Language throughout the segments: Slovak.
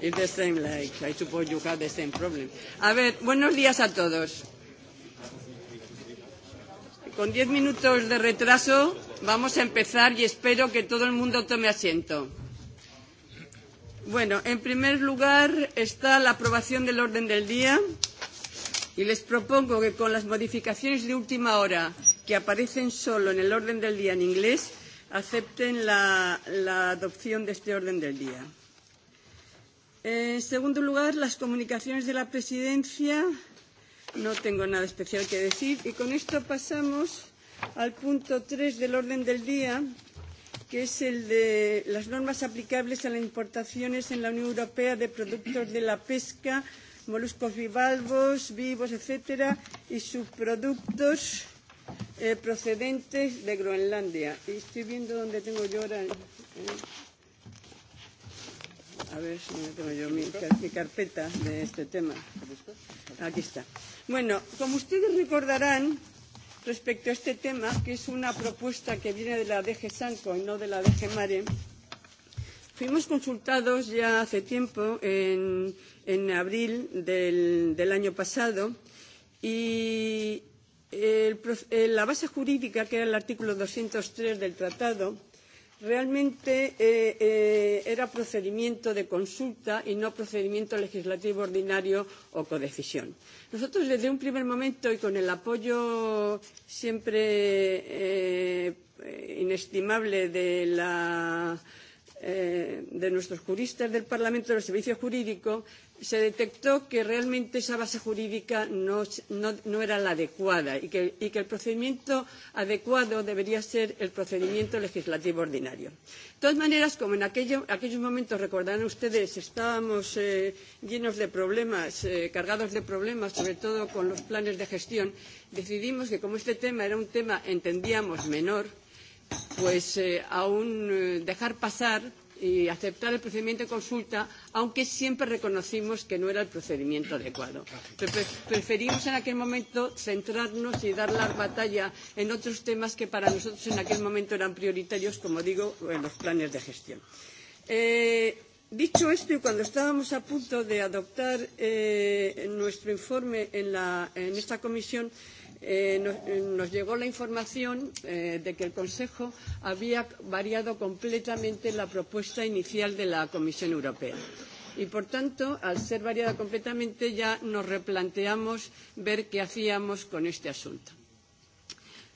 It's the same, like, I suppose you have the same problem. A ver, buenos días a todos. Con diez minutos de retraso vamos a empezar y espero que todo el mundo tome asiento. Bueno, en primer lugar está la aprobación del orden del día y les propongo que con las modificaciones de última hora que aparecen solo en el orden del día en inglés, acepten la, la adopción de este orden del día. Eh, en segundo lugar, las comunicaciones de la presidencia. No tengo nada especial que decir. Y con esto pasamos al punto tres del orden del día, que es el de las normas aplicables a las importaciones en la Unión Europea de productos de la pesca, moluscos bivalvos, vivos, etcétera, y subproductos eh, procedentes de Groenlandia. Y estoy viendo dónde tengo yo ahora. Eh, a ver si me tengo yo mi, mi carpeta de este tema. Aquí está. Bueno, como ustedes recordarán, respecto a este tema, que es una propuesta que viene de la DG Sanco y no de la DG Mare, fuimos consultados ya hace tiempo, en, en abril del, del año pasado, y el, eh, la base jurídica, que era el artículo 203 del tratado, realmente eh, eh, era procedimiento de consulta y no procedimiento legislativo ordinario o codecisión. Nosotros desde un primer momento y con el apoyo siempre eh, eh inestimable de la Eh, de nuestros juristas del Parlamento, del servicio jurídico, se detectó que realmente esa base jurídica no, no, no era la adecuada y que, y que el procedimiento adecuado debería ser el procedimiento legislativo ordinario. De todas maneras, como en aquello, aquellos momentos recordarán ustedes, estábamos eh, llenos de problemas, eh, cargados de problemas, sobre todo con los planes de gestión, decidimos que como este tema era un tema, entendíamos, menor, pues eh, aún eh, dejar pasar y aceptar el procedimiento de consulta, aunque siempre reconocimos que no era el procedimiento adecuado. Preferimos en aquel momento centrarnos y dar la batalla en otros temas que para nosotros en aquel momento eran prioritarios, como digo, en los planes de gestión. Eh, dicho esto, y cuando estábamos a punto de adoptar eh, nuestro informe en, la, en esta comisión, eh, eh, nos, eh, nos, llegó la información eh, de que el Consejo había variado completamente la propuesta inicial de la Comisión Europea. Y, por tanto, al ser variada completamente, ya nos replanteamos ver qué hacíamos con este asunto.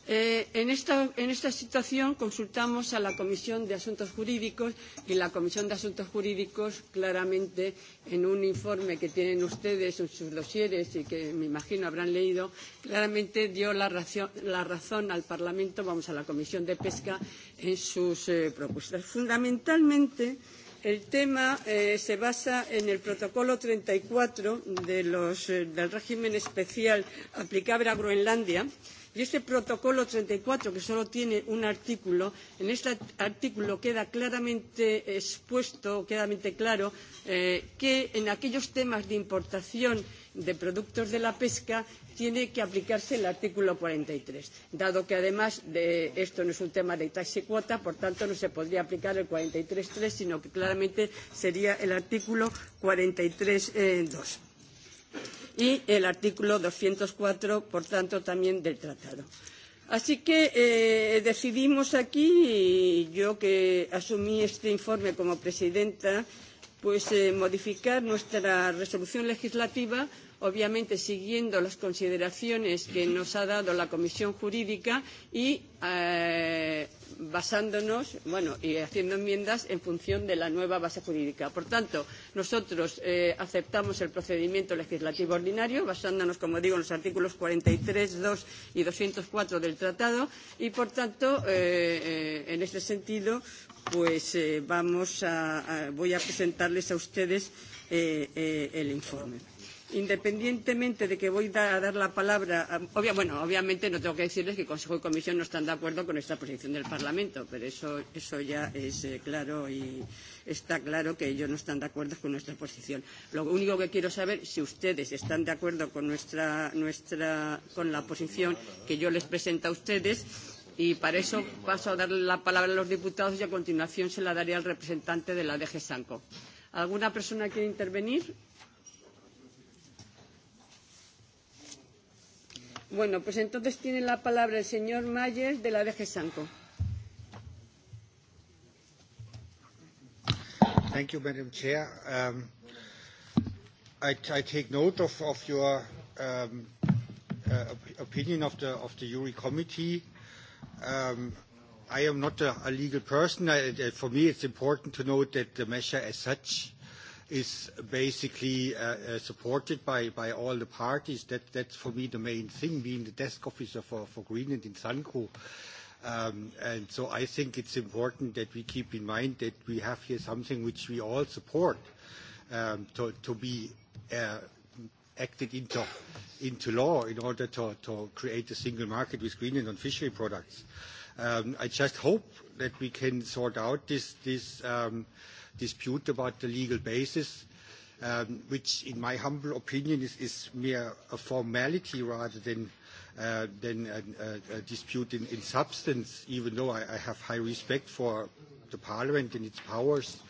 Eh, en, esta, en, esta, situación consultamos a la Comisión de Asuntos Jurídicos y la Comisión de Asuntos Jurídicos claramente en un informe que tienen ustedes en sus dosieres y que me imagino habrán leído, claramente dio la, razón, la razón al Parlamento, vamos a la Comisión de Pesca, en sus eh, propuestas. Fundamentalmente, el tema eh, se basa en el protocolo treinta y cuatro eh, del régimen especial aplicable a Groenlandia, Y este protocolo treinta y cuatro, que solo tiene un artículo, en este artículo queda claramente expuesto, claramente claro, eh, que en aquellos temas de importación de productos de la pesca tiene que aplicarse el artículo cuarenta y tres, dado que además de esto no es un tema de taxa y cuota, por tanto no se podría aplicar el cuarenta y tres tres, sino que claramente sería el artículo cuarenta y tres dos y el artículo doscientos cuatro, por tanto, también del tratado. Así que eh, decidimos aquí, y yo que asumí este informe como presidenta, pues eh, modificar nuestra resolución legislativa obviamente siguiendo las consideraciones que nos ha dado la Comisión Jurídica y eh, basándonos bueno, y haciendo enmiendas en función de la nueva base jurídica. Por tanto, nosotros eh, aceptamos el procedimiento legislativo ordinario basándonos, como digo, en los artículos cuarenta y tres, dos y doscientos cuatro del Tratado y, por tanto, eh, eh en este sentido, pues eh, vamos a, a, voy a presentarles a ustedes eh, el informe independientemente de que voy a dar la palabra, a, eh, obvia, bueno, obviamente no tengo que decirles que el Consejo y Comisión no están de acuerdo con esta posición del Parlamento, pero eso, eso ya es eh, claro y está claro que ellos no están de acuerdo con nuestra posición. Lo único que quiero saber es si ustedes están de acuerdo con, nuestra, nuestra, con la posición que yo les presento a ustedes y para eso paso a darle la palabra a los diputados y a continuación se la daré al representante de la DG Sanco. ¿Alguna persona quiere intervenir? Bueno, pues entonces tiene la palabra el señor Mayer de la DG Sanco. Thank you, Madam Chair. Um, I, I take note of, of your um, uh, opinion of the, of the URI committee. Um, I am not a, a legal person. I, for me, it's important to note that the measure as such is basically uh, uh, supported by, by all the parties. That, that's for me the main thing, being the desk officer for, for Greenland in Sanco. Um, and so I think it's important that we keep in mind that we have here something which we all support um, to, to be uh, acted into, into law in order to, to create a single market with Greenland on fishery products. Um, I just hope that we can sort out this, this um, dispute about the legal basis, um, which in my humble opinion is, is mere a formality rather than, uh, than a, a, a dispute in, in substance, even though I, I have high respect for the parliament and its powers. Uh,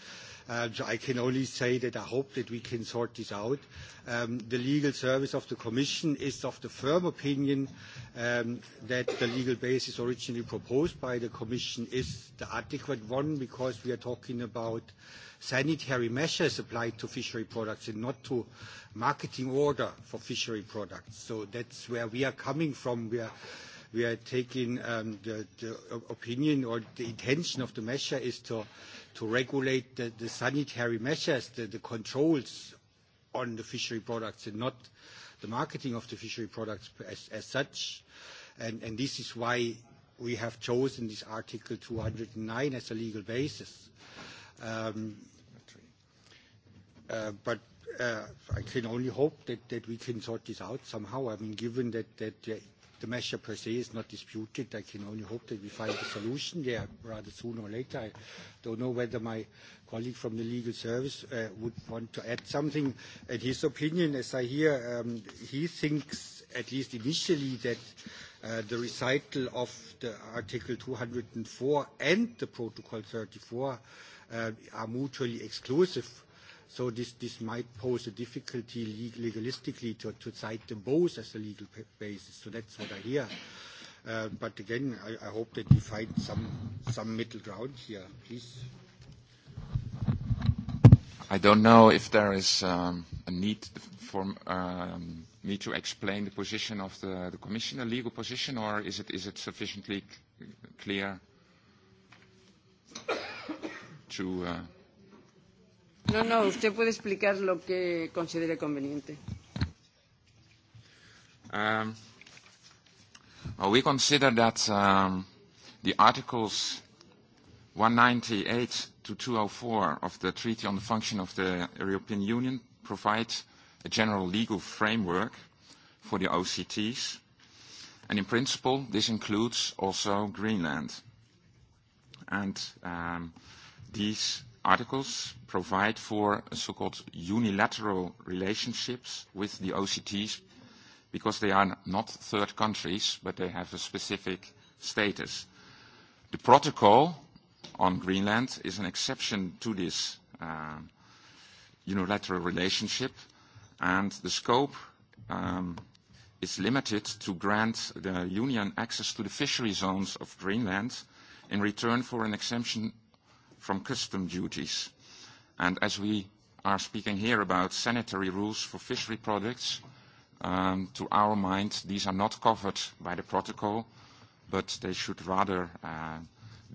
i can only say that I hope that we can sort this out. Um, the legal service of the Commission is of the firm opinion um, that the legal basis originally proposed by the Commission is the adequate one because we are talking about sanitary measures applied to fishery products and not to marketing order for fishery products. So that's where we are coming from. We are we are taking um, the, the opinion or the intention of the measure is to to regulate the, the sanitary measures, the, the controls on the fishery products and not the marketing of the fishery products as, as such. And, and this is why we have chosen this Article 209 as a legal basis. Um, uh, but uh, I can only hope that, that we can sort this out somehow. I mean, given that, that uh, the measure per se is not disputed. I can only hope that we find a solution there rather sooner or later. I don't know whether my colleague from the legal service uh, would want to add something in his opinion. As I hear, um, he thinks, at least initially, that Uh, the recital of the Article 204 and the Protocol 34 uh, are mutually exclusive. So this, this might pose a difficulty legalistically to, to cite them both as a legal basis. So that's what I hear. Uh, but again, I, I hope that we find some, some middle ground here. Please. I don't know if there is um, a need for um, me to explain the position of the, the Commission, the legal position, or is it, is it sufficiently clear to... Uh, No, no, usted puede explicar lo que considere conveniente. Um, well, we consider that um, the Articles 198 to 204 of the Treaty on the Function of the European Union provide a general legal framework for the OCTs, and in principle, this includes also Greenland. And um, these articles provide for so-called unilateral relationships with the OCTs because they are not third countries, but they have a specific status. The protocol on Greenland is an exception to this uh, unilateral relationship, and the scope um, is limited to grant the Union access to the fishery zones of Greenland in return for an exemption from custom duties. And as we are speaking here about sanitary rules for fishery products, um, to our mind, these are not covered by the protocol, but they should rather uh,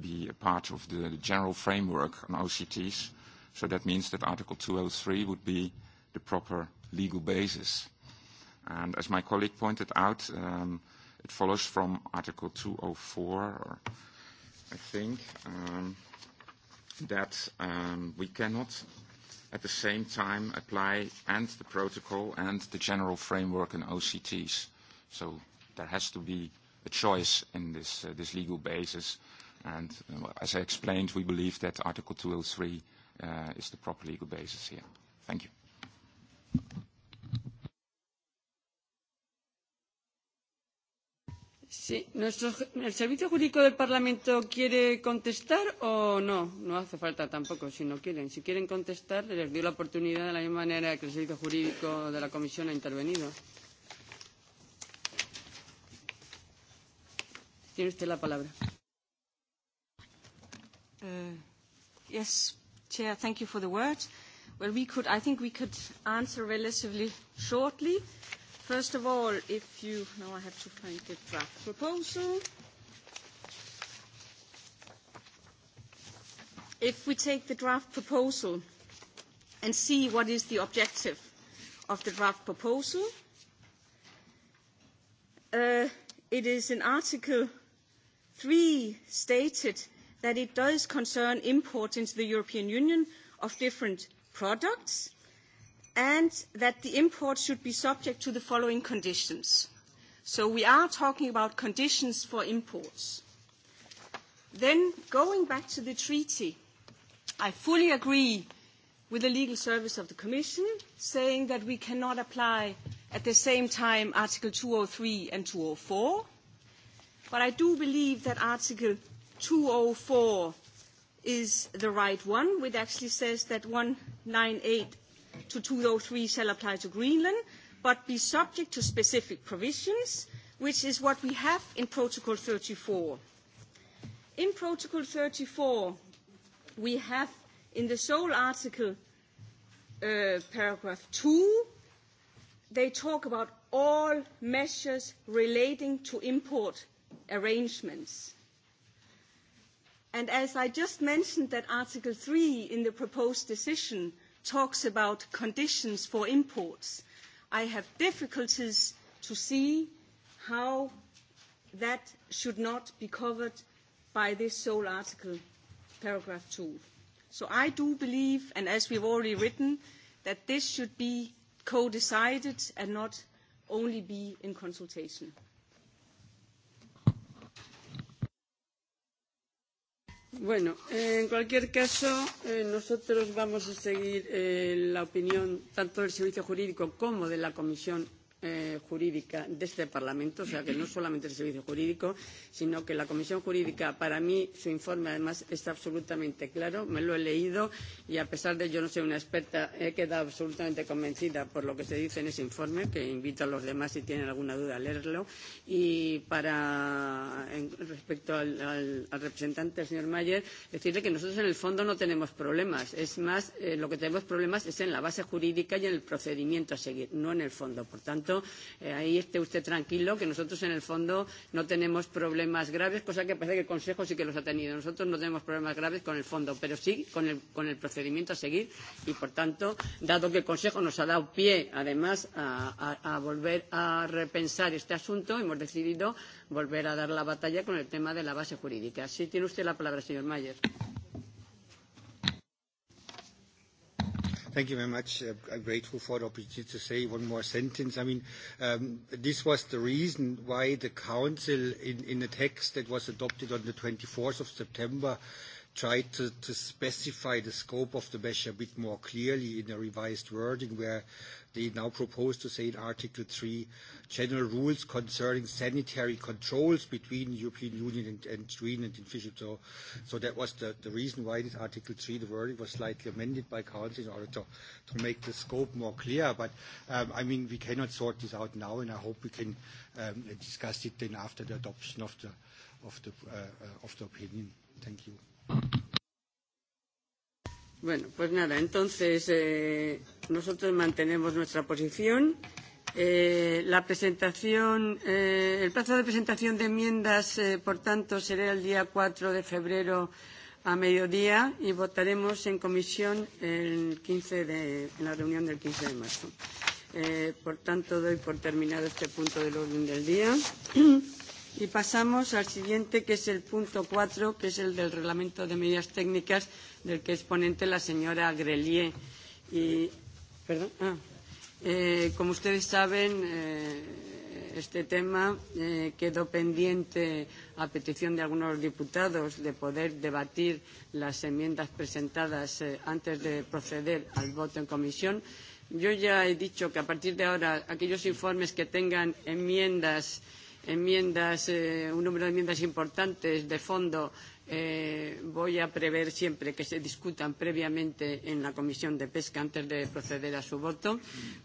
be a part of the general framework on OCTs. So that means that Article 203 would be the proper legal basis. And as my colleague pointed out, um, it follows from Article 204, or I think. Um, that um, we cannot at the same time apply and the protocol and the general framework and OCTs. So there has to be a choice in this, uh, this legal basis. And uh, as I explained, we believe that Article 203 uh, is the proper legal basis here. Thank you. Sí, nuestro, ¿El Servicio Jurídico del Parlamento quiere contestar o no? No hace falta tampoco, si no quieren. Si quieren contestar, les doy la oportunidad de la misma manera que el Servicio Jurídico de la Comisión ha intervenido. Tiene usted la palabra. Uh, yes, Chair, thank you for the Well, we could, I think we could answer relatively shortly. First of all, if you... Now I have to find the draft proposal. If we take the draft proposal and see what is the objective of the draft proposal, uh, it is in Article 3 stated that it does concern imports into the European Union of different products and that the import should be subject to the following conditions. So we are talking about conditions for imports. Then going back to the treaty, I fully agree with the legal service of the Commission saying that we cannot apply at the same time Article two hundred oh and three and two hundred oh four, But I do believe that Article two oh four is the right one, which actually says that one eight to 203 shall apply to Greenland, but be subject to specific provisions, which is what we have in Protocol 34. In Protocol 34, we have in the sole article, uh, paragraph 2, they talk about all measures relating to import arrangements. And as I just mentioned that Article 3 in the proposed decision talks about conditions for imports. I have difficulties to see how that should not be covered by this sole article, paragraph two. So I do believe, and as we have already written, that this should be co-decided and not only be in consultation. Bueno, en cualquier caso, eh, nosotros vamos a seguir eh, la opinión tanto del Servicio Jurídico como de la Comisión eh, jurídica de este Parlamento, o sea que no solamente el servicio jurídico, sino que la Comisión Jurídica, para mí, su informe además está absolutamente claro, me lo he leído y a pesar de que yo no soy una experta, he quedado absolutamente convencida por lo que se dice en ese informe, que invito a los demás si tienen alguna duda a leerlo. Y para, en, respecto al, al, al representante, el señor Mayer, decirle que nosotros en el fondo no tenemos problemas, es más, eh, lo que tenemos problemas es en la base jurídica y en el procedimiento a seguir, no en el fondo. Por tanto, tanto, eh, ahí esté usted tranquilo, que nosotros en el fondo no tenemos problemas graves, cosa que parece que el Consejo sí que los ha tenido. Nosotros no tenemos problemas graves con el fondo, pero sí con el, con el procedimiento a seguir y, por tanto, dado que el Consejo nos ha dado pie, además, a, a, a volver a repensar este asunto, hemos decidido volver a dar la batalla con el tema de la base jurídica. Sí tiene usted la palabra, señor Mayer. Thank you very much. Uh, I'm grateful for the opportunity to say one more sentence. I mean, um, this was the reason why the council, in, in the text that was adopted on the 24th of September, tried to, to specify the scope of the measure a bit more clearly in a revised wording, where they now propose to say in Article 3, general rules concerning sanitary controls between European Union and, and Sweden and Fisher. So, so that was the, the reason why this Article 3, the wording was slightly amended by Council in order to, to make the scope more clear. But, um, I mean, we cannot sort this out now, and I hope we can um, discuss it then after the adoption of the, of the, uh, uh of the opinion. Thank you. Bueno, pues nada, entonces eh, nosotros mantenemos nuestra posición. Eh, la presentación, eh, el plazo de presentación de enmiendas, eh, por tanto, será el día 4 de febrero a mediodía y votaremos en comisión el 15 de, en la reunión del 15 de marzo. Eh, por tanto, doy por terminado este punto del orden del día. Y pasamos al siguiente, que es el punto cuatro, que es el del reglamento de medidas técnicas, del que es ponente la señora Grelier. Y, perdón, ah, eh, como ustedes saben, eh, este tema eh, quedó pendiente, a petición de algunos diputados, de poder debatir las enmiendas presentadas eh, antes de proceder al voto en comisión. Yo ya he dicho que a partir de ahora aquellos informes que tengan enmiendas enmiendas, eh, un número de enmiendas importantes de fondo eh, voy a prever siempre que se discutan previamente en la Comisión de Pesca antes de proceder a su voto.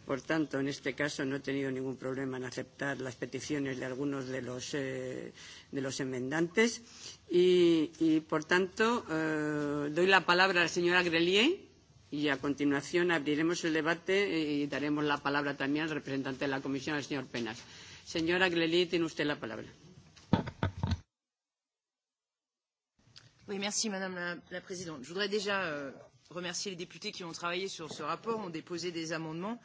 Por tanto, en este caso no he tenido ningún problema en aceptar las peticiones de algunos de los, eh, de los enmendantes. Y, y por tanto, eh, doy la palabra a la señora Grelier y a continuación abriremos el debate y daremos la palabra también al representante de la Comisión, al señor Penas. Señora tiene usted la palabra. Oui, merci Madame la, la Présidente. Je voudrais déjà euh, remercier les députés qui ont travaillé sur ce rapport, ont déposé des amendements,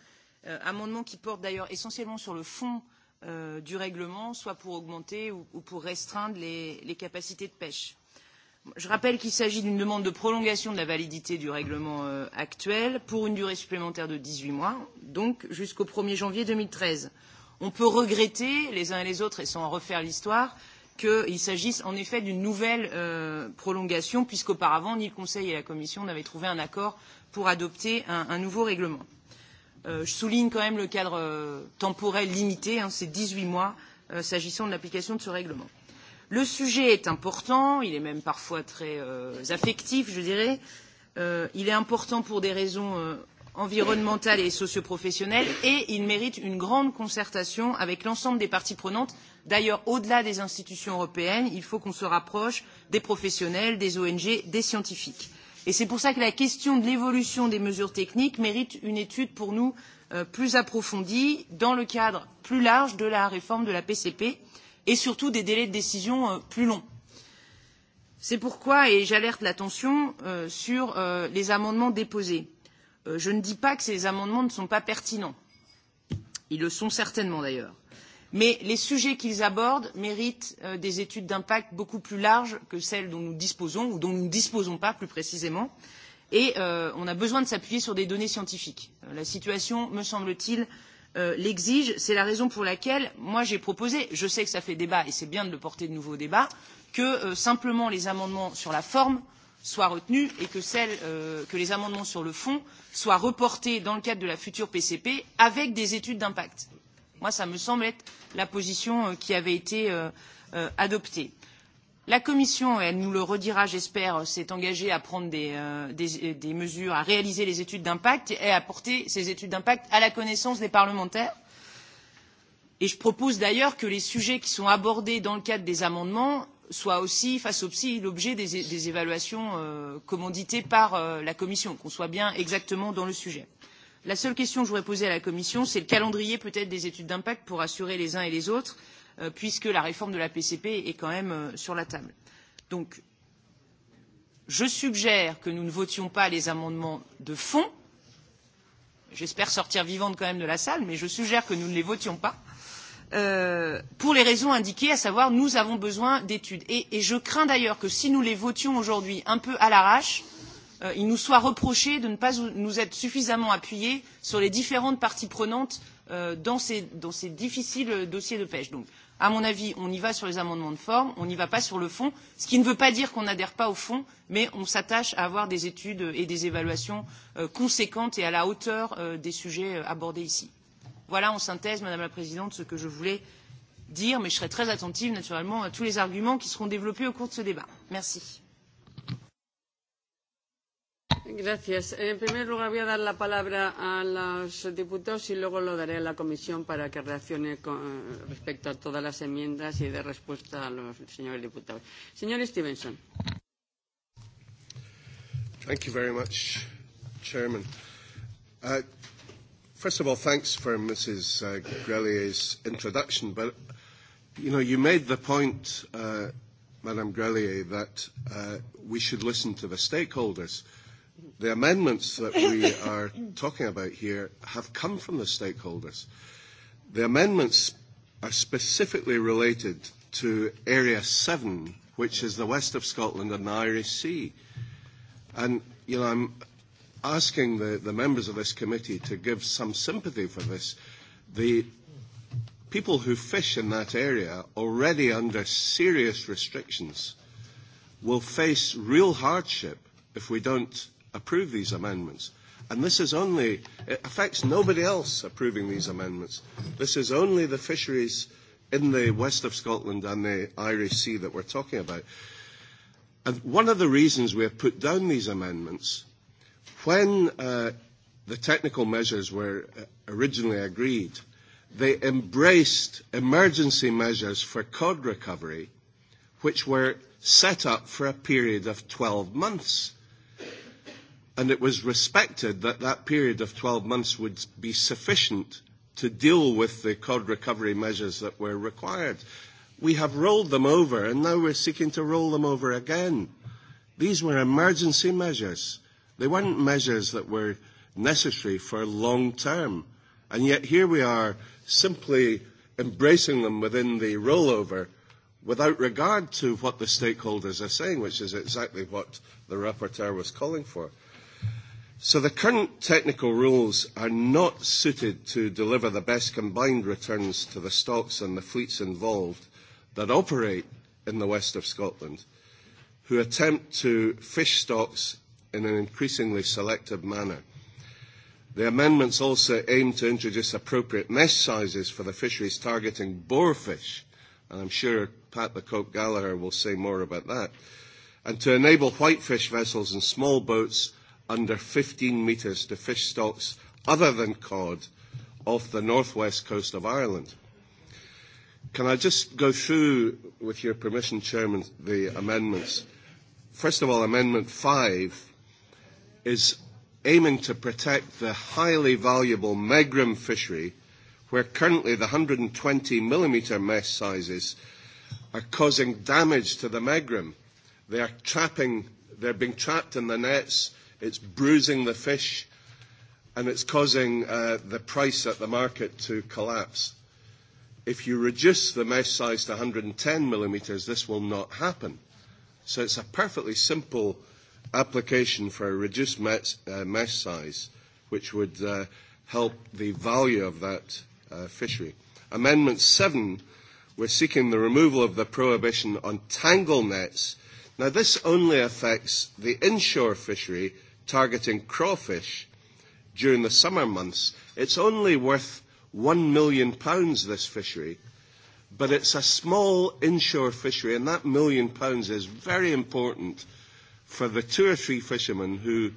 euh, amendements qui portent d'ailleurs essentiellement sur le fond euh, du règlement, soit pour augmenter ou, ou pour restreindre les, les capacités de pêche. Je rappelle qu'il s'agit d'une demande de prolongation de la validité du règlement euh, actuel pour une durée supplémentaire de 18 mois, donc jusqu'au 1er janvier 2013. On peut regretter les uns et les autres, et sans en refaire l'histoire, qu'il s'agisse en effet d'une nouvelle euh, prolongation, puisqu'auparavant, ni le Conseil et la Commission n'avaient trouvé un accord pour adopter un, un nouveau règlement. Euh, je souligne quand même le cadre euh, temporel limité, hein, c'est 18 mois, euh, s'agissant de l'application de ce règlement. Le sujet est important, il est même parfois très euh, affectif, je dirais. Euh, il est important pour des raisons euh, environnementale et socioprofessionnelle et il mérite une grande concertation avec l'ensemble des parties prenantes. D'ailleurs, au-delà des institutions européennes, il faut qu'on se rapproche des professionnels, des ONG, des scientifiques. Et c'est pour cela que la question de l'évolution des mesures techniques mérite une étude pour nous euh, plus approfondie dans le cadre plus large de la réforme de la PCP et surtout des délais de décision euh, plus longs. C'est pourquoi, et j'alerte l'attention euh, sur euh, les amendements déposés Euh, je ne dis pas que ces amendements ne sont pas pertinents. Ils le sont certainement d'ailleurs. Mais les sujets qu'ils abordent méritent euh, des études d'impact beaucoup plus larges que celles dont nous disposons ou dont nous ne disposons pas plus précisément. Et euh, on a besoin de s'appuyer sur des données scientifiques. Euh, la situation, me semble-t-il, l'exige. C'est la raison pour laquelle moi j'ai proposé, je sais que ça fait débat et c'est bien de le porter de nouveau au débat, que simplement les amendements sur la forme soient retenus et que, celles, que les amendements sur le fond soit reporté dans le cadre de la future PCP avec des études d'impact. Moi, ça me semble être la position euh, qui avait été euh, euh, adoptée. La Commission, et elle nous le redira, j'espère, s'est engagée à prendre des, euh, des, des mesures, à réaliser les études d'impact et à porter ces études d'impact à la connaissance des parlementaires. Et je propose d'ailleurs que les sujets qui sont abordés dans le cadre des amendements soit aussi fasse aussi l'objet des, des évaluations euh, commanditées par euh, la commission qu'on soit bien exactement dans le sujet. la seule question que je voudrais poser à la commission c'est le calendrier peut être des études d'impact pour assurer les uns et les autres euh, puisque la réforme de la pcp est quand même euh, sur la table. donc je suggère que nous ne votions pas les amendements de fond j'espère sortir vivante quand même de la salle mais je suggère que nous ne les votions pas Euh, pour les raisons indiquées, à savoir nous avons besoin d'études. Et, et je crains d'ailleurs que si nous les votions aujourd'hui un peu à l'arrache, euh, il nous soit reproché de ne pas nous être suffisamment appuyés sur les différentes parties prenantes euh, dans, ces, dans ces difficiles dossiers de pêche. Donc, à mon avis, on y va sur les amendements de forme, on n'y va pas sur le fond, ce qui ne veut pas dire qu'on n'adhère pas au fond, mais on s'attache à avoir des études et des évaluations euh, conséquentes et à la hauteur euh, des sujets abordés ici. Voilà en synthèse, Madame la Présidente, ce que je voulais dire, mais je serai très attentive naturellement à tous les arguments qui seront développés au cours de ce débat. Merci. En primer lugar, voy a dar la palabra a los diputados y luego lo daré a la comisión para que reaccione con, eh, respecto a todas las enmiendas y dé respuesta a los señores diputados. Señor Stevenson. Thank you very much, Chairman. Uh, First of all, thanks for Mrs. Uh, Grelier's introduction. But, you know, you made the point, uh, Madame Grelier, that uh, we should listen to the stakeholders. The amendments that we are talking about here have come from the stakeholders. The amendments are specifically related to Area 7, which is the west of Scotland and the Irish Sea. And, you know, I'm asking the, the members of this committee to give some sympathy for this. The people who fish in that area, already under serious restrictions, will face real hardship if we don't approve these amendments. And this is only, it affects nobody else approving these amendments. This is only the fisheries in the west of Scotland and the Irish Sea that we're talking about. And one of the reasons we have put down these amendments When uh, the technical measures were uh, originally agreed, they embraced emergency measures for cod recovery, which were set up for a period of 12 months. And it was respected that that period of 12 months would be sufficient to deal with the cod recovery measures that were required. We have rolled them over, and now we're seeking to roll them over again. These were emergency measures. They weren't measures that were necessary for long term. And yet here we are simply embracing them within the rollover without regard to what the stakeholders are saying, which is exactly what the rapporteur was calling for. So the current technical rules are not suited to deliver the best combined returns to the stocks and the fleets involved that operate in the west of Scotland, who attempt to fish stocks in an increasingly selective manner. The amendments also aim to introduce appropriate mesh sizes for the fisheries targeting boarfish, and I'm sure Pat the Cope Gallagher will say more about that, and to enable whitefish vessels and small boats under 15 metres to fish stocks other than cod off the northwest coast of Ireland. Can I just go through, with your permission, Chairman, the amendments? First of all, Amendment 5 is aiming to protect the highly valuable megrim fishery, where currently the 120 millimetre mesh sizes are causing damage to the megrim. They are trapping, they're being trapped in the nets, it's bruising the fish, and it's causing uh, the price at the market to collapse. If you reduce the mesh size to 110 millimetres, this will not happen. So it's a perfectly simple application for a reduced mesh, uh, mesh size, which would uh, help the value of that uh, fishery. Amendment 7, we're seeking the removal of the prohibition on tangle nets. Now, this only affects the inshore fishery targeting crawfish during the summer months. It's only worth £1 million, pounds, this fishery, but it's a small inshore fishery, and that million pounds is very important for the two or three fishermen who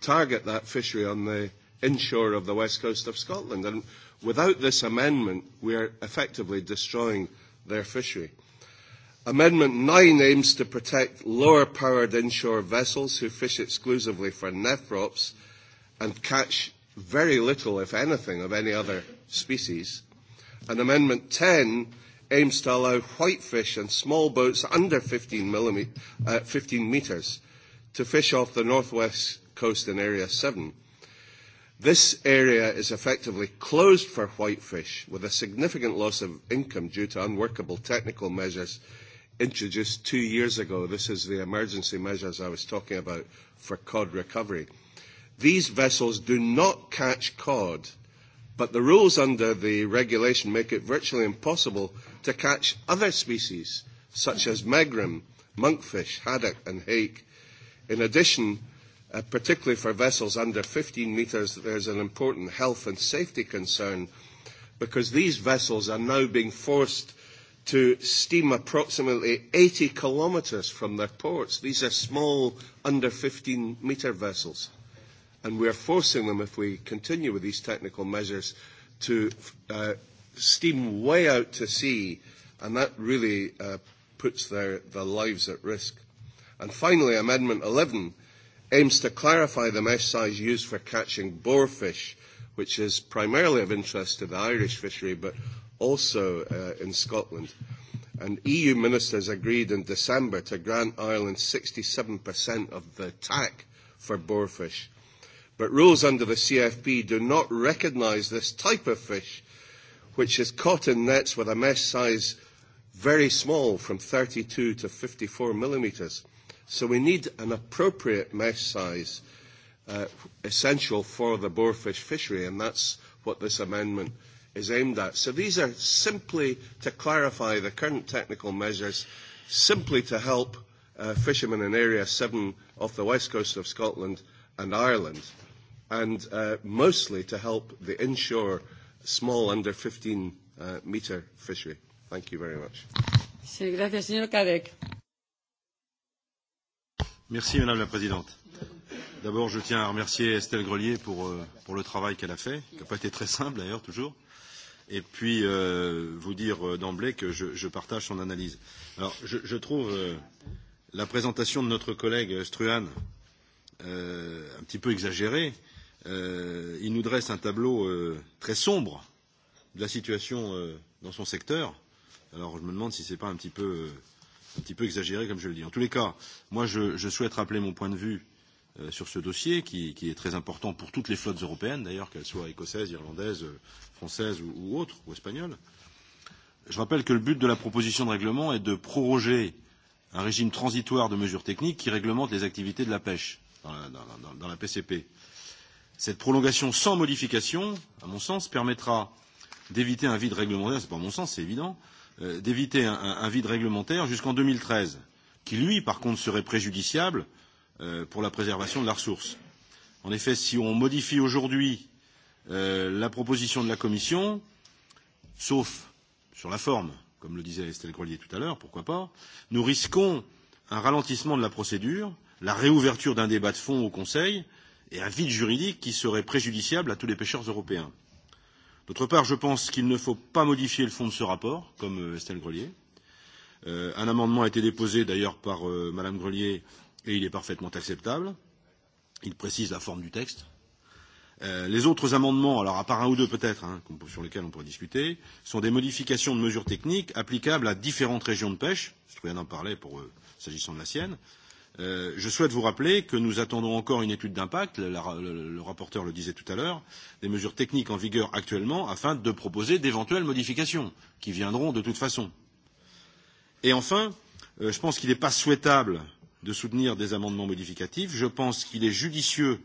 target that fishery on the inshore of the west coast of Scotland. And without this amendment, we are effectively destroying their fishery. Amendment 9 aims to protect lower powered inshore vessels who fish exclusively for nephrops and catch very little, if anything, of any other species. And Amendment 10 aims to allow whitefish and small boats under 15, millimet- uh, 15 metres to fish off the northwest coast in Area 7. This area is effectively closed for whitefish with a significant loss of income due to unworkable technical measures introduced two years ago. This is the emergency measures I was talking about for cod recovery. These vessels do not catch cod, but the rules under the regulation make it virtually impossible to catch other species such as megrim, monkfish, haddock and hake In addition, uh, particularly for vessels under 15 metres, there's an important health and safety concern because these vessels are now being forced to steam approximately 80 kilometres from their ports. These are small, under 15 metre vessels. And we are forcing them, if we continue with these technical measures, to uh, steam way out to sea. And that really uh, puts their, their lives at risk. And finally, Amendment 11 aims to clarify the mesh size used for catching boarfish, which is primarily of interest to the Irish fishery, but also uh, in Scotland. And EU ministers agreed in December to grant Ireland 67% of the TAC for boarfish. But rules under the CFP do not recognise this type of fish, which is caught in nets with a mesh size very small, from 32 to 54 millimetres. So we need an appropriate mesh size uh, essential for the boarfish fishery, and that's what this amendment is aimed at. So these are simply to clarify the current technical measures, simply to help uh, fishermen in Area 7 off the west coast of Scotland and Ireland, and uh, mostly to help the inshore small under 15 uh, metre fishery. Thank you very much. Sí, gracias, señor Cadec. Merci Madame la Présidente. D'abord, je tiens à remercier Estelle Grelier pour, euh, pour le travail qu'elle a fait, qui n'a pas été très simple d'ailleurs, toujours. Et puis, euh, vous dire euh, d'emblée que je, je partage son analyse. Alors, je, je trouve euh, la présentation de notre collègue Struan euh, un petit peu exagérée. Euh, il nous dresse un tableau euh, très sombre de la situation euh, dans son secteur. Alors, je me demande si ce n'est pas un petit peu. Euh, un petit peu exagéré, comme je le dis. En tous les cas, moi, je, je souhaite rappeler mon point de vue euh, sur ce dossier, qui, qui est très important pour toutes les flottes européennes, d'ailleurs, qu'elles soient écossaises, irlandaises, euh, françaises ou, ou autres, ou espagnoles. Je rappelle que le but de la proposition de règlement est de proroger un régime transitoire de mesures techniques qui réglemente les activités de la pêche dans la, dans, dans, dans la PCP. Cette prolongation sans modification, à mon sens, permettra d'éviter un vide réglementaire, c'est pas à mon sens, c'est évident, euh, Euh, d'éviter un, un vide réglementaire jusqu'en 2013, qui lui, par contre, serait préjudiciable euh, pour la préservation de la ressource. En effet, si on modifie aujourd'hui euh, la proposition de la Commission, sauf sur la forme, comme le disait Estelle Grelier tout à l'heure, pourquoi pas, nous risquons un ralentissement de la procédure, la réouverture d'un débat de fond au Conseil et un vide juridique qui serait préjudiciable à tous les pêcheurs européens. D'autre part, je pense qu'il ne faut pas modifier le fond de ce rapport, comme euh, Estelle Grelier. Euh, un amendement a été déposé d'ailleurs par euh, Madame Grelier et il est parfaitement acceptable. Il précise la forme du texte. Euh, les autres amendements, alors à part un ou deux peut-être, hein, sur lesquels on pourrait discuter, sont des modifications de mesures techniques applicables à différentes régions de pêche, trouvais en parler pour, euh, s'agissant de la sienne, euh, Euh, je souhaite vous rappeler que nous attendons encore une étude d'impact, le, le, le rapporteur le disait tout à l'heure, des mesures techniques en vigueur actuellement afin de proposer d'éventuelles modifications qui viendront de toute façon. Et enfin, euh, je pense qu'il n'est pas souhaitable de soutenir des amendements modificatifs. Je pense qu'il est judicieux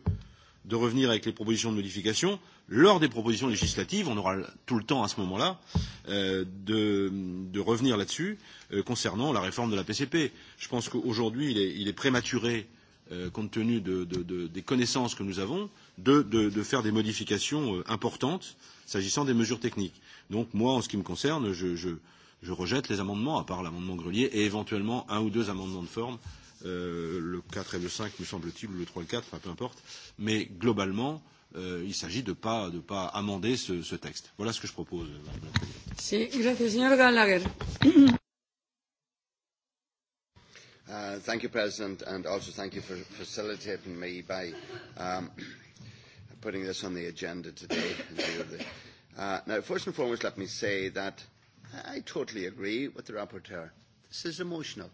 de revenir avec les propositions de modification lors des propositions législatives, on aura tout le temps à ce moment-là euh, de, de revenir là-dessus euh, concernant la réforme de la PCP. Je pense qu'aujourd'hui, il est, il est prématuré, euh, compte tenu de, de, de, des connaissances que nous avons, de, de, de faire des modifications euh, importantes s'agissant des mesures techniques. Donc moi, en ce qui me concerne, je, je, je rejette les amendements, à part l'amendement Grelier et éventuellement un ou deux amendements de forme. Euh, le 4 et le 5, me semble-t-il, ou le 3 et le 4, enfin, peu importe. Mais globalement, euh, euh, il s'agit de ne pas, de pas amender ce, ce texte. Voilà ce que je propose, euh, Madame la Présidente. Uh, thank you, President, and also thank you for facilitating me by um, putting this on the agenda today. uh, now, first and foremost, let me say that I totally agree with the rapporteur. This is emotional.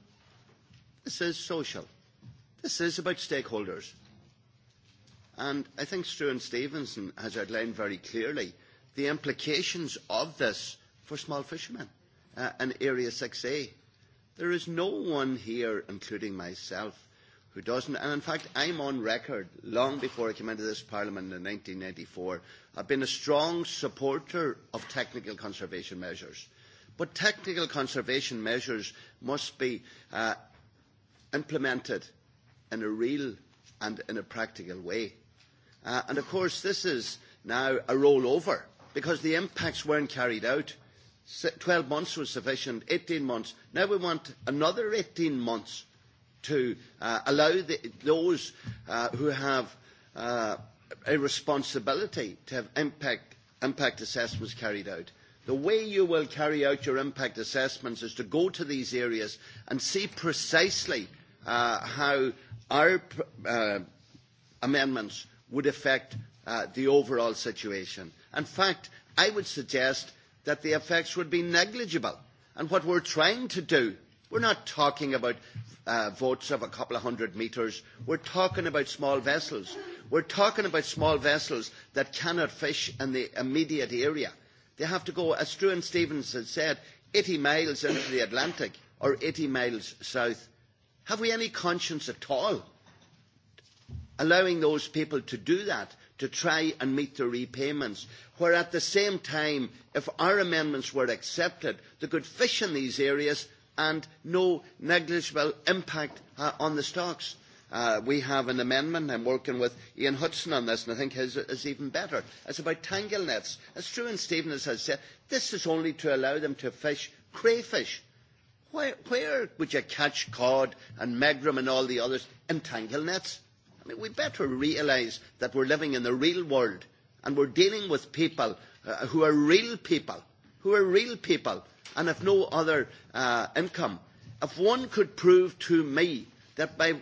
This is social. This is about stakeholders. And I think Struan Stevenson has outlined very clearly the implications of this for small fishermen uh, in Area 6A. There is no one here, including myself, who doesn't. And in fact, I'm on record, long before I came into this Parliament in 1994, I've been a strong supporter of technical conservation measures. But technical conservation measures must be uh, implemented in a real and in a practical way. Uh, and of course, this is now a rollover because the impacts weren't carried out. Twelve months was sufficient, eighteen months. Now we want another eighteen months to uh, allow the, those uh, who have uh, a responsibility to have impact, impact assessments carried out. The way you will carry out your impact assessments is to go to these areas and see precisely uh, how our uh, amendments would affect uh, the overall situation. In fact, I would suggest that the effects would be negligible. And what we are trying to do, we are not talking about uh, votes of a couple of hundred metres, we are talking about small vessels. We are talking about small vessels that cannot fish in the immediate area. They have to go, as Struan Stevens has said, eighty miles into the Atlantic or eighty miles south. Have we any conscience at all? allowing those people to do that to try and meet their repayments, where at the same time, if our amendments were accepted, they could fish in these areas and no negligible impact uh, on the stocks. Uh, we have an amendment. I am working with Ian Hudson on this, and I think his is even better. It is about tangle nets. As true and Stephen has said, this is only to allow them to fish crayfish. Where, where would you catch cod and megrim and all the others in tangle nets? I mean, we better realise that we're living in the real world and we're dealing with people uh, who are real people, who are real people and have no other uh, income. If one could prove to me that by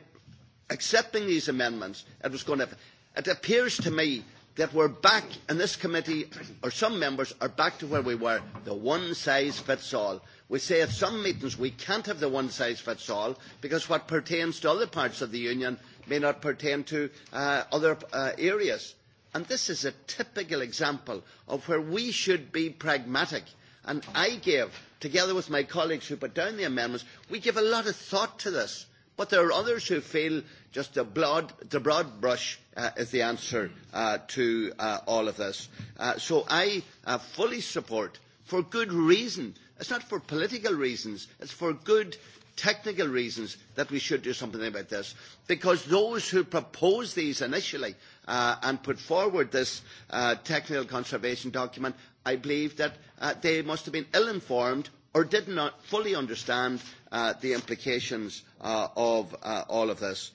accepting these amendments, it was going to. It appears to me that we're back in this committee, or some members are back to where we were, the one size fits all. We say at some meetings we can't have the one size fits all because what pertains to other parts of the union may not pertain to uh, other uh, areas. And this is a typical example of where we should be pragmatic. And I gave, together with my colleagues who put down the amendments, we give a lot of thought to this. But there are others who feel just the broad, the broad brush uh, is the answer uh, to uh, all of this. Uh, so I uh, fully support, for good reason, it is not for political reasons, it is for good technical reasons that we should do something about this because those who proposed these initially uh, and put forward this uh, technical conservation document, I believe that uh, they must have been ill-informed or did not fully understand uh, the implications uh, of uh, all of this.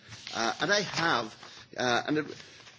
and I have, and it,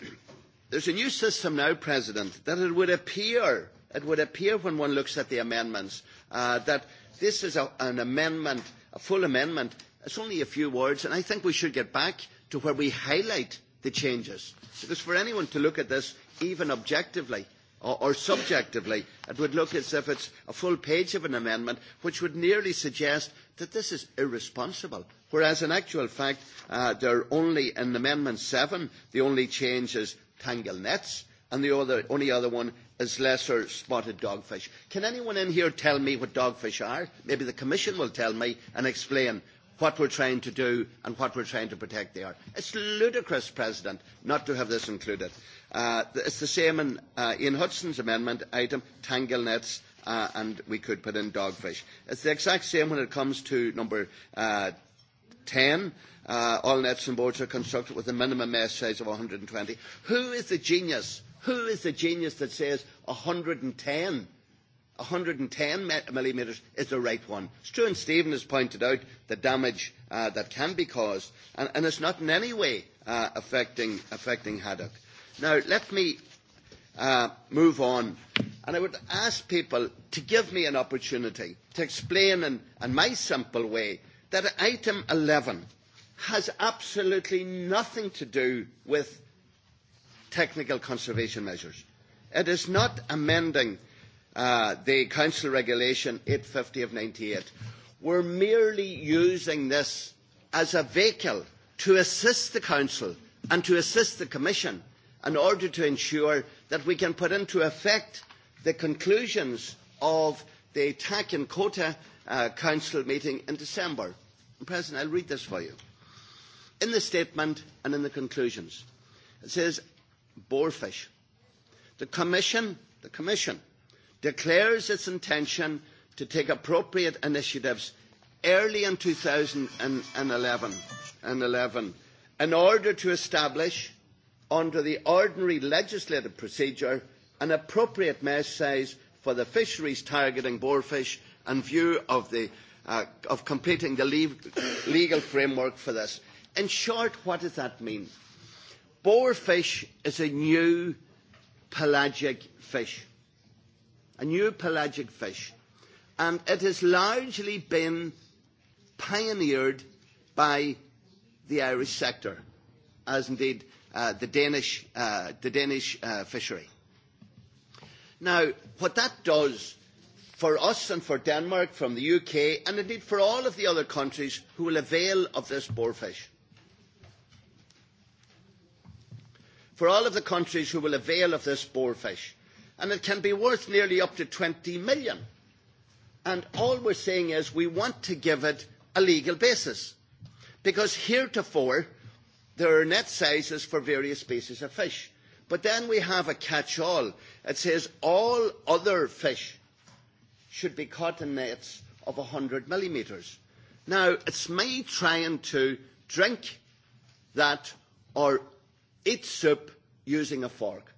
there's a new system now, President, that it would appear, it would appear when one looks at the amendments, that this is a, an amendment a full amendment. It's only a few words, and I think we should get back to where we highlight the changes. Because for anyone to look at this, even objectively or, or subjectively, it would look as if it's a full page of an amendment, which would nearly suggest that this is irresponsible. Whereas in actual fact, uh, there only in Amendment seven the only change is tangle nets, and the other, only other one is lesser spotted dogfish. Can anyone in here tell me what dogfish are? Maybe the Commission will tell me and explain what we're trying to do and what we're trying to protect there. It's ludicrous, President, not to have this included. Uh, it's the same in uh, Ian Hudson's amendment item, tangle nets, uh, and we could put in dogfish. It's the exact same when it comes to number uh, 10. Uh, all nets and boats are constructed with a minimum mesh size of one hundred and twenty. Who is the genius Who is the genius that says one hundred and ten? millimetres is the right one. Stuart Stephen has pointed out the damage uh, that can be caused, and, and it's not in any way uh, affecting, affecting haddock. Now, let me uh, move on, and I would ask people to give me an opportunity to explain in, in my simple way that item eleven has absolutely nothing to do with technical conservation measures. It is not amending uh, the Council Regulation 850 of 98. We're merely using this as a vehicle to assist the Council and to assist the Commission in order to ensure that we can put into effect the conclusions of the TAC and COTA uh, Council meeting in December. Mr President, I'll read this for you. In the statement and in the conclusions, it says, boarfish. The Commission, the Commission declares its intention to take appropriate initiatives early in 2011, and 11, in order to establish, under the ordinary legislative procedure, an appropriate mesh size for the fisheries targeting boarfish in view of, the, uh, of completing the legal framework for this. In short, what does that mean? Boar fish is a new pelagic fish, a new pelagic fish, and it has largely been pioneered by the Irish sector, as indeed uh, the Danish, uh, the Danish uh, fishery. Now, what that does for us and for Denmark, from the UK, and indeed for all of the other countries who will avail of this boarfish, for all of the countries who will avail of this boarfish. And it can be worth nearly up to 20 million. And all we're saying is we want to give it a legal basis. Because heretofore, there are net sizes for various species of fish. But then we have a catch-all. It says all other fish should be caught in nets of 100 millimetres. Now, it's me trying to drink that or eat soup using a fork.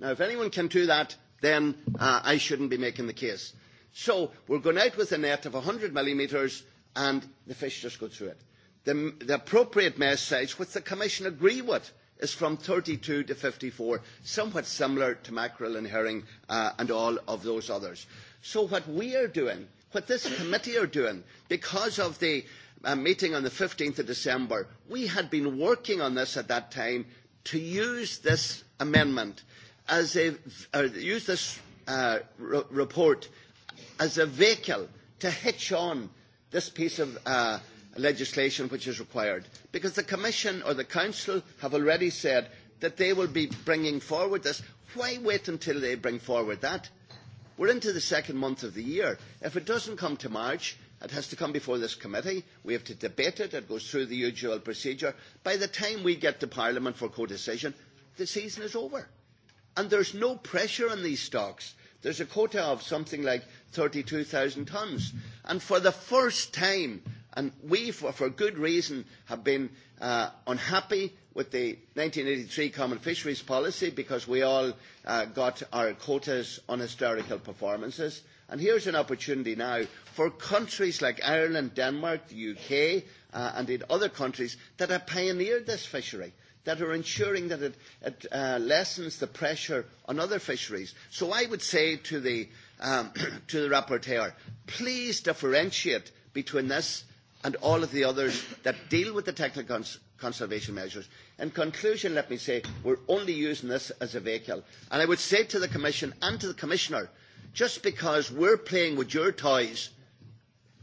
Now, if anyone can do that, then uh, I shouldn't be making the case. So we're going out with a net of 100 millimetres and the fish just go through it. The, the appropriate message, which the Commission agree with, is from 32 to 54, somewhat similar to mackerel and herring uh, and all of those others. So what we are doing, what this committee are doing, because of the uh, meeting on the 15th of December, we had been working on this at that time to use this amendment as a, or uh, use this uh, re report as a vehicle to hitch on this piece of uh, legislation which is required. Because the Commission or the Council have already said that they will be bringing forward this. Why wait until they bring forward that? We're into the second month of the year. If it doesn't come to March, It has to come before this committee. We have to debate it. It goes through the usual procedure. By the time we get to Parliament for codecision, the season is over. And there's no pressure on these stocks. There's a quota of something like thirty two 32,000 tonnes. And for the first time, and we, for, for good reason, have been uh, unhappy with the eighty three Common Fisheries Policy because we all uh, got our quotas on historical performances. And here's an opportunity now for countries like Ireland, Denmark, the UK, uh, and in other countries that have pioneered this fishery that are ensuring that it, it uh, lessens the pressure on other fisheries. So I would say to the, um, to the rapporteur, please differentiate between this and all of the others that deal with the technical cons conservation measures. In conclusion, let me say, we're only using this as a vehicle. And I would say to the Commission and to the Commissioner, just because we're playing with your toys,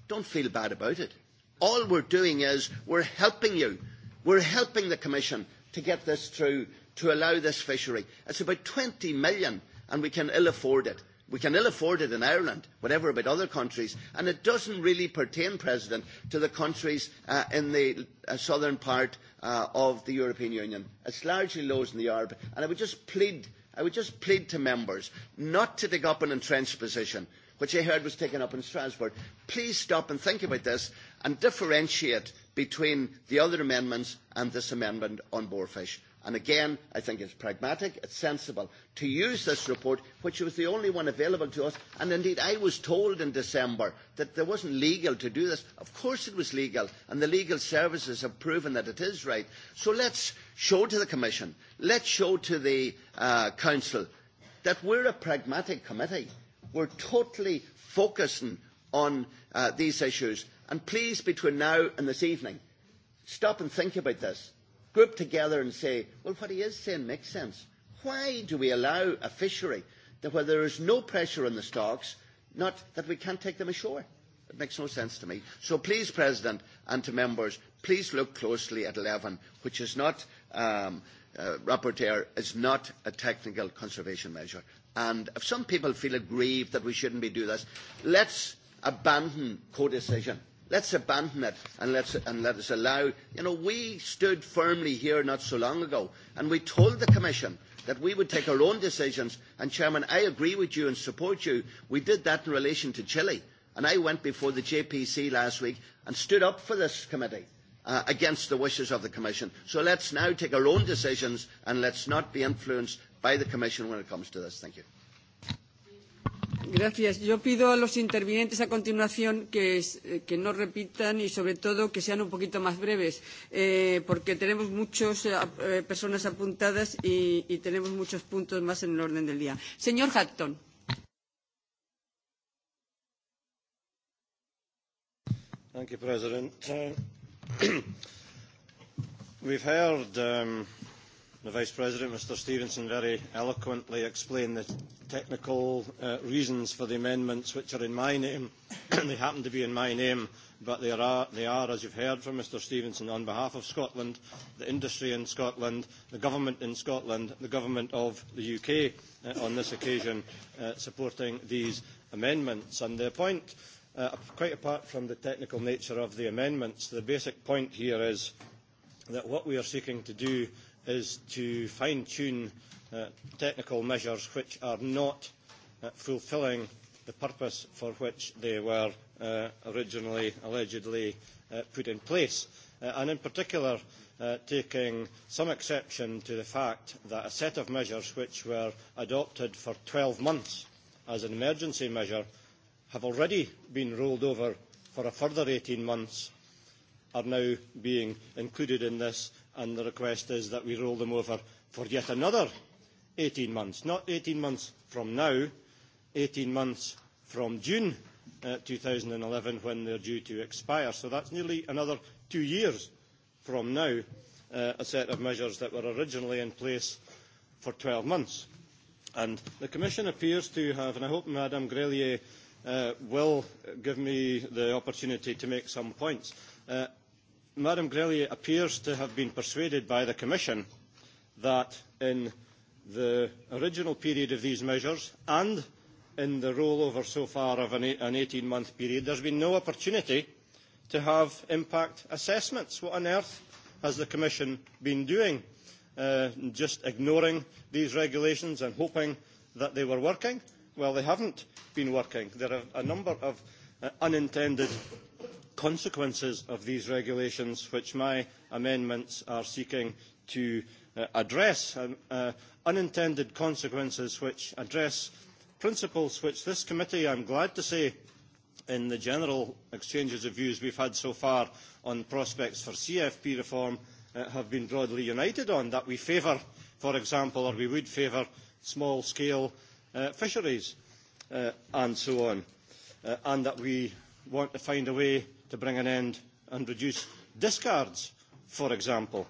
don't feel bad about it. All we're doing is we're helping you. We're helping the Commission to get this through, to allow this fishery. It's about 20 million and we can ill afford it. We can ill afford it in Ireland, whatever about other countries. And it doesn't really pertain, President, to the countries uh, in the uh, southern part uh, of the European Union. It's largely lows in the Arab. And I would just plead i would just plead to members not to take up an entrenched position, which I heard was taken up in Strasbourg. Please stop and think about this and differentiate between the other amendments and this amendment on boarfish. And again, I think it's pragmatic, it's sensible to use this report, which was the only one available to us. And indeed, I was told in December that it was not legal to do this. Of course it was legal, and the legal services have proven that it is right. So let us show to the Commission, let us show to the uh, Council that we are a pragmatic committee. We are totally focusing on uh, these issues. And please, between now and this evening, stop and think about this group together and say, well, what he is saying makes sense. Why do we allow a fishery that where there is no pressure on the stocks, not that we can't take them ashore? It makes no sense to me. So please, President, and to members, please look closely at 11, which is not, um, uh, Rapporteur, is not a technical conservation measure. And if some people feel aggrieved that we shouldn't be doing this, let's abandon co-decision Let's abandon it and, let's, and let us allow. You know, we stood firmly here not so long ago and we told the Commission that we would take our own decisions. And, Chairman, I agree with you and support you. We did that in relation to Chile. And I went before the JPC last week and stood up for this committee. Uh, against the wishes of the Commission. So let us now take our own decisions and let us not be influenced by the Commission when it comes to this. Thank you. Gracias. Yo pido a los intervinientes a continuación que, eh, que, no repitan y, sobre todo, que sean un poquito más breves, eh, porque tenemos muchas eh, eh, personas apuntadas y, y, tenemos muchos puntos más en el orden del día. Señor Hatton. You, President. Uh, we've heard um, the Vice President, Mr Stevenson, very eloquently explained the technical uh, reasons for the amendments which are in my name. they happen to be in my name, but they are, they are, as you've heard from Mr Stevenson, on behalf of Scotland, the industry in Scotland, the government in Scotland, the government of the UK uh, on this occasion, uh, supporting these amendments. And the point Uh, quite apart from the technical nature of the amendments, the basic point here is that what we are seeking to do is to fine-tune uh, technical measures which are not uh, fulfilling the purpose for which they were uh, originally allegedly uh, put in place. Uh, and in particular, uh, taking some exception to the fact that a set of measures which were adopted for 12 months as an emergency measure have already been rolled over for a further 18 months are now being included in this and the request is that we roll them over for yet another eighteen months, not eighteen months from now, eighteen months from June uh, eleven when they are due to expire. So that is nearly another two years from now, uh, a set of measures that were originally in place for twelve months. And the Commission appears to have, and I hope Madame Grelier uh, will give me the opportunity to make some points, uh, Madame Grelier appears to have been persuaded by the Commission that in the original period of these measures and in the rollover so far of an eighteen month period, there has been no opportunity to have impact assessments. What on earth has the Commission been doing? Uh, just ignoring these regulations and hoping that they were working? Well, they have not been working. There are a number of uh, unintended consequences of these regulations, which my amendments are seeking to uh, address, um, uh, unintended consequences which address principles which this committee, I am glad to say, in the general exchanges of views we have had so far on prospects for CFP reform, uh, have been broadly united on, that we favour, for example, or we would favour small-scale uh, fisheries uh, and so on, uh, and that we want to find a way to bring an end and reduce discards, for example.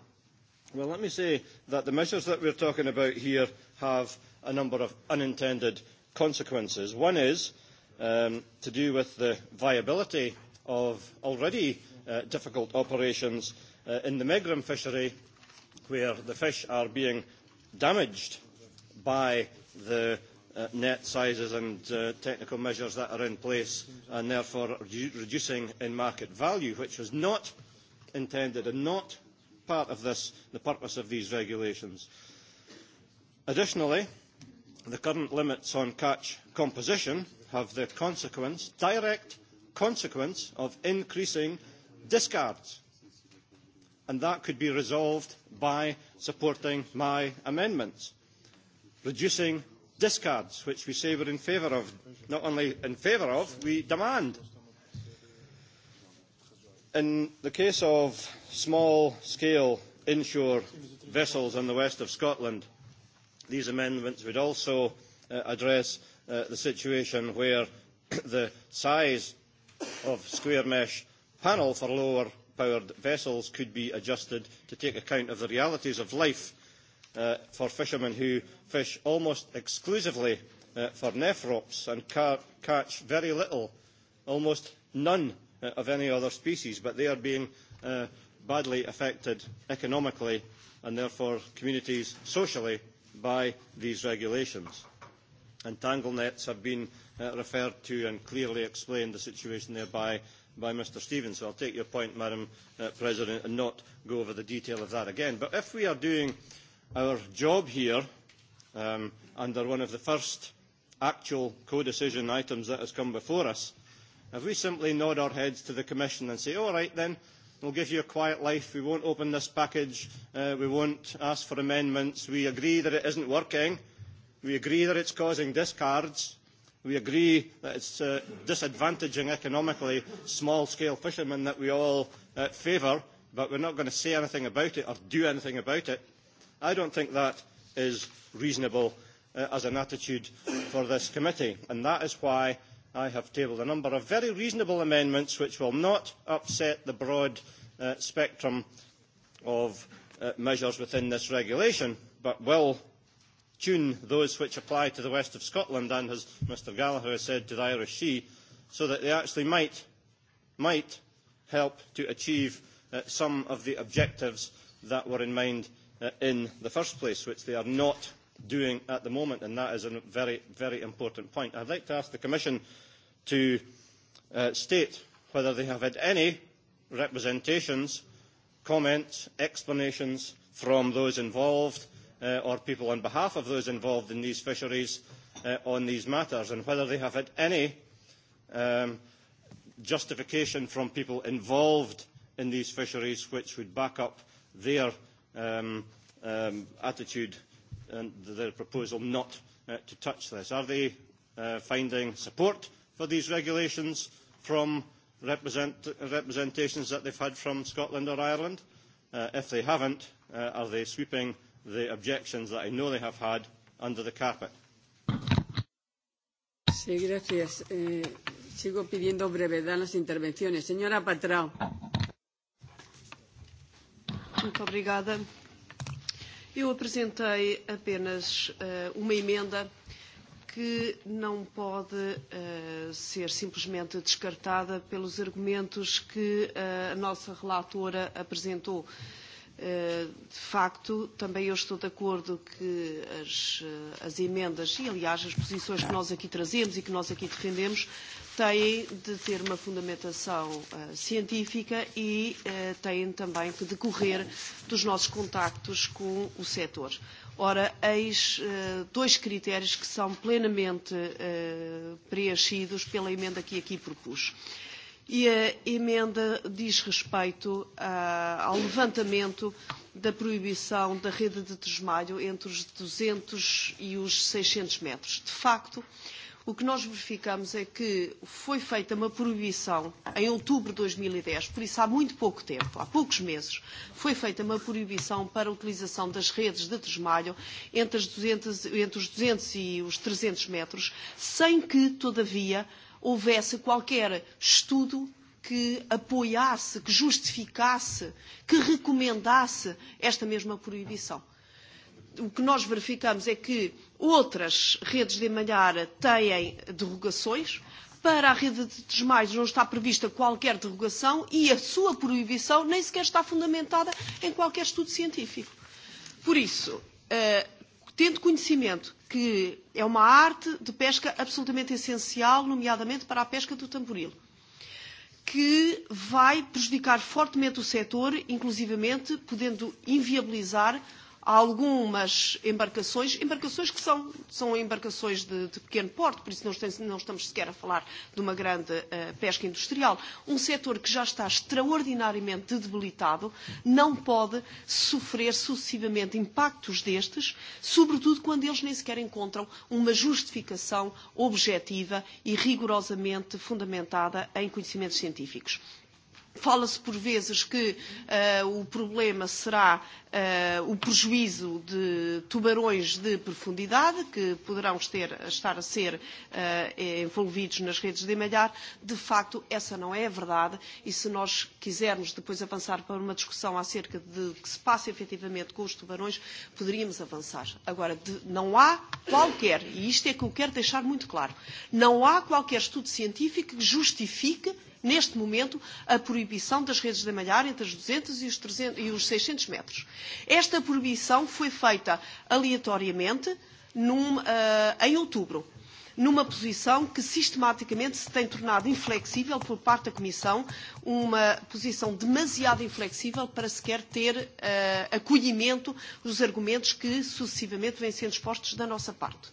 Well, let me say that the measures that we are talking about here have a number of unintended consequences. One is um, to do with the viability of already uh, difficult operations uh, in the Megram fishery, where the fish are being damaged by the uh, net sizes and uh, technical measures that are in place and therefore reducing in market value, which was not intended and not part of this, the purpose of these regulations. Additionally, the current limits on catch composition have the consequence, direct consequence of increasing discards. And that could be resolved by supporting my amendments. Reducing discards, which we say we are in favour of. Not only in favour of, we demand. In the case of small-scale inshore vessels in the west of Scotland, these amendments would also uh, address uh, the situation where the size of square mesh panel for lower powered vessels could be adjusted to take account of the realities of life Uh, for fishermen who fish almost exclusively uh, for nephrops and ca catch very little, almost none uh, of any other species, but they are being uh, badly affected economically and therefore communities socially by these regulations. And tangle nets have been uh, referred to and clearly explained the situation there by, by Mr Stevens. So I will take your point, Madam uh, President, and not go over the detail of that again. But if we are doing Our job here, um, under one of the first actual co-decision items that has come before us, if we simply nod our heads to the Commission and say, all right then, we'll give you a quiet life, we won't open this package, uh, we won't ask for amendments, we agree that it isn't working, we agree that it's causing discards, we agree that it's uh, disadvantaging economically small-scale fishermen that we all uh, favour, but we're not going to say anything about it or do anything about it. I don't think that is reasonable uh, as an attitude for this committee, and that is why I have tabled a number of very reasonable amendments which will not upset the broad uh, spectrum of uh, measures within this regulation, but will tune those which apply to the west of Scotland and, as Mr Gallagher has said, to the Irish Sea, so that they actually might, might help to achieve uh, some of the objectives that were in mind Uh, in the first place, which they are not doing at the moment, and that is a very, very important point. I'd like to ask the Commission to uh, state whether they have had any representations, comments, explanations from those involved uh, or people on behalf of those involved in these fisheries uh, on these matters, and whether they have had any um, justification from people involved in these fisheries which would back up their um, um, attitude and their proposal not uh, to touch this? Are they uh, finding support for these regulations from represent representations that they've had from Scotland or Ireland? Uh, if they haven't, uh, are they sweeping the objections that I know they have had under the carpet? Sí, gracias. Eh, sigo pidiendo brevedad en las intervenciones. Señora Patrao. Muito obrigada. Eu apresentei apenas uh, uma emenda que não pode uh, ser simplesmente descartada pelos argumentos que uh, a nossa relatora apresentou. de facto, também eu estou de acordo que as, as emendas e, aliás, as posições que nós aqui trazemos e que nós aqui defendemos têm de ter uma fundamentação uh, científica e uh, têm também que decorrer dos nossos contactos com o setor. Ora, eis uh, dois critérios que são plenamente uh, preenchidos pela emenda que aqui propus. E a emenda diz respeito uh, ao levantamento da proibição da rede de desmalho entre os 200 e os 600 metros. De facto, uh, O que nós verificamos é que foi feita uma proibição em outubro de 2010, e por isso há muito pouco tempo, há poucos meses, foi feita uma proibição para a utilização das redes de desmalho entre, as 200, entre os 200 e os 300 metros, sem que, todavia, houvesse qualquer estudo que apoiasse, que justificasse, que recomendasse esta mesma proibição o que nós verificamos é que outras redes de malhar têm derrogações. Para a rede de desmaios não está prevista qualquer derrogação e a sua proibição nem sequer está fundamentada em qualquer estudo científico. Por isso, eh, tendo conhecimento que é uma arte de pesca absolutamente essencial, nomeadamente para a pesca do tamboril, que vai prejudicar fortemente o setor, inclusivamente podendo inviabilizar algumas embarcações, embarcações que são, são embarcações de, de pequeno porte, por isso não, estamos, não estamos sequer a falar de uma grande uh, pesca industrial. Um setor que já está extraordinariamente debilitado não pode sofrer sucessivamente impactos destes, sobretudo quando eles nem sequer encontram uma justificação objetiva e rigorosamente fundamentada em conhecimentos científicos. Fala-se por vezes que uh, o problema será uh, o prejuízo de tubarões de profundidade que poderão ter, estar a ser uh, envolvidos nas redes de malhar, de facto essa não é a verdade e se nós quisermos depois avançar para uma discussão acerca de que se passa efetivamente com os tubarões, poderíamos avançar. Agora, de, não há qualquer, e isto é que eu quero deixar muito claro, não há qualquer estudo científico que justifique neste momento, a proibição das redes de malhar entre os 200 e os, 300, e os 600 metros. Esta proibição foi feita aleatoriamente num, uh, em outubro numa posição que sistematicamente se tem tornado inflexível por parte da Comissão, uma posição demasiado inflexível para sequer ter uh, acolhimento dos argumentos que sucessivamente vêm sendo expostos da nossa parte.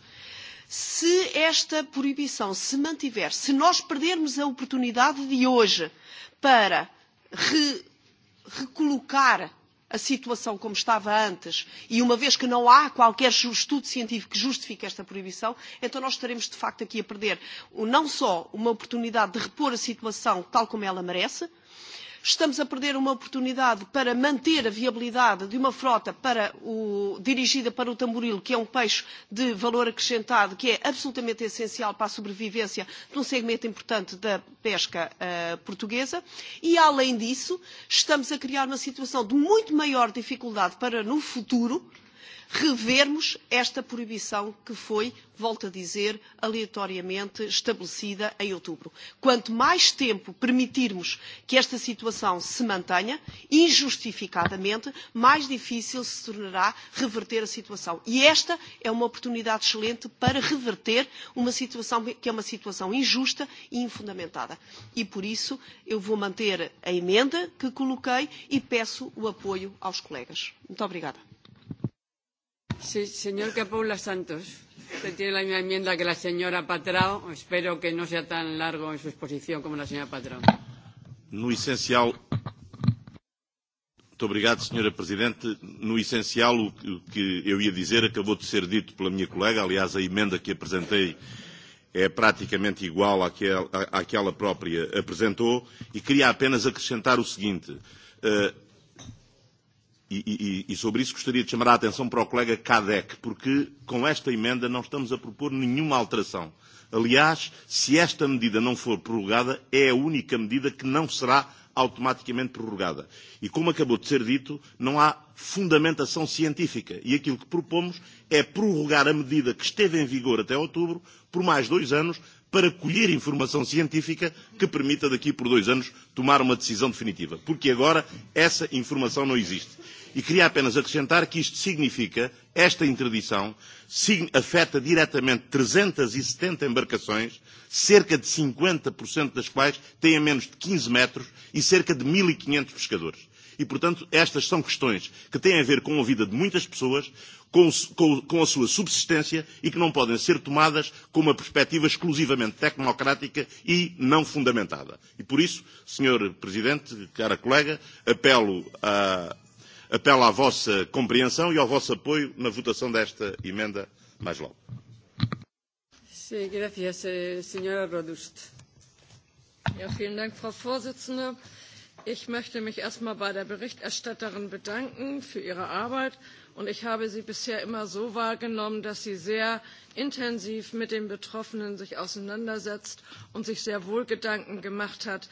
Se esta proibição se mantiver, se nós perdermos a oportunidade de hoje para re recolocar a situação como estava antes e uma vez que não há qualquer estudo científico que justifique esta proibição, então nós estaremos de facto aqui a perder não só uma oportunidade de repor a situação tal como ela merece, estamos a perder uma oportunidade para manter a viabilidade de uma frota para o, dirigida para o tamboril, que é um peixe de valor acrescentado, que é absolutamente essencial para a sobrevivência de um segmento importante da pesca uh, portuguesa. E, além disso, estamos a criar uma situação de muito maior dificuldade para, no futuro, revermos esta proibição que foi, volto a dizer, aleatoriamente estabelecida em outubro. Quanto mais tempo permitirmos que esta situação se mantenha, injustificadamente, mais difícil se tornará reverter a situação. E esta é uma oportunidade excelente para reverter uma situação que é uma situação injusta e infundamentada. E por isso eu vou manter a emenda que coloquei e peço o apoio aos colegas. Muito obrigada. Sí, señor Capoula Santos, usted tiene la misma enmienda que la señora Patrao. Espero que no sea tan largo en su exposición como la señora Patrao. No essencial, Muito obrigado, Sra. Presidente. No essencial, o que eu ia dizer acabou de ser dito pela minha colega. Aliás, a emenda que apresentei é praticamente igual àquela, àquela própria apresentou. E queria apenas acrescentar o seguinte. Uh, E, e, e, e sobre isso gostaria de chamar a atenção para o colega Cadec, porque com esta emenda não estamos a propor nenhuma alteração. Aliás, se esta medida não for prorrogada, é a única medida que não será automaticamente prorrogada. E como acabou de ser dito, não há fundamentação científica. E aquilo que propomos é prorrogar a medida que esteve em vigor até outubro por mais dois anos, para colher informação científica que permita daqui por dois anos tomar uma decisão definitiva, porque agora essa informação não existe. E queria apenas acrescentar que isto significa, esta interdição afeta diretamente 370 e embarcações, cerca de 50% das quais têm a menos de 15 metros e cerca de 1.500 e pescadores. E, portanto, estas são questões que têm a ver com a vida de muitas pessoas, com, com, com a sua subsistência e que não podem ser tomadas com uma perspectiva exclusivamente tecnocrática e não fundamentada. E por isso, Sr. Presidente, cara colega, apelo a, apelo à vossa compreensão e ao vosso apoio na votação desta emenda mais logo. Sim, gracias, eh, Rodust. Ja, vielen Dank, Frau Vorsitzende. Ich möchte mich erst einmal bei der Berichterstatterin bedanken für ihre Arbeit. Und ich habe sie bisher immer so wahrgenommen, dass sie sich sehr intensiv mit den Betroffenen auseinandersetzt und sich sehr wohl Gedanken gemacht hat,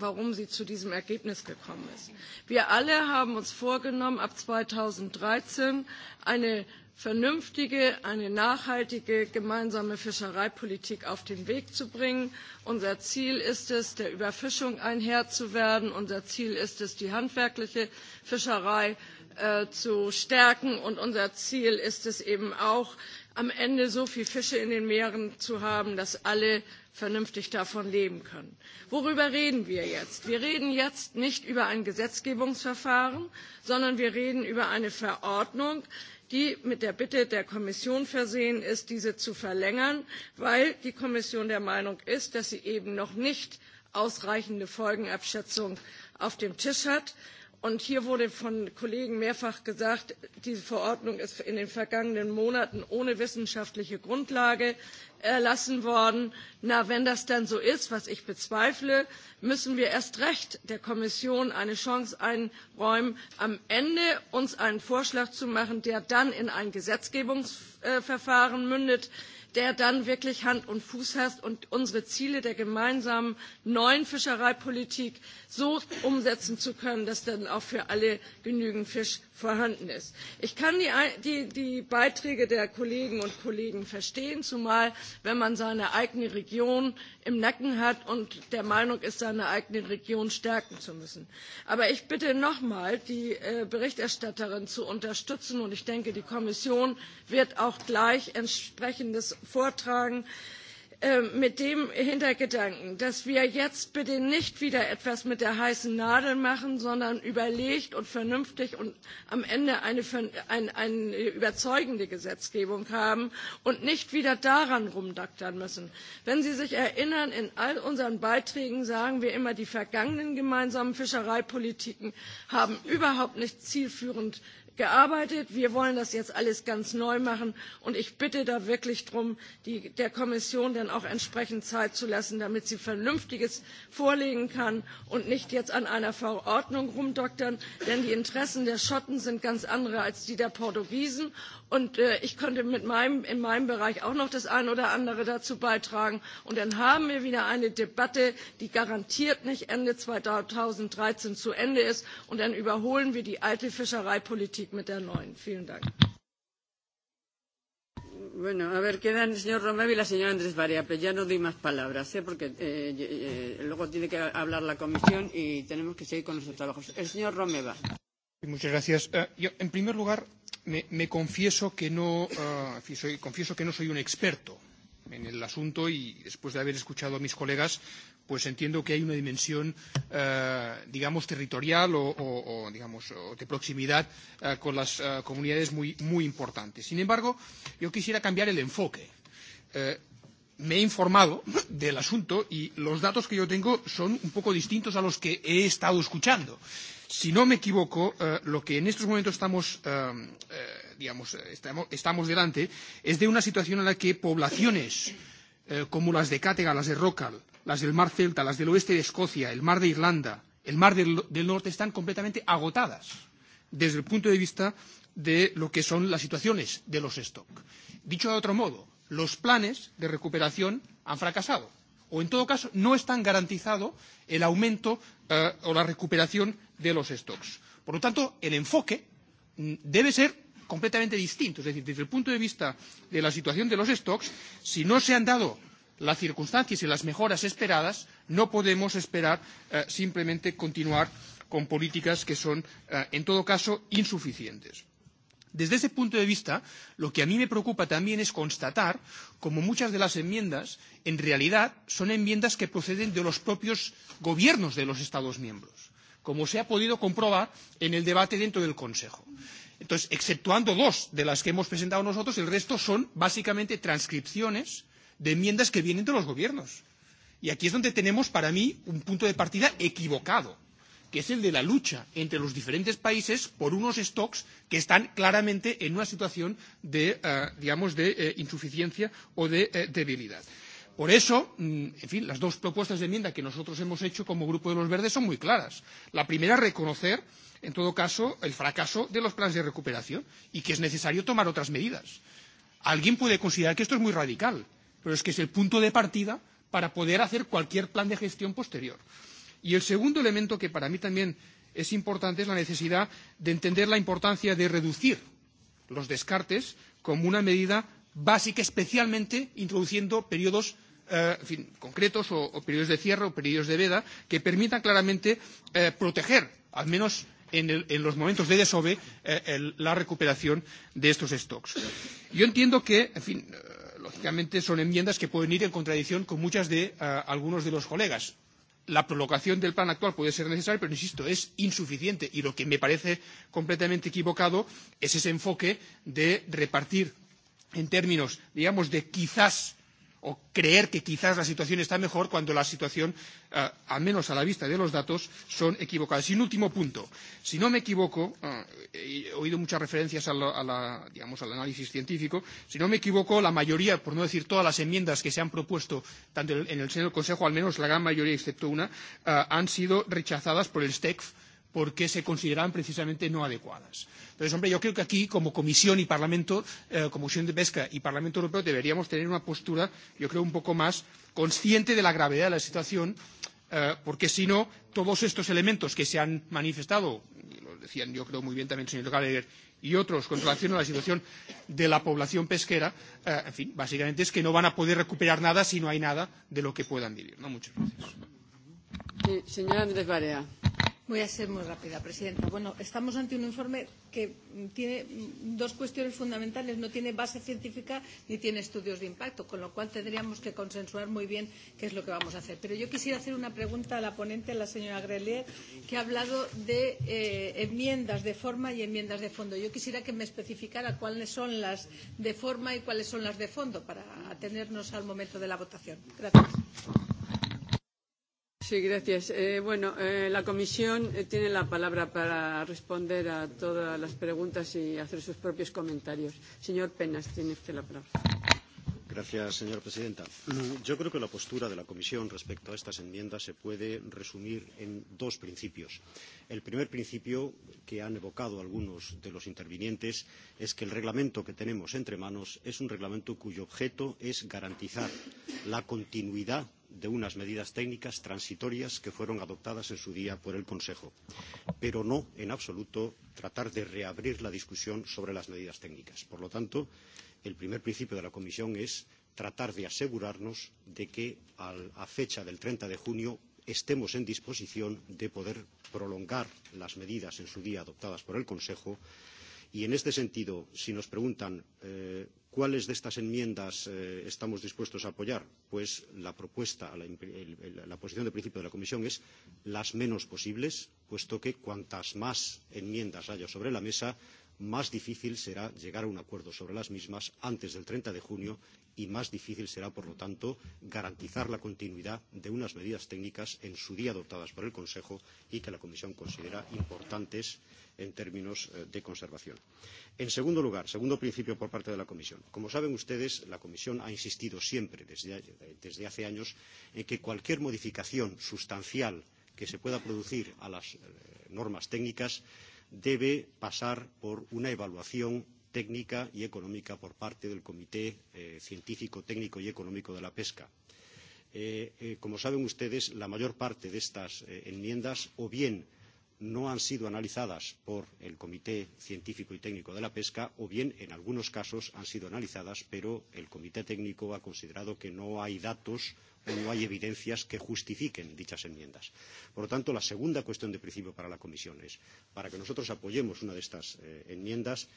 warum sie zu diesem Ergebnis gekommen ist. Wir alle haben uns vorgenommen, ab zweitausenddreizehn eine vernünftige, eine nachhaltige gemeinsame Fischereipolitik auf den Weg zu bringen. Unser Ziel ist es, der Überfischung ein Herr zu werden. Unser Ziel ist es, die handwerkliche Fischerei äh, zu stärken. Und unser Ziel ist es eben auch, am Ende so viele Fische in den Meeren zu haben, dass alle vernünftig davon leben können. Worüber reden wir jetzt? Wir reden jetzt nicht über ein Gesetzgebungsverfahren, sondern wir reden über eine Verordnung, die mit der Bitte der Kommission versehen ist, diese zu verlängern, weil die Kommission der Meinung ist, dass sie eben noch nicht ausreichende Folgenabschätzung auf dem Tisch hat und hier wurde von kollegen mehrfach gesagt diese verordnung ist in den vergangenen monaten ohne wissenschaftliche grundlage erlassen worden. na wenn das dann so ist was ich bezweifle müssen wir erst recht der kommission eine chance einräumen uns am ende einen vorschlag zu machen der dann in ein gesetzgebungsverfahren mündet der dann wirklich Hand und Fuß hat und unsere Ziele der gemeinsamen neuen Fischereipolitik so umsetzen zu können, dass dann auch für alle genügend Fisch vorhanden ist. Ich kann die, die, die Beiträge der Kollegen und Kollegen verstehen, zumal wenn man seine eigene Region im Nacken hat und der Meinung ist, seine eigene Region stärken zu müssen. Aber ich bitte nochmal, die äh, Berichterstatterin zu unterstützen und ich denke, die Kommission wird auch gleich entsprechendes vortragen. Äh, Ähm, mit dem Hintergedanken, dass wir jetzt bitte nicht wieder etwas mit der heißen Nadel machen, sondern überlegt und vernünftig und am Ende eine, überzeugende Gesetzgebung haben und nicht wieder daran rumdoktern müssen. Wenn Sie sich erinnern, in all unseren Beiträgen sagen wir immer, die vergangenen gemeinsamen Fischereipolitiken haben überhaupt nicht zielführend gearbeitet. wir wollen das jetzt alles ganz neu machen und ich bitte da wirklich darum der kommission dann auch entsprechend zeit zu lassen damit sie vernünftiges vorlegen kann und nicht jetzt an einer verordnung rumdoktern denn die interessen der schotten sind ganz andere als die der portugiesen Und äh, ich konnte mit meinem, in meinem Bereich auch noch das eine oder andere dazu beitragen. Und dann haben wir wieder eine Debatte, die garantiert nicht Ende 2013 zu Ende ist. Und dann überholen wir die alte Fischereipolitik mit der neuen. Vielen Dank. Bueno, a ver, quedan el señor Romeva y la señora Andrés Barea, pero ya no doy más palabras, ¿eh? porque eh, eh, luego tiene que hablar la comisión y tenemos que seguir con nuestros trabajos. El señor Romeva. Muchas gracias. Uh, yo, en primer lugar, me, me confieso, que no, uh, soy, confieso que no soy un experto en el asunto y después de haber escuchado a mis colegas, pues entiendo que hay una dimensión, uh, digamos, territorial o, o, o, digamos, o de proximidad uh, con las uh, comunidades muy, muy importantes. Sin embargo, yo quisiera cambiar el enfoque. Uh, me he informado del asunto y los datos que yo tengo son un poco distintos a los que he estado escuchando. Si no me equivoco, eh, lo que en estos momentos estamos, eh, eh, digamos, eh, estamos, estamos delante es de una situación en la que poblaciones eh, como las de Cátega, las de Rockall, las del Mar Celta, las del oeste de Escocia, el Mar de Irlanda, el Mar del, del Norte, están completamente agotadas desde el punto de vista de lo que son las situaciones de los stock. Dicho de otro modo, los planes de recuperación han fracasado o, en todo caso, no están garantizado el aumento eh, o la recuperación de los stocks. Por lo tanto, el enfoque mm, debe ser completamente distinto. Es decir, desde el punto de vista de la situación de los stocks, si no se han dado las circunstancias y las mejoras esperadas, no podemos esperar eh, simplemente continuar con políticas que son, eh, en todo caso, insuficientes. Desde ese punto de vista, lo que a mí me preocupa también es constatar como muchas de las enmiendas, en realidad, son enmiendas que proceden de los propios gobiernos de los Estados miembros como se ha podido comprobar en el debate dentro del Consejo. Entonces, exceptuando dos de las que hemos presentado nosotros, el resto son básicamente transcripciones de enmiendas que vienen de los gobiernos. Y aquí es donde tenemos, para mí, un punto de partida equivocado, que es el de la lucha entre los diferentes países por unos stocks que están claramente en una situación de, uh, digamos, de eh, insuficiencia o de eh, debilidad. Por eso, mm, en fin, las dos propuestas de enmienda que nosotros hemos hecho como Grupo de los Verdes son muy claras. La primera, reconocer, en todo caso, el fracaso de los planes de recuperación y que es necesario tomar otras medidas. Alguien puede considerar que esto es muy radical, pero es que es el punto de partida para poder hacer cualquier plan de gestión posterior. Y el segundo elemento que para mí también es importante es la necesidad de entender la importancia de reducir los descartes como una medida básica, especialmente introduciendo periodos eh, en fin, concretos o, o periodos de cierre o periodos de veda que permitan claramente eh, proteger, al menos en, el, en los momentos de desove, eh, el, la recuperación de estos stocks. Yo entiendo que, en fin, eh, lógicamente son enmiendas que pueden ir en contradicción con muchas de eh, algunos de los colegas la prolongación del plan actual puede ser necesaria, pero insisto, es insuficiente. Y lo que me parece completamente equivocado es ese enfoque de repartir en términos, digamos, de quizás o creer que quizás la situación está mejor cuando la situación, uh, al menos a la vista de los datos, son equivocadas. Y un último punto. Si no me equivoco, uh, he oído muchas referencias a la, a la, digamos, al análisis científico, si no me equivoco, la mayoría, por no decir todas las enmiendas que se han propuesto, tanto en el seno del Consejo, al menos la gran mayoría, excepto una, uh, han sido rechazadas por el STECF porque se consideraban precisamente no adecuadas. Entonces, hombre, yo creo que aquí, como Comisión y Parlamento, eh, Comisión de Pesca y Parlamento Europeo, deberíamos tener una postura, yo creo, un poco más consciente de la gravedad de la situación, eh, porque si no, todos estos elementos que se han manifestado, y lo decían yo creo muy bien también el señor Gallagher y otros, con relación a la situación de la población pesquera, eh, en fin, básicamente es que no van a poder recuperar nada si no hay nada de lo que puedan vivir. ¿no? Muchas gracias. Sí, señora Andrés Barea. Voy a ser muy rápida, presidenta. Bueno, estamos ante un informe que tiene dos cuestiones fundamentales. No tiene base científica ni tiene estudios de impacto, con lo cual tendríamos que consensuar muy bien qué es lo que vamos a hacer. Pero yo quisiera hacer una pregunta a la ponente, a la señora Grelier, que ha hablado de eh, enmiendas de forma y enmiendas de fondo. Yo quisiera que me especificara cuáles son las de forma y cuáles son las de fondo para atenernos al momento de la votación. Gracias. Sí, gracias. Eh, bueno, eh, la comisión eh, tiene la palabra para responder a todas las preguntas y hacer sus propios comentarios. Señor Penas, tiene usted la palabra. Gracias, señora presidenta. Mm, yo creo que la postura de la Comisión respecto a estas enmiendas se puede resumir en dos principios. El primer principio que han evocado algunos de los intervinientes es que el reglamento que tenemos entre manos es un reglamento cuyo objeto es garantizar la continuidad de unas medidas técnicas transitorias que fueron adoptadas en su día por el Consejo, pero no en absoluto tratar de reabrir la discusión sobre las medidas técnicas. Por lo tanto, el primer principio de la Comisión es tratar de asegurarnos de que a fecha del treinta de junio estemos en disposición de poder prolongar las medidas en su día adoptadas por el Consejo Y en este sentido, si nos preguntan eh, cuáles de estas enmiendas eh, estamos dispuestos a apoyar, pues la propuesta, la, el, la posición de principio de la Comisión es las menos posibles, puesto que cuantas más enmiendas haya sobre la mesa, más difícil será llegar a un acuerdo sobre las mismas antes del treinta de junio y más difícil será, por lo tanto, garantizar la continuidad de unas medidas técnicas en su día adoptadas por el Consejo y que la Comisión considera importantes en términos eh, de conservación. En segundo lugar, segundo principio por parte de la Comisión. Como saben ustedes, la Comisión ha insistido siempre, desde, desde hace años, en que cualquier modificación sustancial que se pueda producir a las eh, normas técnicas debe pasar por una evaluación técnica y económica por parte del Comité eh, Científico, Técnico y Económico de la Pesca. Eh, eh, como saben ustedes, la mayor parte de estas eh, enmiendas o bien no han sido analizadas por el Comité Científico y Técnico de la Pesca o bien en algunos casos han sido analizadas, pero el Comité Técnico ha considerado que no hay datos o no hay evidencias que justifiquen dichas enmiendas. Por lo tanto, la segunda cuestión de principio para la Comisión es, para que nosotros apoyemos una de estas eh, enmiendas,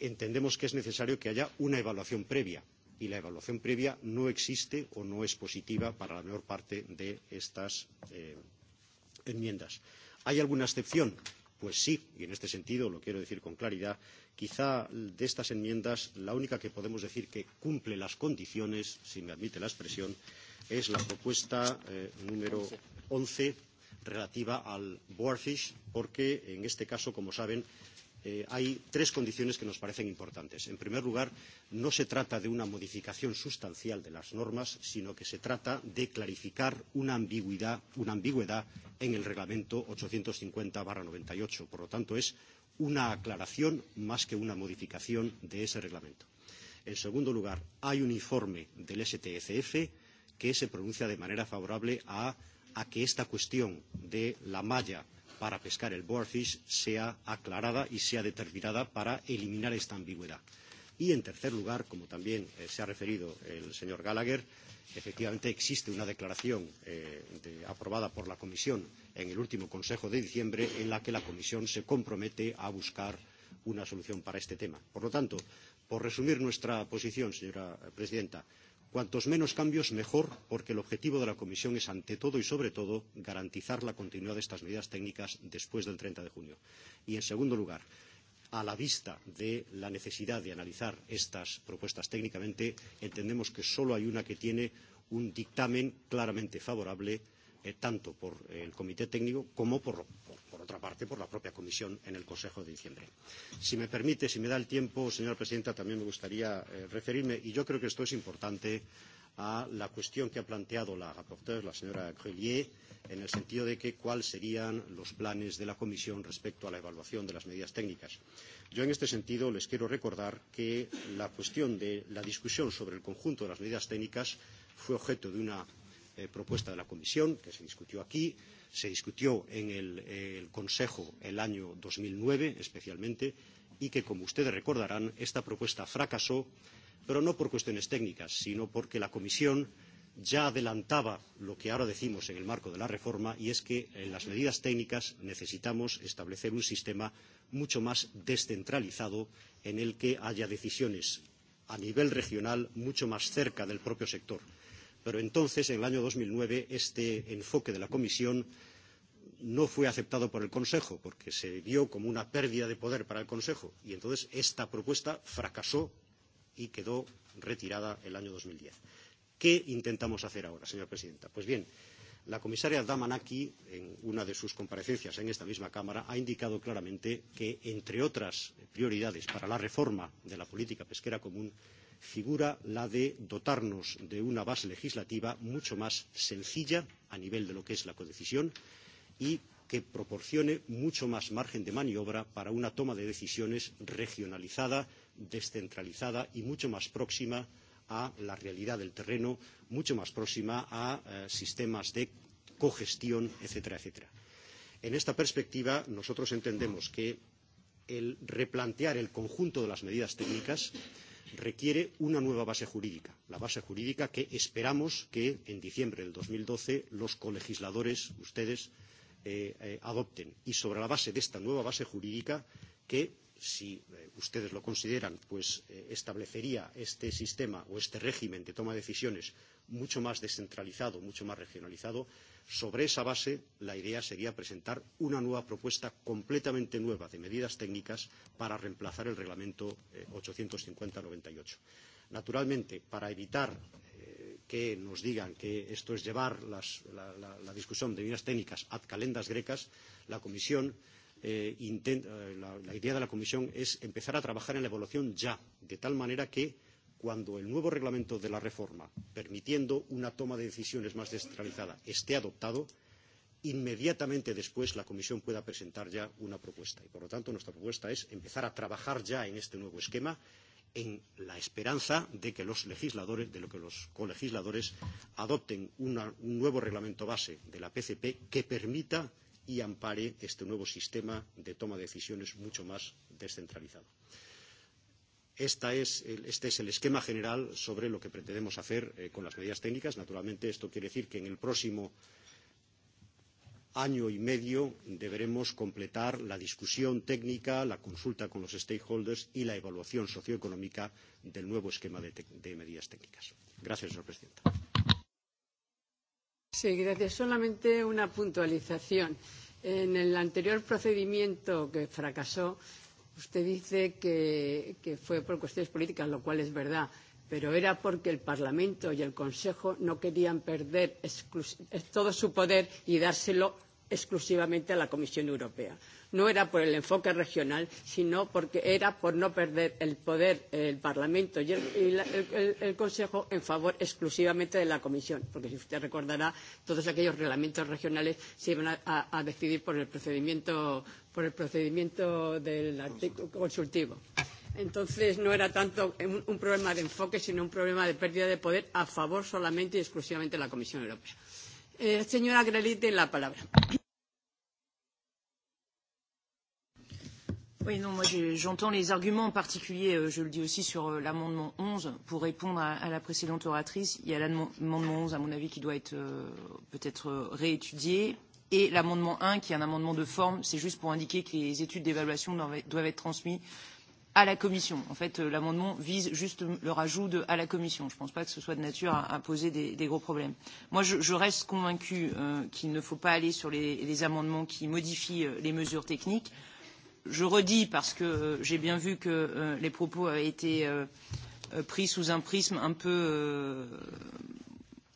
entendemos que es necesario que haya una evaluación previa y la evaluación previa no existe o no es positiva para la mayor parte de estas eh, enmiendas hay alguna excepción? Pues sí, y en este sentido lo quiero decir con claridad, quizá de estas enmiendas la única que podemos decir que cumple las condiciones, si me admite la expresión, es la propuesta eh, número once relativa al boarfish, porque en este caso, como saben, eh, hay tres condiciones que nos parecen importantes. En primer lugar, no se trata de una modificación sustancial de las normas, sino que se trata de clarificar una ambigüedad, una ambigüedad en el reglamento 850-98. Por lo tanto, es una aclaración más que una modificación de ese reglamento. En segundo lugar, hay un informe del STFF e que se pronuncia de manera favorable a, a que esta cuestión de la malla para pescar el boarfish sea aclarada y sea determinada para eliminar esta ambigüedad. Y, en tercer lugar, como también eh, se ha referido el señor Gallagher, efectivamente existe una declaración eh, de, aprobada por la Comisión en el último Consejo de diciembre en la que la Comisión se compromete a buscar una solución para este tema. Por lo tanto, por resumir nuestra posición, señora presidenta, Cuantos menos cambios, mejor, porque el objetivo de la Comisión es, ante todo y sobre todo, garantizar la continuidad de estas medidas técnicas después del 30 de junio. Y, en segundo lugar, a la vista de la necesidad de analizar estas propuestas técnicamente, entendemos que solo hay una que tiene un dictamen claramente favorable eh, tanto por eh, el Comité Técnico como, por, por, por otra parte, por la propia Comisión en el Consejo de diciembre. Si me permite, si me da el tiempo, señora presidenta, también me gustaría eh, referirme, y yo creo que esto es importante, a la cuestión que ha planteado la rapporteur, la señora Grelier, en el sentido de que cuáles serían los planes de la Comisión respecto a la evaluación de las medidas técnicas. Yo en este sentido les quiero recordar que la cuestión de la discusión sobre el conjunto de las medidas técnicas fue objeto de una eh, propuesta de la Comisión, que se discutió aquí, se discutió en el, eh, el Consejo el año dos mil nueve especialmente, y que, como ustedes recordarán, esta propuesta fracasó, pero no por cuestiones técnicas, sino porque la Comisión ya adelantaba lo que ahora decimos en el marco de la reforma, y es que en las medidas técnicas necesitamos establecer un sistema mucho más descentralizado en el que haya decisiones a nivel regional mucho más cerca del propio sector pero entonces, en el año dos mil nueve, este enfoque de la Comisión no fue aceptado por el Consejo, porque se vio como una pérdida de poder para el Consejo, y entonces esta propuesta fracasó y quedó retirada el año dos mil diez. ¿Qué intentamos hacer ahora, señora presidenta? Pues bien, la comisaria Damanaki, en una de sus comparecencias en esta misma Cámara, ha indicado claramente que, entre otras prioridades para la reforma de la política pesquera común, figura la de dotarnos de una base legislativa mucho más sencilla a nivel de lo que es la codecisión y que proporcione mucho más margen de maniobra para una toma de decisiones regionalizada, descentralizada y mucho más próxima a la realidad del terreno, mucho más próxima a eh, sistemas de cogestión, etcétera, etcétera. En esta perspectiva, nosotros entendemos que el replantear el conjunto de las medidas técnicas requiere una nueva base jurídica, la base jurídica que esperamos que en diciembre de dos mil doce los colegisladores, ustedes, eh, eh, adopten. Y sobre la base de esta nueva base jurídica que, si eh, ustedes lo consideran, pues eh, establecería este sistema o este régimen de toma de decisiones mucho más descentralizado, mucho más regionalizado, Sobre esa base, la idea sería presentar una nueva propuesta completamente nueva de medidas técnicas para reemplazar el reglamento eh, ochocientos cincuenta noventa y ocho. Naturalmente, para evitar eh, que nos digan que esto es llevar las, la, la, la, discusión de medidas técnicas ad calendas grecas, la Comisión eh, eh la, la idea de la Comisión es empezar a trabajar en la evaluación ya, de tal manera que cuando el nuevo reglamento de la reforma, permitiendo una toma de decisiones más descentralizada, esté adoptado, inmediatamente después la Comisión pueda presentar ya una propuesta. Y por lo tanto, nuestra propuesta es empezar a trabajar ya en este nuevo esquema en la esperanza de que los legisladores, de lo que los colegisladores adopten una, un nuevo reglamento base de la PCP que permita y ampare este nuevo sistema de toma de decisiones mucho más descentralizado. Esta es el, este es el esquema general sobre lo que pretendemos hacer eh, con las medidas técnicas. Naturalmente, esto quiere decir que en el próximo año y medio deberemos completar la discusión técnica, la consulta con los stakeholders y la evaluación socioeconómica del nuevo esquema de, de medidas técnicas. Gracias, señora presidenta. Sí, gracias. Solamente una puntualización. En el anterior procedimiento que fracasó, Usted dice que, que fue por cuestiones políticas, lo cual es verdad, pero era porque el Parlamento y el Consejo no querían perder todo su poder y dárselo exclusivamente a la Comisión Europea. No era por el enfoque regional, sino porque era por no perder el poder el Parlamento y, el, y la, el, el Consejo en favor exclusivamente de la Comisión, porque si usted recordará, todos aquellos reglamentos regionales se iban a, a, a decidir por el procedimiento, por el procedimiento del artículo consultivo. Entonces no era tanto un, un problema de enfoque, sino un problema de pérdida de poder a favor solamente y exclusivamente de la Comisión Europea. Eh, señora Grelite, la palabra. Oui, non, moi j'entends les arguments, en particulier, euh, je le dis aussi sur euh, l'amendement 11, pour répondre à, à la précédente oratrice. Il y a l'amendement 11, à mon avis, qui doit être euh, peut-être réétudié, et l'amendement 1, qui est un amendement de forme, c'est juste pour indiquer que les études d'évaluation doivent être transmises à la Commission. En fait, l'amendement vise juste le rajout de à la Commission. Je ne pense pas que ce soit de nature à, à poser des, des gros problèmes. Moi, je, je reste convaincu euh, qu'il ne faut pas aller sur les, les amendements qui modifient les mesures techniques je redis, parce que euh, j'ai bien vu que euh, les propos avaient été euh, pris sous un prisme un peu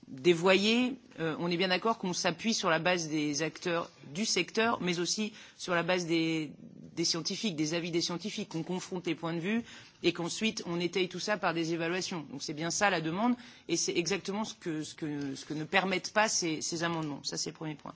dévoyé, on est bien d'accord qu'on s'appuie sur la base des acteurs du secteur, mais aussi sur la base des, des scientifiques, des avis des scientifiques, qu'on confronte les points de vue et qu'ensuite on étaye tout ça par des évaluations. Donc c'est bien ça la demande et c'est exactement ce que, ce, que, ce que ne permettent pas ces, ces amendements. Ça c'est le premier point.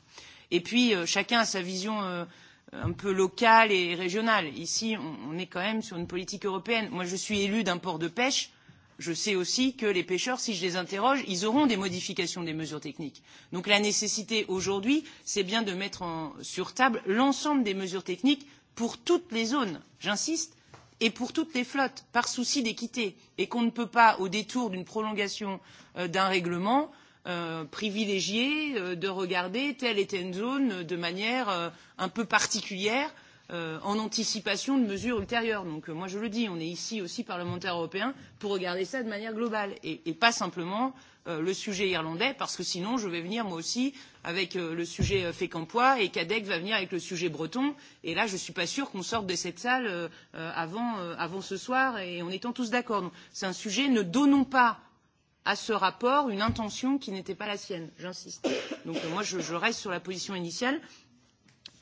Et puis euh, chacun a sa vision euh, un peu locale et régionale. Ici, on, on est quand même sur une politique européenne. Moi, je suis élu d'un port de pêche. Je sais aussi que les pêcheurs, si je les interroge, ils auront des modifications des mesures techniques. Donc la nécessité aujourd'hui, c'est bien de mettre en, sur table l'ensemble des mesures techniques pour toutes les zones, j'insiste, et pour toutes les flottes, par souci d'équité, et qu'on ne peut pas, au détour d'une prolongation euh, d'un règlement, euh, Euh, privilégié euh, de regarder telle et telle zone de manière euh, un peu particulière en anticipation de mesures ultérieures. Donc moi je le dis, on est ici aussi parlementaires européens pour regarder ça de manière globale et, et pas simplement euh, le sujet irlandais parce que sinon je vais venir moi aussi avec euh, le sujet euh, Fécampois et Cadec va venir avec le sujet breton et là je ne suis pas sûre qu'on sorte de cette salle avant, avant, ce soir et en étant tous d'accord. c'est un sujet, ne donnons pas à ce rapport une intention qui n'était pas la sienne, j'insiste. Donc moi, je, je reste sur la position initiale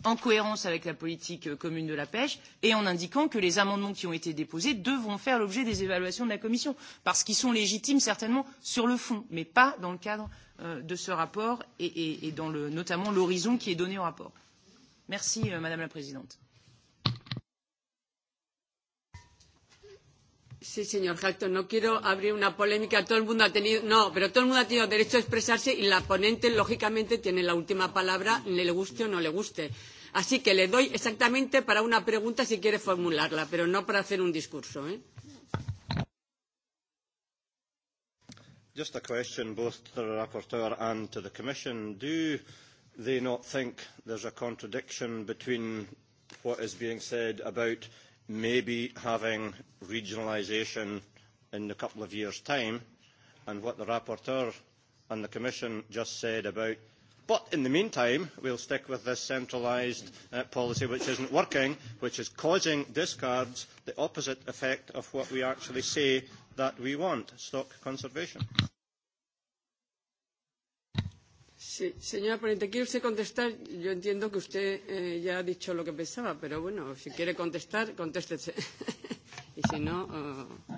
en cohérence avec la politique euh, commune de la pêche et en indiquant que les amendements qui ont été déposés devront faire l'objet des évaluations de la commission parce qu'ils sont légitimes certainement sur le fond mais pas dans le cadre euh, de ce rapport et, et, et dans le, notamment l'horizon qui est donné au rapport. merci euh, madame la présidente. Sí, señor Halton, no quiero abrir una polémica. Todo el mundo ha tenido. No, pero todo el mundo ha tenido derecho a expresarse y la ponente, lógicamente, tiene la última palabra, le guste o no le guste. Así que le doy exactamente para una pregunta si quiere formularla, pero no para hacer un discurso. ¿eh? Just a question both to the rapporteur and to the Commission. Do they not think there's a contradiction between what is being said about maybe having regionalisation in a couple of years' time, and what the rapporteur and the Commission just said about, but in the meantime, we'll stick with this centralised uh, policy which isn't working, which is causing discards, the opposite effect of what we actually say that we want, stock conservation. Sí, señora ponente, ¿quiere usted contestar? Yo entiendo que usted eh, ya ha dicho lo que pensaba, pero bueno, si quiere contestar, contéstese. y si no. Eh.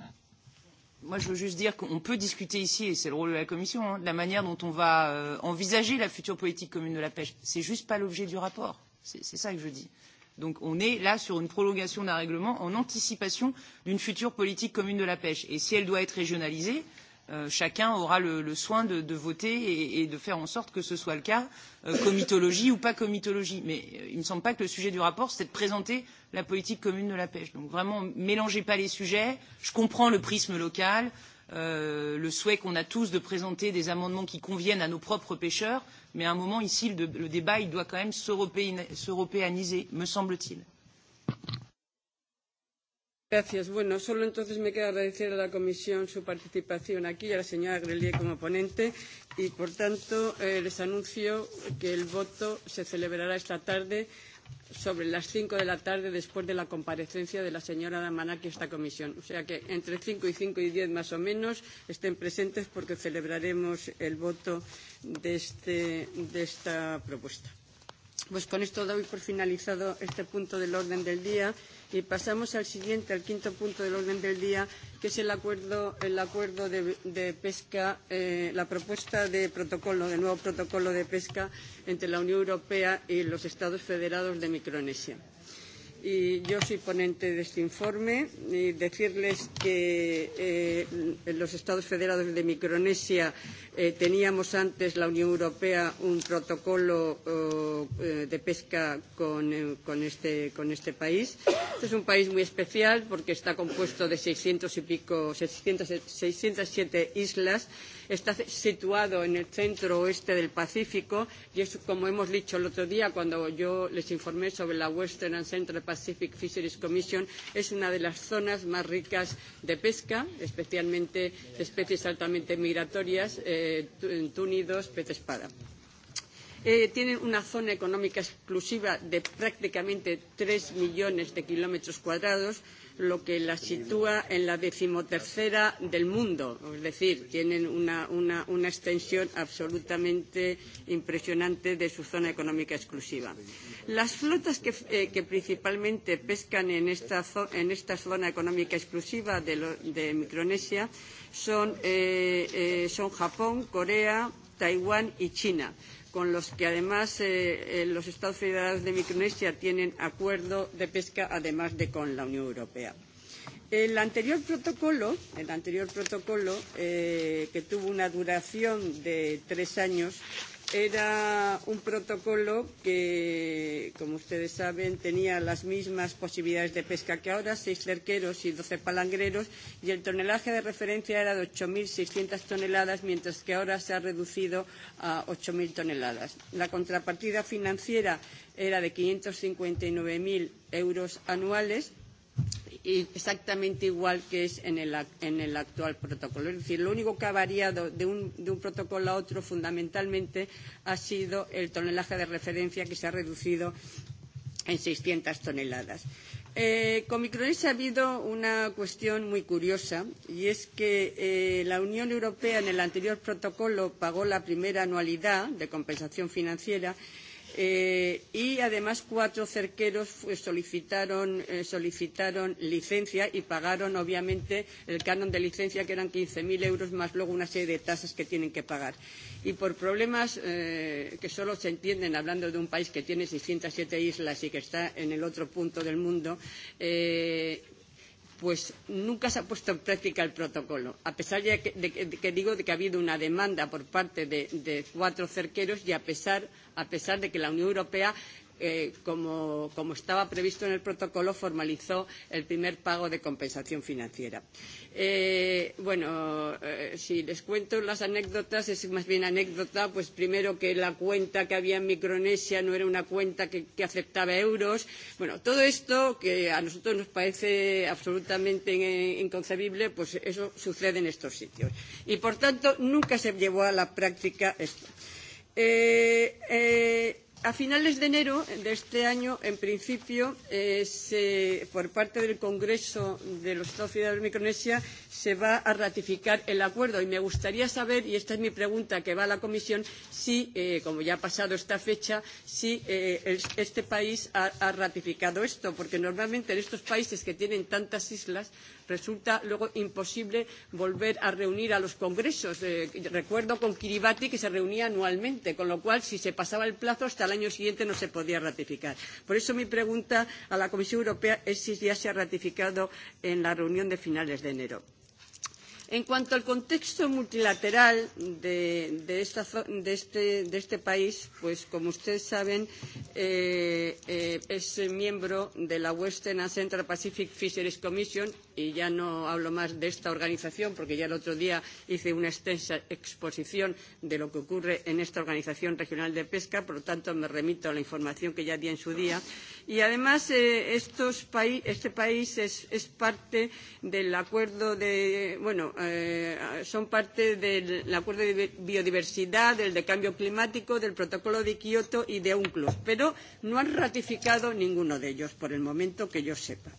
Moi, je veux juste dire qu'on peut discuter ici, et c'est le rôle de la Commission, hein, de la manière dont on va euh, envisager la future politique commune de la pêche. C'est juste pas l'objet du rapport. C'est ça que je dis. Donc on est là sur une prolongation d'un règlement en anticipation d'une future politique commune de la pêche. Et si elle doit être régionalisée, euh, Euh, chacun aura le, le soin de, de voter et, et de faire en sorte que ce soit le cas, euh, comitologie ou pas comitologie. Mais euh, il ne me semble pas que le sujet du rapport, c'est de présenter la politique commune de la pêche. Donc vraiment, mélangez pas les sujets. Je comprends le prisme local, euh, le souhait qu'on a tous de présenter des amendements qui conviennent à nos propres pêcheurs, mais à un moment, ici, le, le débat, il doit quand même s'européaniser, me semble-t-il. Gracias. Bueno, solo entonces me queda agradecer a la Comisión su participación aquí y a la señora Grelier como ponente y, por tanto, eh, les anuncio que el voto se celebrará esta tarde sobre las cinco de la tarde después de la comparecencia de la señora Damanaki a esta comisión. O sea que entre cinco y cinco y diez más o menos estén presentes porque celebraremos el voto de, este, de esta propuesta. Pues con esto doy por finalizado este punto del orden del día. Y pasamos al siguiente, al quinto punto del orden del día, que es el acuerdo, el acuerdo de, de pesca, eh, la propuesta de protocolo, de nuevo protocolo de pesca entre la Unión Europea y los Estados Federados de Micronesia y yo soy ponente de este informe y decirles que eh, en los Estados Federados de Micronesia eh, teníamos antes la Unión Europea un protocolo eh, de pesca con, eh, con, este, con, este, país. Este es un país muy especial porque está compuesto de seiscientas y pico, 600, 607 islas está situado en el centro oeste del Pacífico y es, como hemos dicho el otro día cuando yo les informé sobre la Western and Central Pacific Fisheries Commission, es una de las zonas más ricas de pesca, especialmente de especies altamente migratorias, eh, túnidos, pez espada. Eh, tiene una zona económica exclusiva de prácticamente tres millones de kilómetros cuadrados lo que la sitúa en la decimotercera del mundo, es decir, tienen una, una, una extensión absolutamente impresionante de su zona económica exclusiva. Las flotas que, eh, que principalmente pescan en esta, en esta zona económica exclusiva de, lo, de Micronesia son, eh, eh, son Japón, Corea, Taiwán y China con los que además eh, eh, los Estados Federados de Micronesia tienen acuerdo de pesca, además de con la Unión Europea. El anterior protocolo, el anterior protocolo eh, que tuvo una duración de tres años, era un protocolo que, como ustedes saben, tenía las mismas posibilidades de pesca que ahora, seis cerqueros y doce palangreros, y el tonelaje de referencia era de 8.600 toneladas, mientras que ahora se ha reducido a 8.000 toneladas. La contrapartida financiera era de 559.000 euros anuales exactamente igual que es en el, en el actual protocolo. Es decir, lo único que ha variado de un, de un protocolo a otro fundamentalmente ha sido el tonelaje de referencia que se ha reducido en 600 toneladas. Eh, con Micronesia ha habido una cuestión muy curiosa y es que eh, la Unión Europea en el anterior protocolo pagó la primera anualidad de compensación financiera Eh, y además cuatro cerqueros solicitaron, eh, solicitaron licencia y pagaron obviamente el canon de licencia que eran 15.000 euros más luego una serie de tasas que tienen que pagar. Y por problemas eh, que solo se entienden hablando de un país que tiene 607 islas y que está en el otro punto del mundo, eh, pues nunca se ha puesto en práctica el protocolo, a pesar de que, de, de que digo de que ha habido una demanda por parte de, de cuatro cerqueros y a pesar, a pesar de que la Unión Europea eh, como, como estaba previsto en el protocolo, formalizó el primer pago de compensación financiera. Eh, bueno, eh, si les cuento las anécdotas, es más bien anécdota, pues primero que la cuenta que había en Micronesia no era una cuenta que, que aceptaba euros. Bueno, todo esto que a nosotros nos parece absolutamente inconcebible, pues eso sucede en estos sitios. Y por tanto, nunca se llevó a la práctica esto. Eh, eh, a finales de enero de este año, en principio, eh, se, por parte del Congreso de los Estados Unidos de Micronesia, se va a ratificar el acuerdo. Y me gustaría saber, y esta es mi pregunta que va a la Comisión, si, eh, como ya ha pasado esta fecha, si eh, este país ha, ha, ratificado esto, porque normalmente en estos países que tienen tantas islas resulta luego imposible volver a reunir a los congresos. Eh, recuerdo con Kiribati que se reunía anualmente, con lo cual si se pasaba el plazo hasta el año siguiente no se podía ratificar. Por eso mi pregunta a la Comisión Europea es si ya se ha ratificado en la reunión de finales de enero. En cuanto al contexto multilateral de, de, esta, de, este, de este país, pues como ustedes saben, eh, eh, es miembro de la Western and Central Pacific Fisheries Commission y ya no hablo más de esta organización porque ya el otro día hice una extensa exposición de lo que ocurre en esta Organización Regional de Pesca, por lo tanto me remito a la información que ya di en su día. Y además eh, estos pa este país es, es parte del acuerdo de, bueno, eh, son parte del acuerdo de biodiversidad, del de cambio climático, del protocolo de Kioto y de UNCLOS, pero no han ratificado ninguno de ellos por el momento que yo sepa.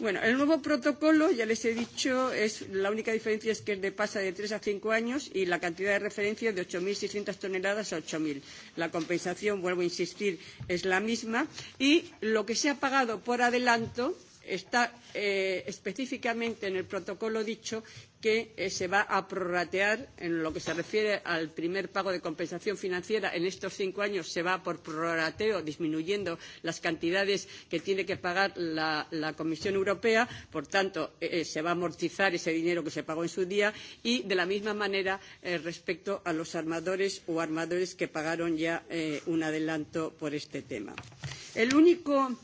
Bueno, el nuevo protocolo, ya les he dicho, es, la única diferencia es que es de, pasa de tres a cinco años y la cantidad de referencia es de ocho seiscientos toneladas a ocho 8.000. La compensación, vuelvo a insistir, es la misma y lo que se ha pagado por adelanto está eh, específicamente en el protocolo dicho que eh, se va a prorratear en lo que se refiere al primer pago de compensación financiera en estos cinco años se va por prorrateo disminuyendo las cantidades que tiene que pagar la, la Comisión Europea por tanto eh, eh se va a amortizar ese dinero que se pagó en su día y de la misma manera eh, respecto a los armadores o armadores que pagaron ya eh, un adelanto por este tema. El único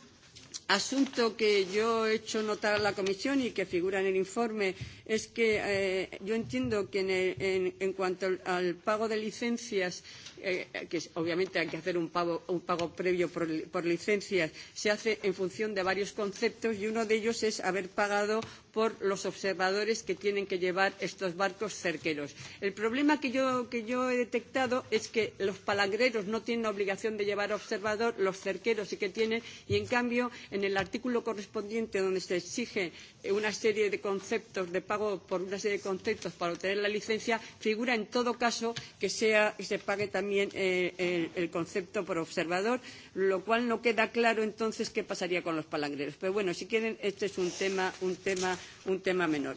asunto que yo he hecho notar a la comisión y que figura en el informe es que eh, yo entiendo que en, el, en, en cuanto al, al pago de licencias eh, que obviamente hay que hacer un pago, un pago previo por, por licencias, se hace en función de varios conceptos y uno de ellos es haber pagado por los observadores que tienen que llevar estos barcos cerqueros. El problema que yo, que yo he detectado es que los palangreros no tienen obligación de llevar observador, los cerqueros sí que tienen, y en cambio en el artículo correspondiente donde se exige eh, una serie de conceptos de pago por una serie de conceptos para obtener la licencia, figura en todo caso que, sea, que se pague también también eh, el, el concepto por observador, lo cual no queda claro entonces qué pasaría con los palangreros. Pero bueno, si quieren, este es un tema, un tema, un tema menor.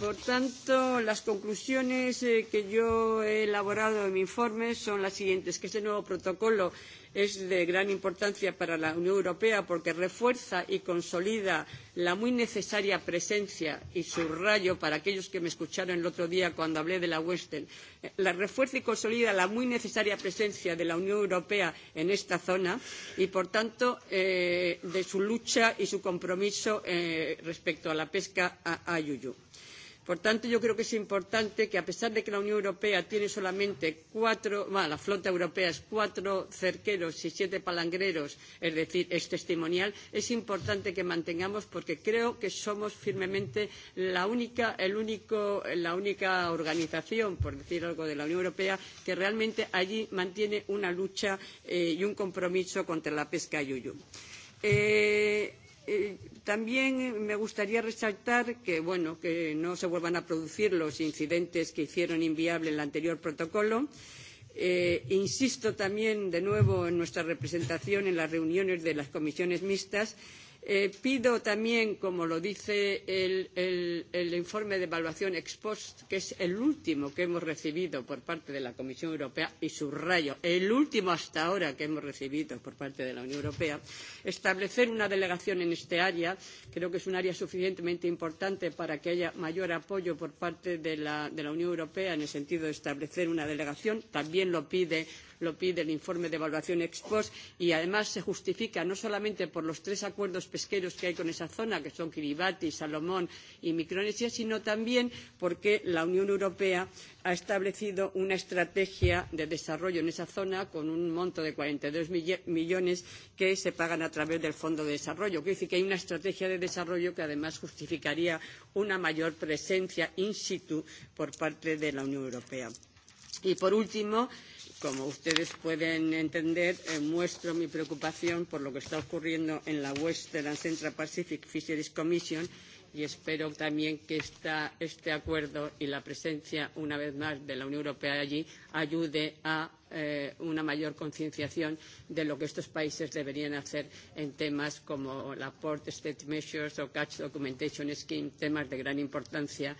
Por tanto, las conclusiones eh, que yo he elaborado en mi informe son las siguientes, que este nuevo protocolo es de gran importancia para la Unión Europea porque refuerza y consolida la muy necesaria presencia y subrayo para aquellos que me escucharon el otro día cuando hablé de la Western eh, la refuerza y consolida la muy necesaria presencia de la Unión Europea en esta zona y por tanto eh, de su lucha y su compromiso eh, respecto a la pesca a, a Yuyu. Por tanto, yo creo que es importante que, a pesar de que la Unión Europea tiene solamente cuatro, bueno, la flota europea es cuatro cerqueros y siete palangreros, es decir, es testimonial, es importante que mantengamos porque creo que somos firmemente la única, el único, la única organización, por decir algo, de la Unión Europea que realmente allí mantiene una lucha eh, y un compromiso contra la pesca yuyu. Eh, Eh, también me gustaría resaltar que, bueno, que no se vuelvan a producir los incidentes que hicieron inviable el anterior protocolo. Eh, insisto también de nuevo en nuestra representación en las reuniones de las comisiones mixtas Eh, pido también, como lo dice el, el, el informe de evaluación ex post, que es el último que hemos recibido por parte de la Comisión Europea, y subrayo, el último hasta ahora que hemos recibido por parte de la Unión Europea, establecer una delegación en este área. Creo que es un área suficientemente importante para que haya mayor apoyo por parte de la, de la Unión Europea en el sentido de establecer una delegación. También lo pide lo pide el informe de evaluación ex post y además se justifica no solamente por los tres acuerdos pesqueros que hay con esa zona, que son Kiribati, Salomón y Micronesia, sino también porque la Unión Europea ha establecido una estrategia de desarrollo en esa zona con un monto de cuarenta y dos millones que se pagan a través del Fondo de Desarrollo. Quiere decir que hay una estrategia de desarrollo que además justificaría una mayor presencia in situ por parte de la Unión Europea. Y por último, como ustedes pueden entender, eh, muestro mi preocupación por lo que está ocurriendo en la Western and Central Pacific Fisheries Commission y espero también que esta, este acuerdo y la presencia, una vez más, de la Unión Europea allí ayude a eh, una mayor concienciación de lo que estos países deberían hacer en temas como la Port State Measures o Catch Documentation Scheme, temas de gran importancia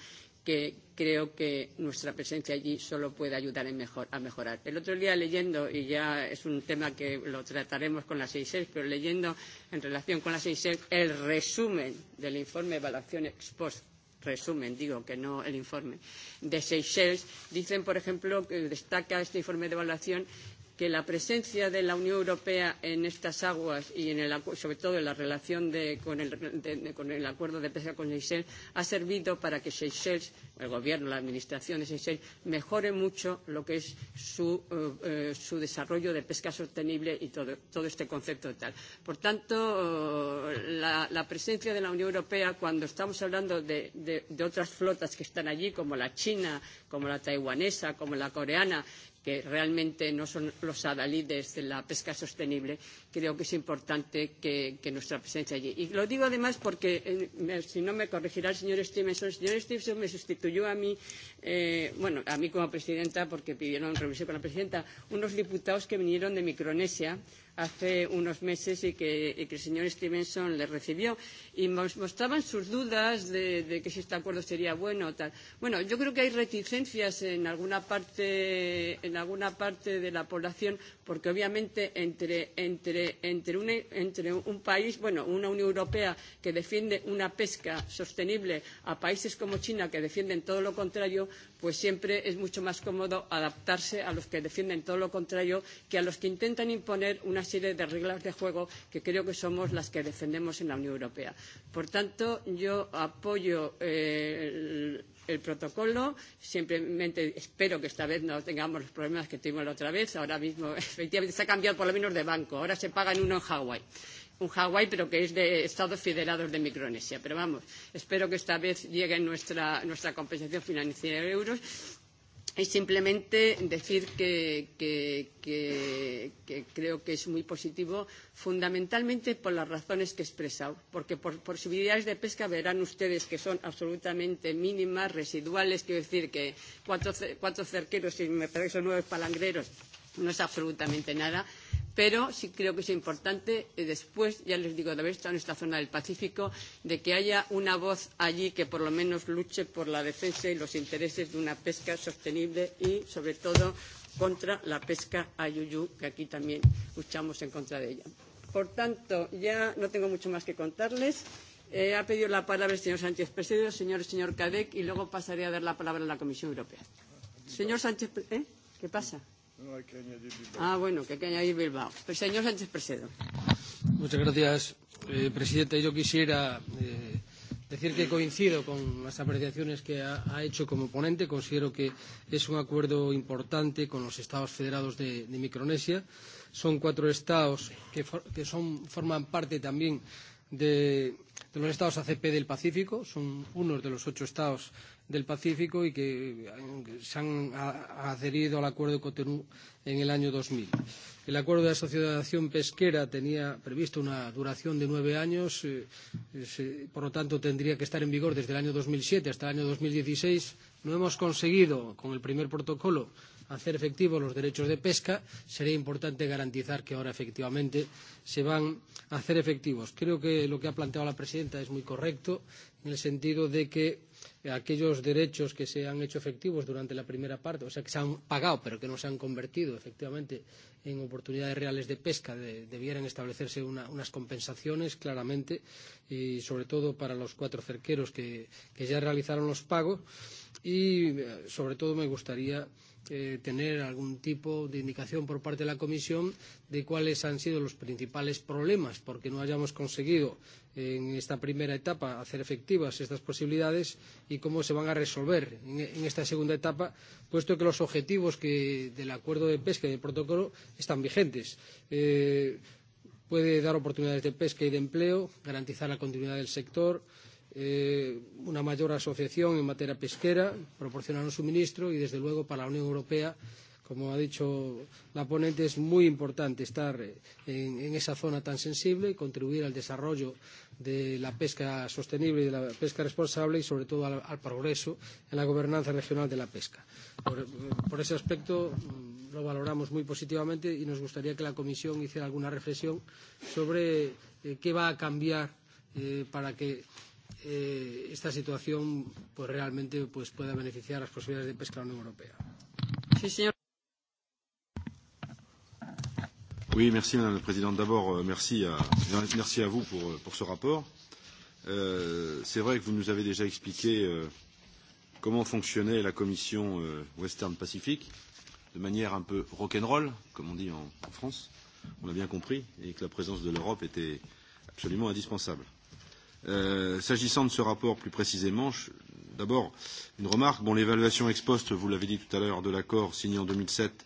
que creo que nuestra presencia allí solo puede ayudar en mejor, a mejorar. El otro día leyendo, y ya es un tema que lo trataremos con las Seychelles, pero leyendo en relación con las seis el resumen del informe de evaluación ex post resumen, digo que no el informe, de Seychelles, dicen, por ejemplo, que destaca este informe de evaluación que la presencia de la Unión Europea en estas aguas y en el, sobre todo en la relación de, con, el, de, de, con, el, acuerdo de pesca con Seychelles ha servido para que Seychelles, el gobierno, la administración de Seychelles, mejore mucho lo que es su, eh, eh, su desarrollo de pesca sostenible y todo, todo este concepto tal. Por tanto, eh, la, la, presencia de la Unión Europea cuando estamos hablando de, de otras flotas que están allí, como la china, como la taiwanesa, como la coreana, que realmente no son los adalides de la pesca sostenible, creo que es importante que, que nuestra presencia allí. Y lo digo además porque, eh, si no me corregirá el señor Stevenson, el señor Stevenson me sustituyó a mí, eh, bueno, a mí como presidenta, porque pidieron reunirse con la presidenta, unos diputados que vinieron de Micronesia, hace unos meses y que, y que el señor Stevenson le recibió y mostraban sus dudas de, de que si este acuerdo sería bueno o tal. Bueno, yo creo que hay reticencias en alguna parte, en alguna parte de la población porque obviamente entre, entre, entre, un, entre un país, bueno, una Unión Europea que defiende una pesca sostenible a países como China que defienden todo lo contrario, pues siempre es mucho más cómodo adaptarse a los que defienden todo lo contrario que a los que intentan imponer una serie de reglas de juego que creo que somos las que defendemos en la Unión Europea. Por tanto, yo apoyo eh, el, el protocolo. Simplemente espero que esta vez no tengamos los problemas que tuvimos la otra vez. Ahora mismo, efectivamente, se ha cambiado por lo menos de banco. Ahora se paga en uno en Hawái un Hawái, pero que es de Estados Federados de Micronesia. Pero vamos, espero que esta vez llegue nuestra, nuestra compensación financiera de euros. Y simplemente decir que, que, que, que creo que es muy positivo, fundamentalmente por las razones que he expresado, porque por posibilidades de pesca verán ustedes que son absolutamente mínimas, residuales, quiero decir que cuatro, cuatro cerqueros y me parece nueve palangreros no es absolutamente nada pero sí creo que es importante, eh, después, ya les digo, de haber estado en esta zona del Pacífico, de que haya una voz allí que por lo menos luche por la defensa y los intereses de una pesca sostenible y, sobre todo, contra la pesca ayuyú, que aquí también luchamos en contra de ella. Por tanto, ya no tengo mucho más que contarles. Eh, ha pedido la palabra el señor Sánchez Presedo, señor señor Cadec, y luego pasaré a dar la palabra a la Comisión Europea. Señor Sánchez, ¿eh? ¿qué pasa? No hay que añadir Bilbao. Ah, bueno, que hay que añadir Bilbao. Pues señor Sánchez Presedo. Muchas gracias, eh, presidente. Yo quisiera eh, decir que coincido con las apreciaciones que ha, ha hecho como ponente. Considero que es un acuerdo importante con los Estados Federados de, de Micronesia. Son cuatro Estados que, for, que son, forman parte también de, de los Estados ACP del Pacífico. Son unos de los ocho Estados del Pacífico y que eh, se han adherido al acuerdo de Cotonú en el año 2000. El acuerdo de asociación pesquera tenía previsto una duración de nueve años, eh, eh, por lo tanto tendría que estar en vigor desde el año 2007 hasta el año 2016. No hemos conseguido, con el primer protocolo, hacer efectivos los derechos de pesca. Sería importante garantizar que ahora efectivamente se van a hacer efectivos. Creo que lo que ha planteado la presidenta es muy correcto en el sentido de que Eh, aquellos derechos que se han hecho efectivos durante la primera parte, o sea, que se han pagado pero que no se han convertido efectivamente en oportunidades reales de pesca, de, debieran establecerse una, unas compensaciones claramente y sobre todo para los cuatro cerqueros que, que ya realizaron los pagos y eh, sobre todo me gustaría eh, tener algún tipo de indicación por parte de la Comisión de cuáles han sido los principales problemas porque no hayamos conseguido en esta primera etapa hacer efectivas estas posibilidades y cómo se van a resolver en, en esta segunda etapa, puesto que los objetivos que, del acuerdo de pesca y del protocolo están vigentes. Eh, puede dar oportunidades de pesca y de empleo, garantizar la continuidad del sector, eh, eh, una mayor asociación en materia pesquera, proporcionar un suministro y, desde luego, para la Unión Europea, como ha dicho la ponente, es muy importante estar en, en esa zona tan sensible y contribuir al desarrollo de la pesca sostenible y de la pesca responsable y, sobre todo, al, al progreso en la gobernanza regional de la pesca. Por, por ese aspecto mm, lo valoramos muy positivamente y nos gustaría que la Comisión hiciera alguna reflexión sobre eh, qué va a cambiar eh, para que eh, esta situación pues, realmente pues, pueda beneficiar las posibilidades de pesca de la Unión Europea. Sí, señor. Oui, merci Madame la Présidente. D'abord, euh, merci à, merci à vous pour, euh, pour ce rapport. Euh, C'est vrai que vous nous avez déjà expliqué euh, comment fonctionnait la commission euh, Western Pacific de manière un peu rock'n'roll, comme on dit en, en France. On a bien compris et que la présence de l'Europe était absolument indispensable. Euh, s'agissant de ce rapport plus précisément, d'abord une remarque. Bon, l'évaluation ex post, vous l'avez dit tout à l'heure, de l'accord signé en 2007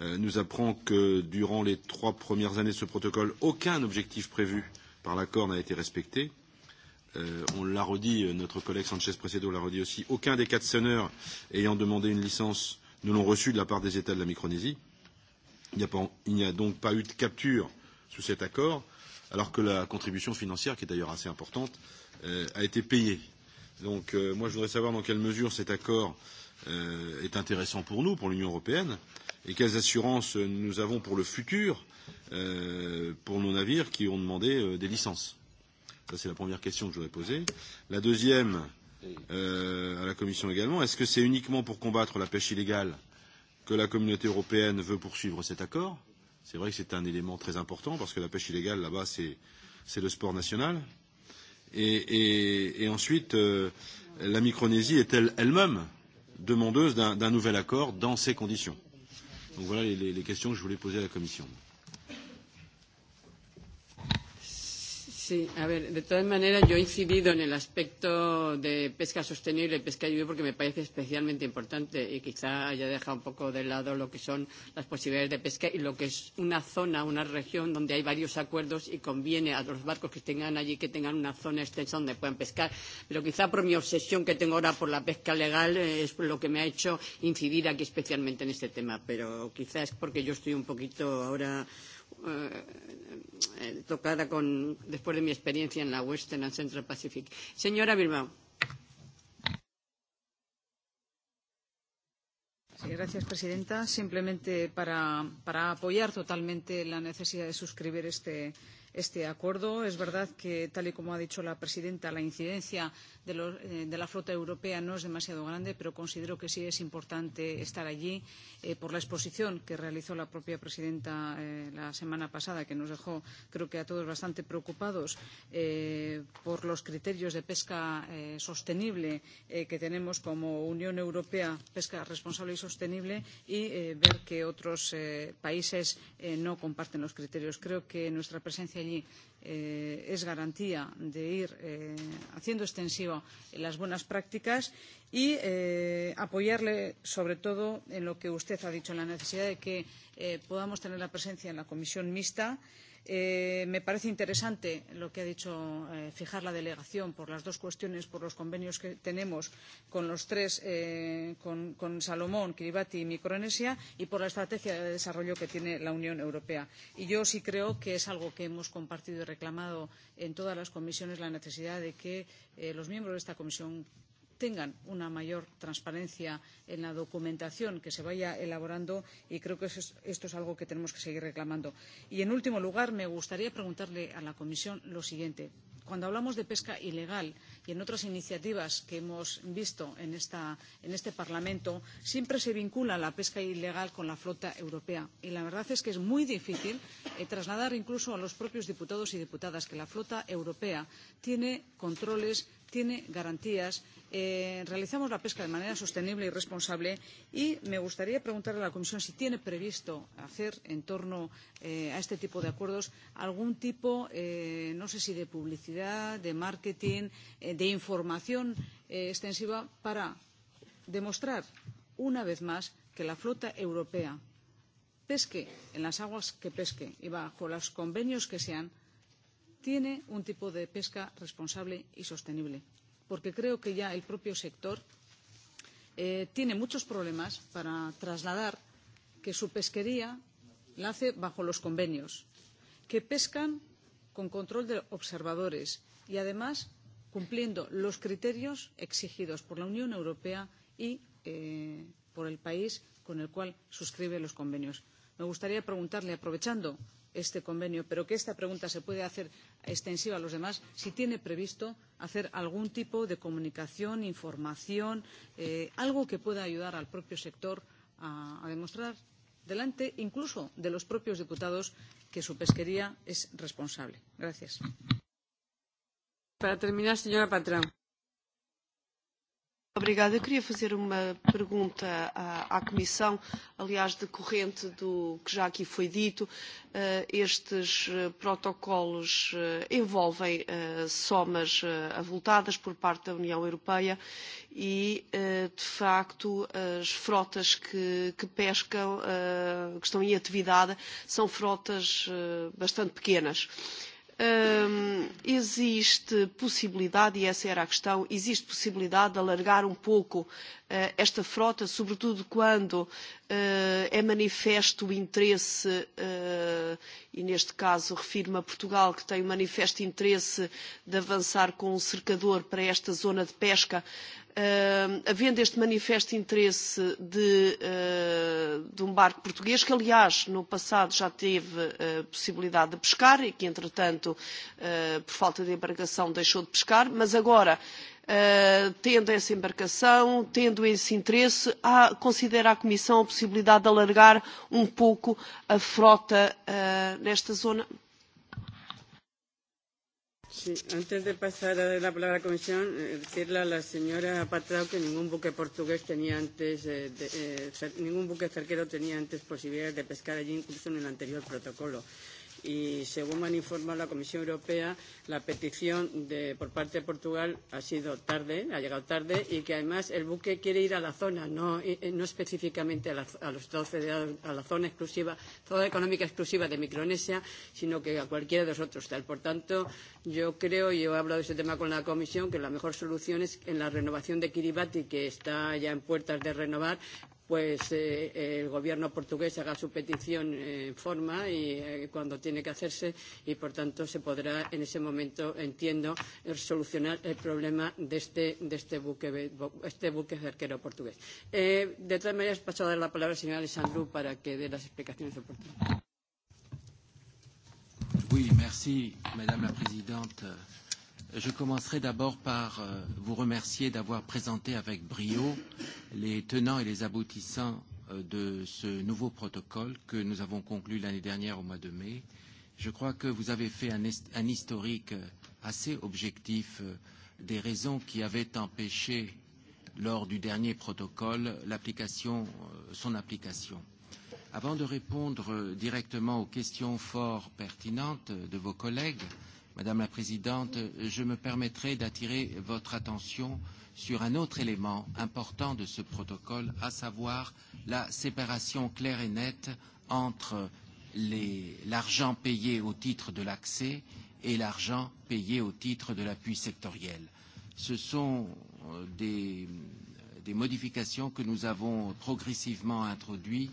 euh, nous apprend que durant les trois premières années de ce protocole, aucun objectif prévu par l'accord n'a été respecté. Euh, on l'a redit, euh, notre collègue Sanchez Presedo l'a redit aussi, aucun des quatre sonneurs ayant demandé une licence ne l'ont reçu de la part des États de la Micronésie. Il n'y a, a, donc pas eu de capture sous cet accord alors que la contribution financière, qui est d'ailleurs assez importante, euh, a été payée. Donc euh, moi, je voudrais savoir dans quelle mesure cet accord euh, est intéressant pour nous, pour l'Union européenne, et quelles assurances euh, nous avons pour le futur euh, pour nos navires qui ont demandé euh, des licences. Ça, c'est la première question que je voudrais poser. La deuxième, euh, à la Commission également, est-ce que c'est uniquement pour combattre la pêche illégale que la communauté européenne veut poursuivre cet accord C'est vrai que c'est un élément très important parce que la pêche illégale là-bas, c'est le sport national. Et, et, et ensuite, euh, la Micronésie est elle elle, -même demandeuse d'un nouvel accord dans ces conditions. Donc voilà les, les questions que je voulais poser à la Commission. Sí, a ver, de todas maneras yo he incidido en el aspecto de pesca sostenible y pesca lluvia porque me parece especialmente importante y quizá haya dejado un poco de lado lo que son las posibilidades de pesca y lo que es una zona, una región donde hay varios acuerdos y conviene a los barcos que tengan allí que tengan una zona extensa donde puedan pescar. Pero quizá por mi obsesión que tengo ahora por la pesca legal eh, es lo que me ha hecho incidir aquí especialmente en este tema. Pero quizás es porque yo estoy un poquito ahora eh, tocada con, después de mi experiencia en la Western and Central Pacific. Señora Bilbao. Sí, gracias, presidenta. Simplemente para, para apoyar totalmente la necesidad de suscribir este, este acuerdo. Es verdad que, tal y como ha dicho la presidenta, la incidencia de, eh, de la flota europea no es demasiado grande, pero considero que sí es importante estar allí eh, por la exposición que realizó la propia presidenta eh, la semana pasada, que nos dejó, creo que a todos bastante preocupados eh, por los criterios de pesca eh, sostenible eh, que tenemos como Unión Europea, pesca responsable y sostenible, y eh, ver que otros eh, países eh, no comparten los criterios. Creo que nuestra presencia allí eh, es garantía de ir eh, haciendo extensiva las buenas prácticas y eh, apoyarle sobre todo en lo que usted ha dicho, en la necesidad de que eh, podamos tener la presencia en la comisión mixta eh, Eh, me parece interesante lo que ha dicho eh, fijar la delegación por las dos cuestiones, por los convenios que tenemos con los tres, eh, con, Salomón, Kiribati y Micronesia, y por la estrategia de desarrollo que tiene la Unión Europea. Y yo sí creo que es algo que hemos compartido y reclamado en todas las comisiones, la necesidad de que los miembros de esta comisión tengan una mayor transparencia en la documentación que se vaya elaborando y creo que esto es algo que tenemos que seguir reclamando. Y, en último lugar, me gustaría preguntarle a la Comisión lo siguiente. Cuando hablamos de pesca ilegal y en otras iniciativas que hemos visto en, esta, en este Parlamento, siempre se vincula la pesca ilegal con la flota europea. Y la verdad es que es muy difícil eh, trasladar incluso a los propios diputados y diputadas que la flota europea tiene controles tiene garantías eh, realizamos la pesca de manera sostenible y responsable y me gustaría preguntarle a la comisión si tiene previsto hacer en torno eh, a este tipo de acuerdos algún tipo eh, no sé si de publicidad de marketing de información extensiva para demostrar una vez más que la flota europea pesque en las aguas que pesque y bajo los convenios que sean tiene un tipo de pesca responsable y sostenible, porque creo que ya el propio sector eh, tiene muchos problemas para trasladar que su pesquería la hace bajo los convenios, que pescan con control de observadores y, además, cumpliendo los criterios exigidos por la Unión Europea y eh, por el país con el cual suscribe los convenios. Me gustaría preguntarle, aprovechando este convenio, pero que esta pregunta se puede hacer extensiva a los demás si tiene previsto hacer algún tipo de comunicación, información, eh, algo que pueda ayudar al propio sector a, demostrar delante incluso de los propios diputados que su pesquería es responsable. Gracias. Para terminar, señora Patrón. Obrigada. Eu queria fazer uma pergunta à, à Comissão, aliás, decorrente do que já aqui foi dito. Uh, estes eh, protocolos uh, envolvem uh, somas avultadas por parte da União Europeia e, de facto, as frotas que, que pescam, que estão em atividade, são frotas bastante pequenas existe possibilidade, e essa era a questão, existe possibilidade de alargar um pouco uh, esta frota, sobretudo quando uh, é manifesto o interesse, uh, e neste caso refiro-me a Portugal, que tem o manifesto interesse de avançar com um cercador para esta zona de pesca, uh, Eh, havendo este manifesto interesse de, uh, de um barco português, que aliás no passado já teve uh, possibilidade de pescar e que entretanto, por falta de embarcação, deixou de pescar, mas agora Uh, tendo essa embarcação, tendo esse interesse, há, considera a Comissão a possibilidade de alargar um pouco a frota uh, nesta zona? antes de pasar a dar la palabra a la comisión, eh, decirle a la señora Patrao que ningún buque portugués tenía antes, eh, de, eh, ningún buque cerquero tenía antes posibilidades de pescar allí, incluso en el anterior protocolo y según me han informado la Comisión Europea, la petición de, por parte de Portugal ha sido tarde, ha llegado tarde y que además el buque quiere ir a la zona, no, eh, eh, no específicamente a, la, a los Estados Federados, a la zona exclusiva, zona económica exclusiva de Micronesia, sino que a cualquiera de los otros tal. Por tanto, yo creo, y yo he hablado de ese tema con la Comisión, que la mejor solución es en la renovación de Kiribati, que está ya en puertas de renovar, pues eh, el gobierno portugués haga su petición eh, en forma y eh, cuando tiene que hacerse y por tanto se podrá en ese momento entiendo eh, solucionar el problema de este, de este buque este buque cerquero portugués eh, de todas maneras paso a dar la palabra al señor Alessandro para que dé las explicaciones oportunas Oui, merci Madame la presidente Je commencerai d'abord par euh, vous remercier d'avoir présenté avec brio les tenants et les aboutissants euh, de ce nouveau protocole que nous avons conclu l'année dernière au mois de mai. Je crois que vous avez fait un, un historique euh, assez objectif euh, des raisons qui avaient empêché lors du dernier protocole application, son application. Avant de répondre directement aux questions fort pertinentes de vos collègues, Madame la Présidente, je me permettrai d'attirer votre attention euh, sur un autre élément important de ce protocole, à savoir la séparation claire et nette entre l'argent payé au titre de l'accès et l'argent payé au titre de l'appui sectoriel. Ce sont euh, des, des modifications que nous avons progressivement introduites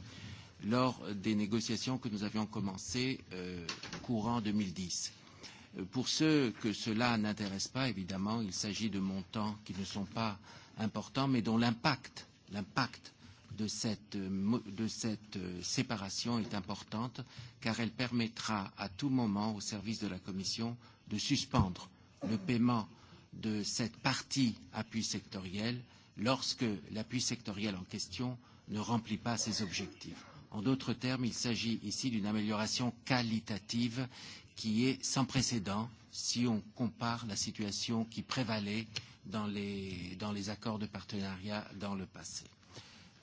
lors des négociations que nous avions commencées euh, courant 2010. Pour ceux que cela n'intéresse pas, évidemment, il s'agit de montants qui ne sont pas importants, mais dont l'impact, l'impact de cette, de cette euh, séparation est importante, car elle permettra à tout moment au service de la Commission de suspendre le paiement de cette partie appui sectoriel lorsque l'appui sectoriel en question ne remplit pas ses objectifs. En d'autres termes, il s'agit ici d'une amélioration qualitative qui est sans précédent si on compare la situation qui prévalait dans les, dans les accords de partenariat dans le passé.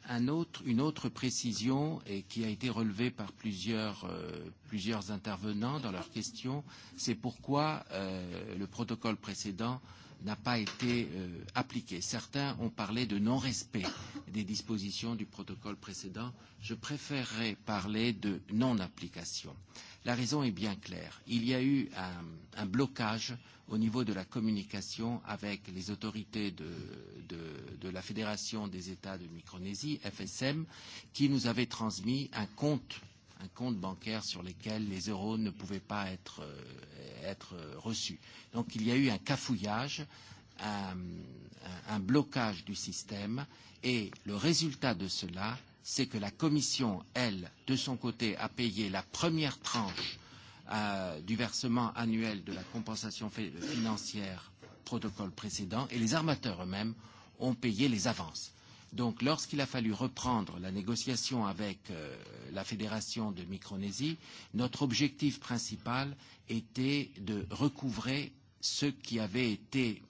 Un autre, une autre précision et qui a été relevée par plusieurs, euh, plusieurs intervenants dans leurs questions, c'est pourquoi euh, le protocole précédent euh, n'a pas été euh, appliquée. Certains ont parlé de non-respect des dispositions du protocole précédent. Je préférerais parler de non-application. La raison est bien claire. Il y a eu un, un blocage au niveau de la communication avec les autorités de, de, de la Fédération des États de Micronésie, FSM, qui nous avait transmis un compte un compte bancaire sur lequel les euros ne pouvaient pas être, euh, être reçus. Donc il y a eu un cafouillage, un, un blocage du système et le résultat de cela, c'est que la Commission, elle, de son côté, a payé la première tranche euh, du versement annuel de la compensation financière protocole précédent et les armateurs eux-mêmes ont payé les avances. Donc lorsqu'il a fallu reprendre la négociation avec euh, la Fédération de Micronésie, notre objectif principal était de recouvrer ce qui avait été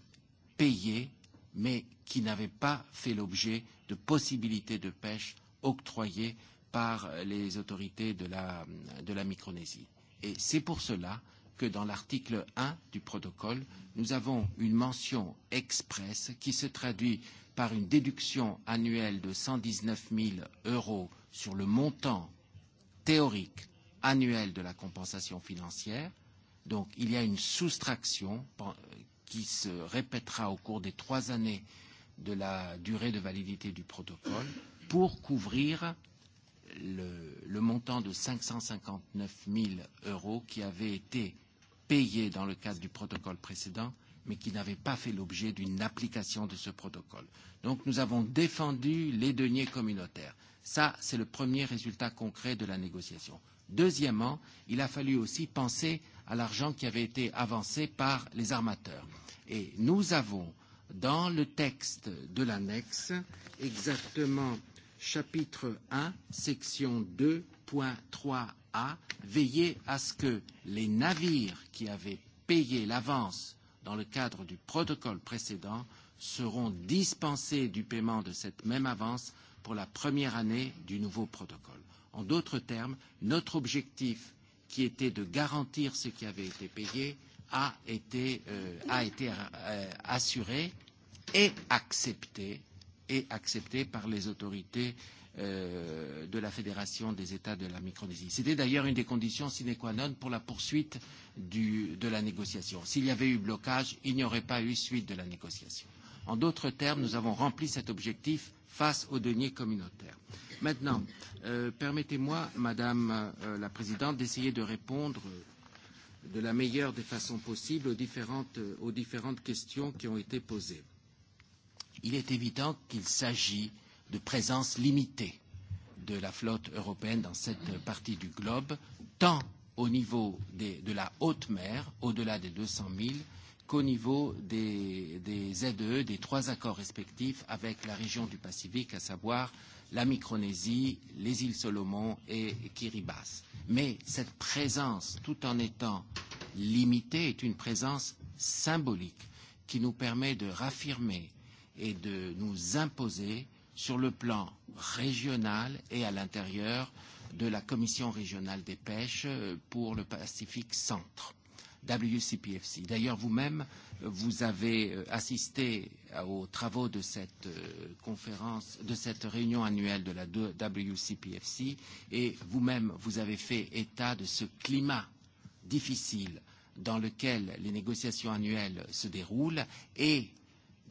payé mais qui n'avait pas fait l'objet de possibilités de pêche octroyées par les autorités de la, de la Micronésie. Et c'est pour cela euh, que dans l'article 1 du protocole, nous avons une mention expresse qui se traduit par une déduction annuelle de 119 000 euros sur le montant théorique annuel de la compensation financière. Donc il y a une soustraction qui se répétera au cours des trois années de la durée de validité du protocole pour couvrir le, le montant de 559 000 euros qui avait été payés dans le cadre du protocole précédent, mais qui n'avaient pas fait l'objet d'une application de ce protocole. Donc nous avons défendu les deniers communautaires. Ça, c'est le premier résultat concret de la négociation. Deuxièmement, il a fallu aussi penser à l'argent qui avait été avancé par les armateurs. Et nous avons, dans le texte de l'annexe, exactement chapitre 1, section 2, point 3 à veiller à ce que les navires qui avaient payé l'avance dans le cadre du protocole précédent seront dispensés du paiement de cette même avance pour la première année du nouveau protocole. En d'autres termes, notre objectif, qui était de garantir ce qui avait été payé, a été, euh, a été euh, assuré et accepté, et accepté par les autorités Euh, de la Fédération des États de la Micronésie. C'était d'ailleurs une des conditions sine qua non pour la poursuite du, de la négociation. S'il y avait eu blocage, il n'y aurait pas eu suite de la négociation. En d'autres termes, nous avons rempli cet objectif face aux deniers communautaires. Maintenant, euh, permettez-moi, Madame euh, la Présidente, d'essayer de répondre de la meilleure des façons possibles aux différentes, aux différentes questions qui ont été posées. Il est évident qu'il s'agit euh, de présence limitée de la flotte européenne dans cette partie du globe, tant au niveau des, de la haute mer, au-delà des 200 000, qu'au niveau des, des ZEE, e, des trois accords respectifs avec la région du Pacifique, à savoir la Micronésie, les îles Solomon et Kiribati. Mais cette présence, tout en étant limitée, est une présence symbolique qui nous permet de raffirmer et de nous imposer sur le plan régional et à l'intérieur de la Commission régionale des pêches euh, pour le Pacifique Centre. WCPFC. D'ailleurs, vous-même, vous avez euh, assisté aux travaux de cette euh, conférence, de cette réunion annuelle de la WCPFC, et vous-même, vous avez fait état de ce climat difficile dans lequel les négociations annuelles se déroulent et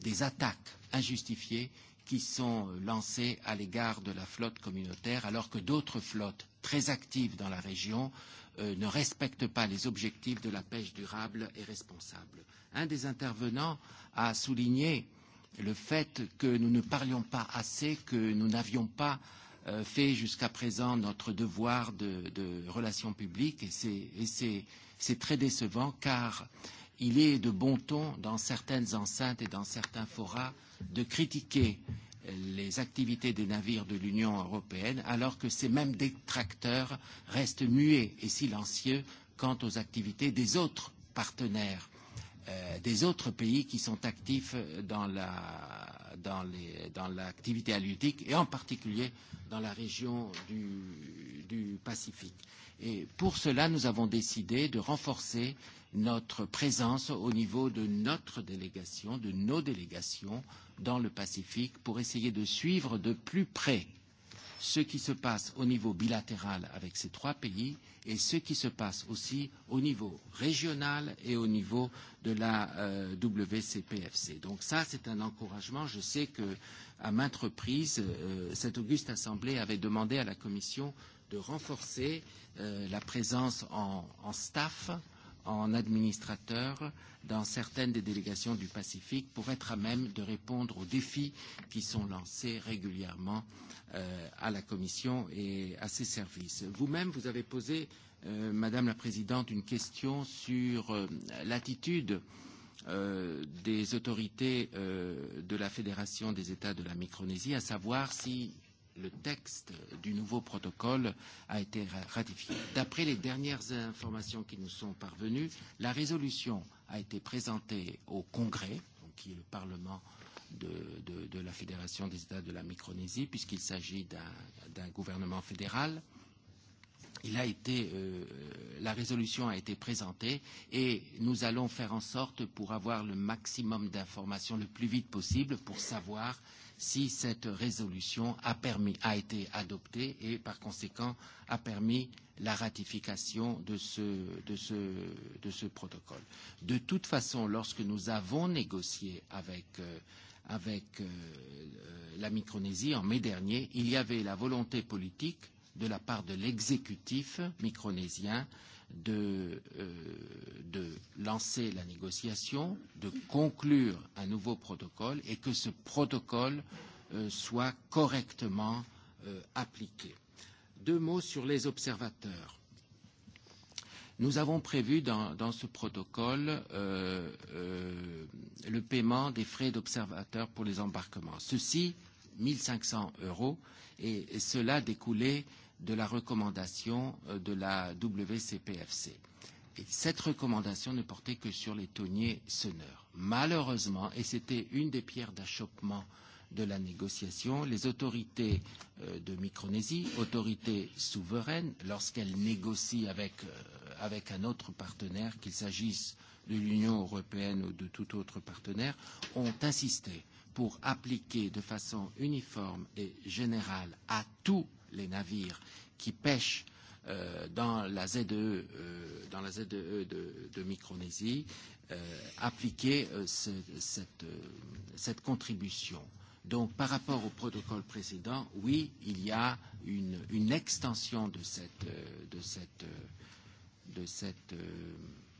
des attaques injustifiées qui sont euh, lancées à l'égard de la flotte communautaire, alors que d'autres flottes très actives dans la région euh, ne respectent pas les objectifs de la pêche durable et responsable. Un des intervenants a souligné le fait que nous ne parlions pas assez, que nous n'avions pas euh, fait jusqu'à présent notre devoir de, de relations publiques et c'est très décevant car il est de bon ton dans certaines enceintes et dans certains forats de critiquer euh, les activités des navires de l'Union européenne, alors que ces mêmes détracteurs restent muets et silencieux quant aux activités des autres partenaires, euh, des autres pays qui sont actifs euh, dans l'activité la, halieutique et en particulier dans la région du, du Pacifique. Et pour cela, nous avons décidé de renforcer notre présence au niveau de notre délégation, de nos délégations dans le Pacifique pour essayer de suivre de plus près ce qui se passe au niveau bilatéral avec ces trois pays et ce qui se passe aussi au niveau régional et au niveau de la euh, WCPFC. Donc ça, c'est un encouragement. Je sais que à maintes reprises, euh, cette auguste assemblée avait demandé à la Commission de renforcer euh, la présence en, en staff euh, en administrateur dans certaines des délégations du Pacifique pour être à même de répondre aux défis qui sont lancés régulièrement euh, à la Commission et à ses services. Vous-même, vous avez posé, euh, Madame la Présidente, une question sur euh, l'attitude euh, des autorités euh, de la Fédération des États de la Micronésie, à savoir si le texte du nouveau protocole a été ratifié. D'après les dernières informations qui nous sont parvenues, la résolution a été présentée au Congrès, donc qui est le Parlement de, de, de la Fédération des États de la Micronésie, puisqu'il s'agit d'un gouvernement fédéral. Il a été, euh, la résolution a été présentée et nous allons faire en sorte pour avoir le maximum d'informations le plus vite possible pour savoir euh, si cette résolution a, permis, a été adoptée et par conséquent a permis la ratification de ce, de, ce, de ce protocole. De toute façon, lorsque nous avons négocié avec, euh, avec euh, euh la Micronésie en mai dernier, il y avait la volonté politique de la part de l'exécutif micronésien euh, de, euh, de lancer la négociation, de conclure un nouveau protocole et que ce protocole euh, soit correctement euh, appliqué. Deux mots sur les observateurs. Nous avons prévu dans, dans ce protocole euh, euh, le paiement des frais d'observateur pour les embarquements. Ceci, 500 euros, et, et cela découlait euh, de la recommandation euh, de la WCPFC. Et cette recommandation ne portait que sur les thoniers sonneurs. Malheureusement, et c'était une des pierres d'achoppement de la négociation, les autorités euh, de Micronésie, autorités souveraines, lorsqu'elles négocient avec, euh, avec un autre partenaire, qu'il s'agisse de l'Union européenne ou de tout autre partenaire, ont insisté pour appliquer de façon uniforme et générale à tous les navires qui pêchent euh, dans la ZE e, euh, dans la ZE e de, de Micronésie, euh, appliquer euh, ce, cette, euh, cette contribution. Donc, par rapport au protocole précédent, oui, il y a une, une extension de cette, euh, de cette, euh, de cette, de euh, cette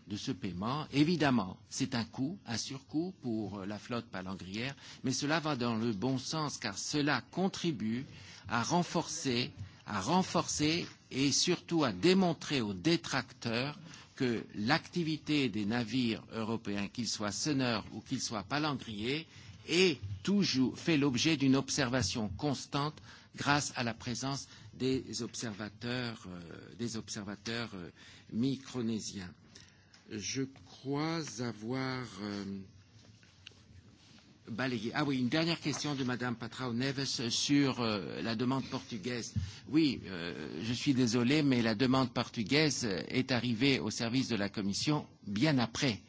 de ce paiement. Évidemment, c'est un coût, un surcoût pour la flotte palangrière, mais cela va dans le bon sens car cela contribue à renforcer, à renforcer et surtout à démontrer aux détracteurs que l'activité des navires européens, qu'ils soient sonneurs ou qu'ils soient palangriers, est toujours fait l'objet d'une observation constante grâce à la présence des observateurs, euh, des observateurs euh, micronésiens je crois avoir euh, balayé. Ah oui, une dernière question de Madame Patrao Neves sur euh, la demande portugaise. Oui, euh, je suis désolé, mais la demande portugaise est arrivée au service de la Commission bien après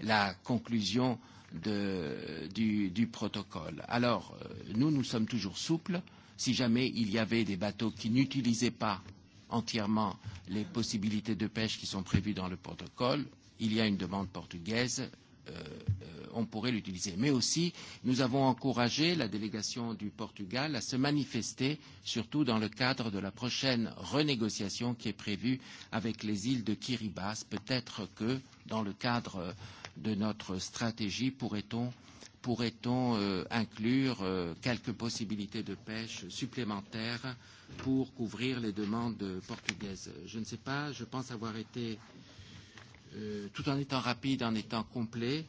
la conclusion de, du, du protocole. Alors, euh, nous, nous sommes toujours souples. Si jamais il y avait des bateaux qui n'utilisaient pas entièrement les possibilités de pêche qui sont prévues dans le protocole, il y a une demande portugaise, euh, euh, on pourrait l'utiliser. Mais aussi, nous avons encouragé la délégation du Portugal à se manifester, surtout dans le cadre de la prochaine renégociation qui est prévue avec les îles de Kiribati. Peut-être que, dans le cadre de notre stratégie, pourrait-on pourrait-on euh, inclure euh, quelques possibilités de pêche supplémentaires pour couvrir les demandes portugaises Je ne sais pas, je pense avoir été Euh, tout en étant rapide, en étant complet.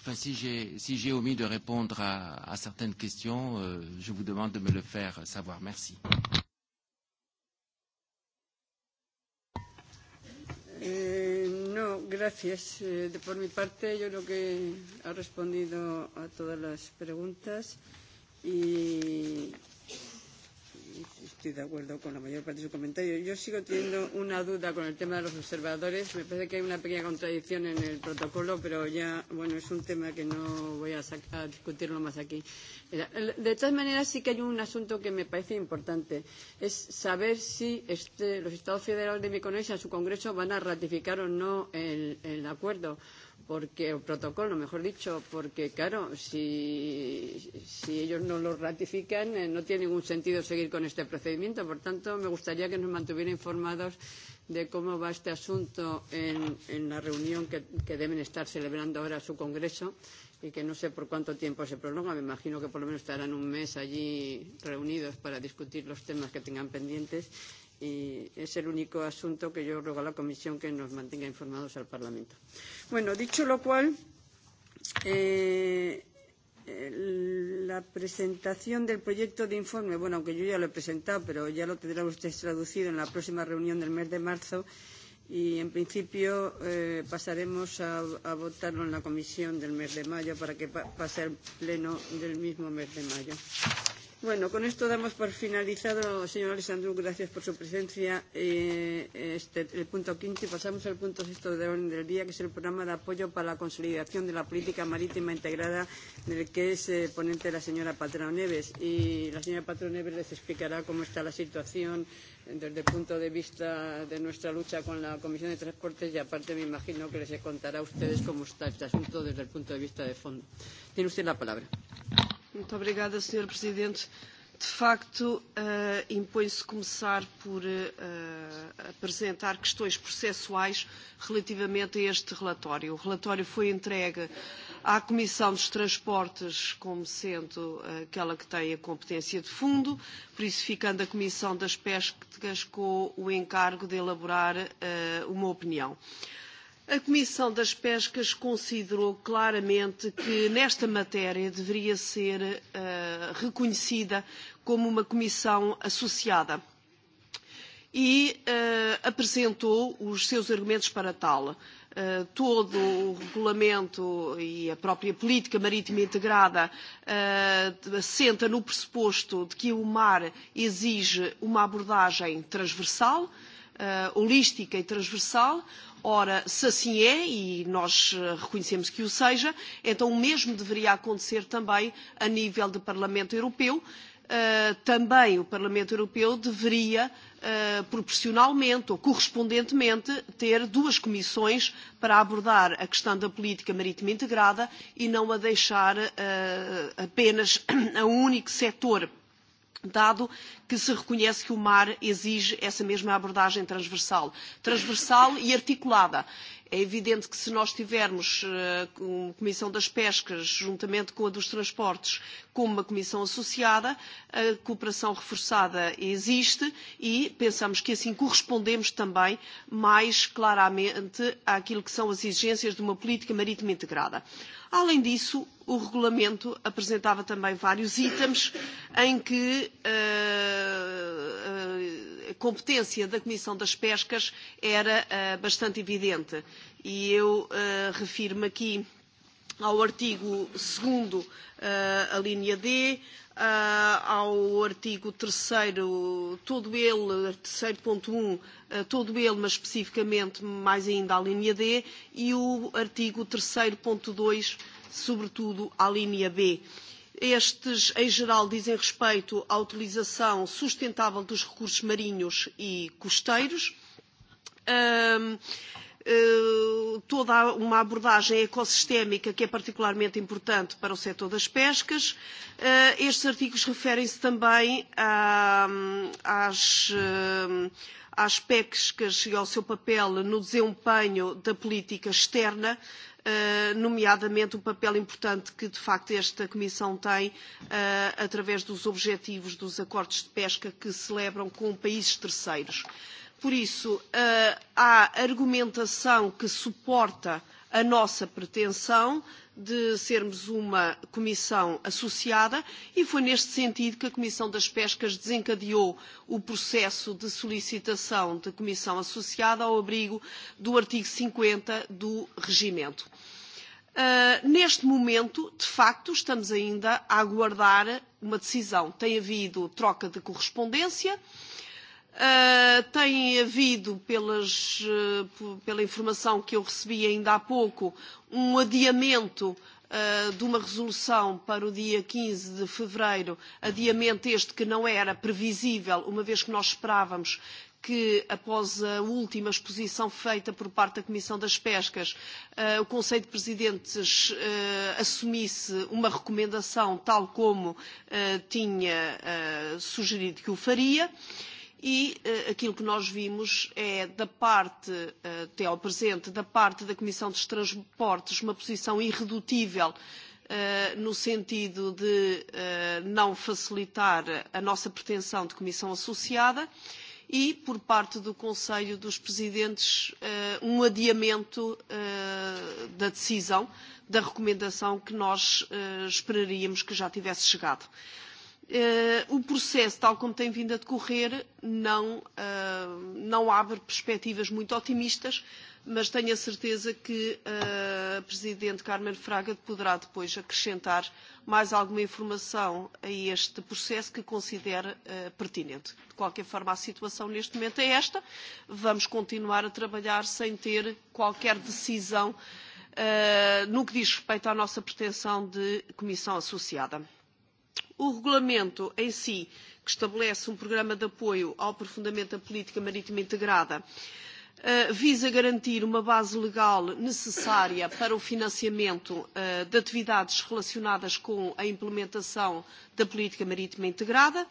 Enfin, si j'ai si omis de répondre à, à certaines questions, euh, je vous demande de me le faire savoir. Merci. Eh, no, gracias. Eh, de, por mi parte, yo creo que ha respondido a todas las preguntas y estoy de acuerdo con la mayor parte de su comentario. Yo sigo teniendo una duda con el tema de los observadores. Me parece que hay una pequeña contradicción en el protocolo, pero ya, bueno, es un tema que no voy a, a discutirlo más aquí. De todas maneras, sí que hay un asunto que me parece importante. Es saber si este, los Estados federales de Micronesia, su Congreso, van a ratificar o no el, el acuerdo porque el protocolo, mejor dicho, porque claro, si, si ellos no lo ratifican, eh, no tiene ningún sentido seguir con este procedimiento. Por tanto, me gustaría que nos mantuviera informados de cómo va este asunto en, en la reunión que, que deben estar celebrando ahora su Congreso y que no sé por cuánto tiempo se prolonga. Me imagino que por lo menos estarán un mes allí reunidos para discutir los temas que tengan pendientes y es el único asunto que yo ruego a la Comisión que nos mantenga informados al Parlamento. Bueno, dicho lo cual, eh, el, la presentación del proyecto de informe, bueno, aunque yo ya lo he presentado, pero ya lo tendrá usted traducido en la próxima reunión del mes de marzo y, en principio, eh, pasaremos a, a votarlo en la comisión del mes de mayo para que pa pase al pleno del mismo mes de mayo. Bueno, con esto damos por finalizado, señor Alessandro, gracias por su presencia, eh, este, el punto quinto y pasamos al punto sexto de orden del día, que es el programa de apoyo para la consolidación de la política marítima integrada, del que es eh, ponente la señora Patrón Neves. Y la señora Patrón Neves les explicará cómo está la situación desde el punto de vista de nuestra lucha con la Comisión de Transportes y aparte me imagino que les contará a ustedes cómo está este asunto desde el punto de vista de fondo. Tiene usted la palabra. Muito obrigada, Sr. Presidente. De facto, uh, impõe-se começar por uh, apresentar questões processuais relativamente a este relatório. O relatório foi entregue à Comissão dos Transportes como sendo eh, aquela que tem a competência de fundo, por isso ficando a Comissão das Pescas com o encargo de elaborar uh, uma opinião. Uh, a Comissão das Pescas considerou claramente que nesta matéria deveria ser uh, reconhecida como uma comissão associada e uh, apresentou os seus argumentos para tal. Uh, todo o regulamento e a própria política marítima integrada uh, no pressuposto de que o mar exige uma abordagem transversal, holística e transversal, Ora, se assim é, e nós eh, reconhecemos que o seja, então o mesmo deveria acontecer também a nível do Parlamento Europeu. Uh, também o Parlamento Europeu deveria Uh, proporcionalmente ou correspondentemente ter duas comissões para abordar a questão da política marítima integrada e não a deixar uh, apenas a um único setor dado que se reconhece que o mar exige essa mesma abordagem transversal, transversal e articulada. É evidente que se nós tivermos eh, uma a Comissão das Pescas, juntamente com a dos Transportes, como uma comissão associada, a cooperação reforçada existe e pensamos que assim correspondemos também mais claramente àquilo que são as exigências de uma política marítima integrada. Além disso, o regulamento apresentava também vários itens em que uh, a competência da Comissão das Pescas era uh, bastante evidente. E eu uh, refiro-me aqui ao artigo 2 uh, eh, a linha D, uh, ao artigo 3 todo ele, 3.1, uh, um, eh, todo ele, mas especificamente mais ainda à linha D, e o artigo 3.2, sobretudo à linha B. Estes, em geral, dizem respeito à utilização sustentável dos recursos marinhos e costeiros. Uh, Eh, toda uma abordagem ecossistémica que é particularmente importante para o setor das pescas. Eh, estes artigos referem-se também às, eh, às pescas e ao seu papel no desempenho da política externa, nomeadamente o papel importante que, de facto, esta Comissão tem através dos objetivos dos acordos de pesca que celebram com países terceiros. Por isso, eh, há argumentação que suporta a nossa pretensão de sermos uma comissão associada e foi neste sentido que a Comissão das Pescas desencadeou o processo de solicitação de comissão associada ao abrigo do artigo 50 do regimento. Uh, neste momento, de facto, estamos ainda a aguardar uma decisão. Tem havido troca de correspondência, uh, Uh, tem havido, pelas, uh, pela informação que eu recebi ainda há pouco, um adiamento uh, de uma resolução para o dia 15 de fevereiro, adiamento este que não era previsível, uma vez que nós esperávamos que, após a última exposição feita por parte da Comissão das Pescas, uh, o Conselho de Presidentes uh, assumisse uma recomendação tal como uh, tinha uh, sugerido que o faria. Uh, e uh, aquilo que nós vimos é da parte, uh, até ao presente, da parte da Comissão dos Transportes, uma posição irredutível uh, no sentido de uh, não facilitar a nossa pretensão de comissão associada e, por parte do Conselho dos Presidentes, uh, um adiamento uh, da decisão, da recomendação que nós uh, esperaríamos que já tivesse chegado. Uh, Uh, o processo, tal como tem vindo a decorrer, não, uh, não abre perspectivas muito otimistas, mas tenho a certeza que uh, a Presidente Carmen Fraga poderá depois acrescentar mais alguma informação a este processo que considere uh, pertinente. De qualquer forma, a situação neste momento é esta. Vamos continuar a trabalhar sem ter qualquer decisão uh, no que diz respeito à nossa pretensão de comissão associada. O regulamento em si, que estabelece um programa de apoio ao aprofundamento da política marítima integrada, eh, visa garantir uma base legal necessária para o financiamento eh, de atividades relacionadas com a implementação da política marítima integrada,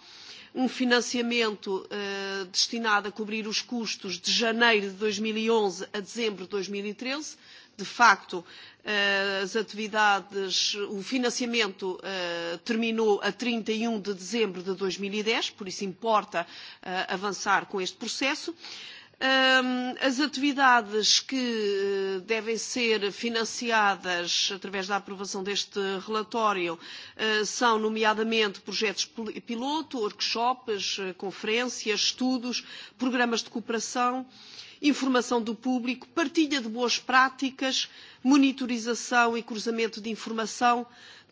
um financiamento eh, destinada a cobrir os custos de janeiro de dois mil e onze a dezembro de dois mil e treze de facto eh, as atividades o financiamento eh, terminou a trinta e um de dezembro de dois mil e dez por isso importa eh, avançar com este processo as atividades que eh, devem ser financiadas através da aprovação deste relatório eh, são, nomeadamente, projetos piloto, workshops, eh, conferências, estudos, programas de cooperação, informação do público, partilha de boas práticas, monitorização e cruzamento de informação,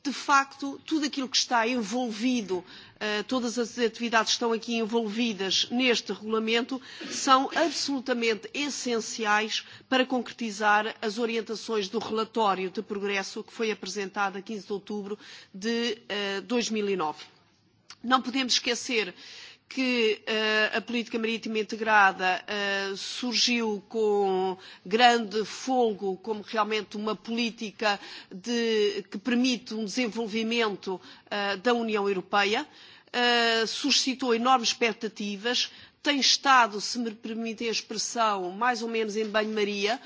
de facto, tudo aquilo que está envolvido, eh, todas as atividades que estão aqui envolvidas neste regulamento, são absolutamente essenciais para concretizar as orientações do relatório de progresso que foi apresentado a 15 de outubro de 2009. Eh, e Não podemos esquecer que uh, a política marítima integrada uh, surgiu com grande fogo como realmente uma política de, que permite um desenvolvimento uh, da União Europeia, uh, suscitou enormes expectativas, tem estado, se me permitem a expressão, mais ou menos em banho-maria,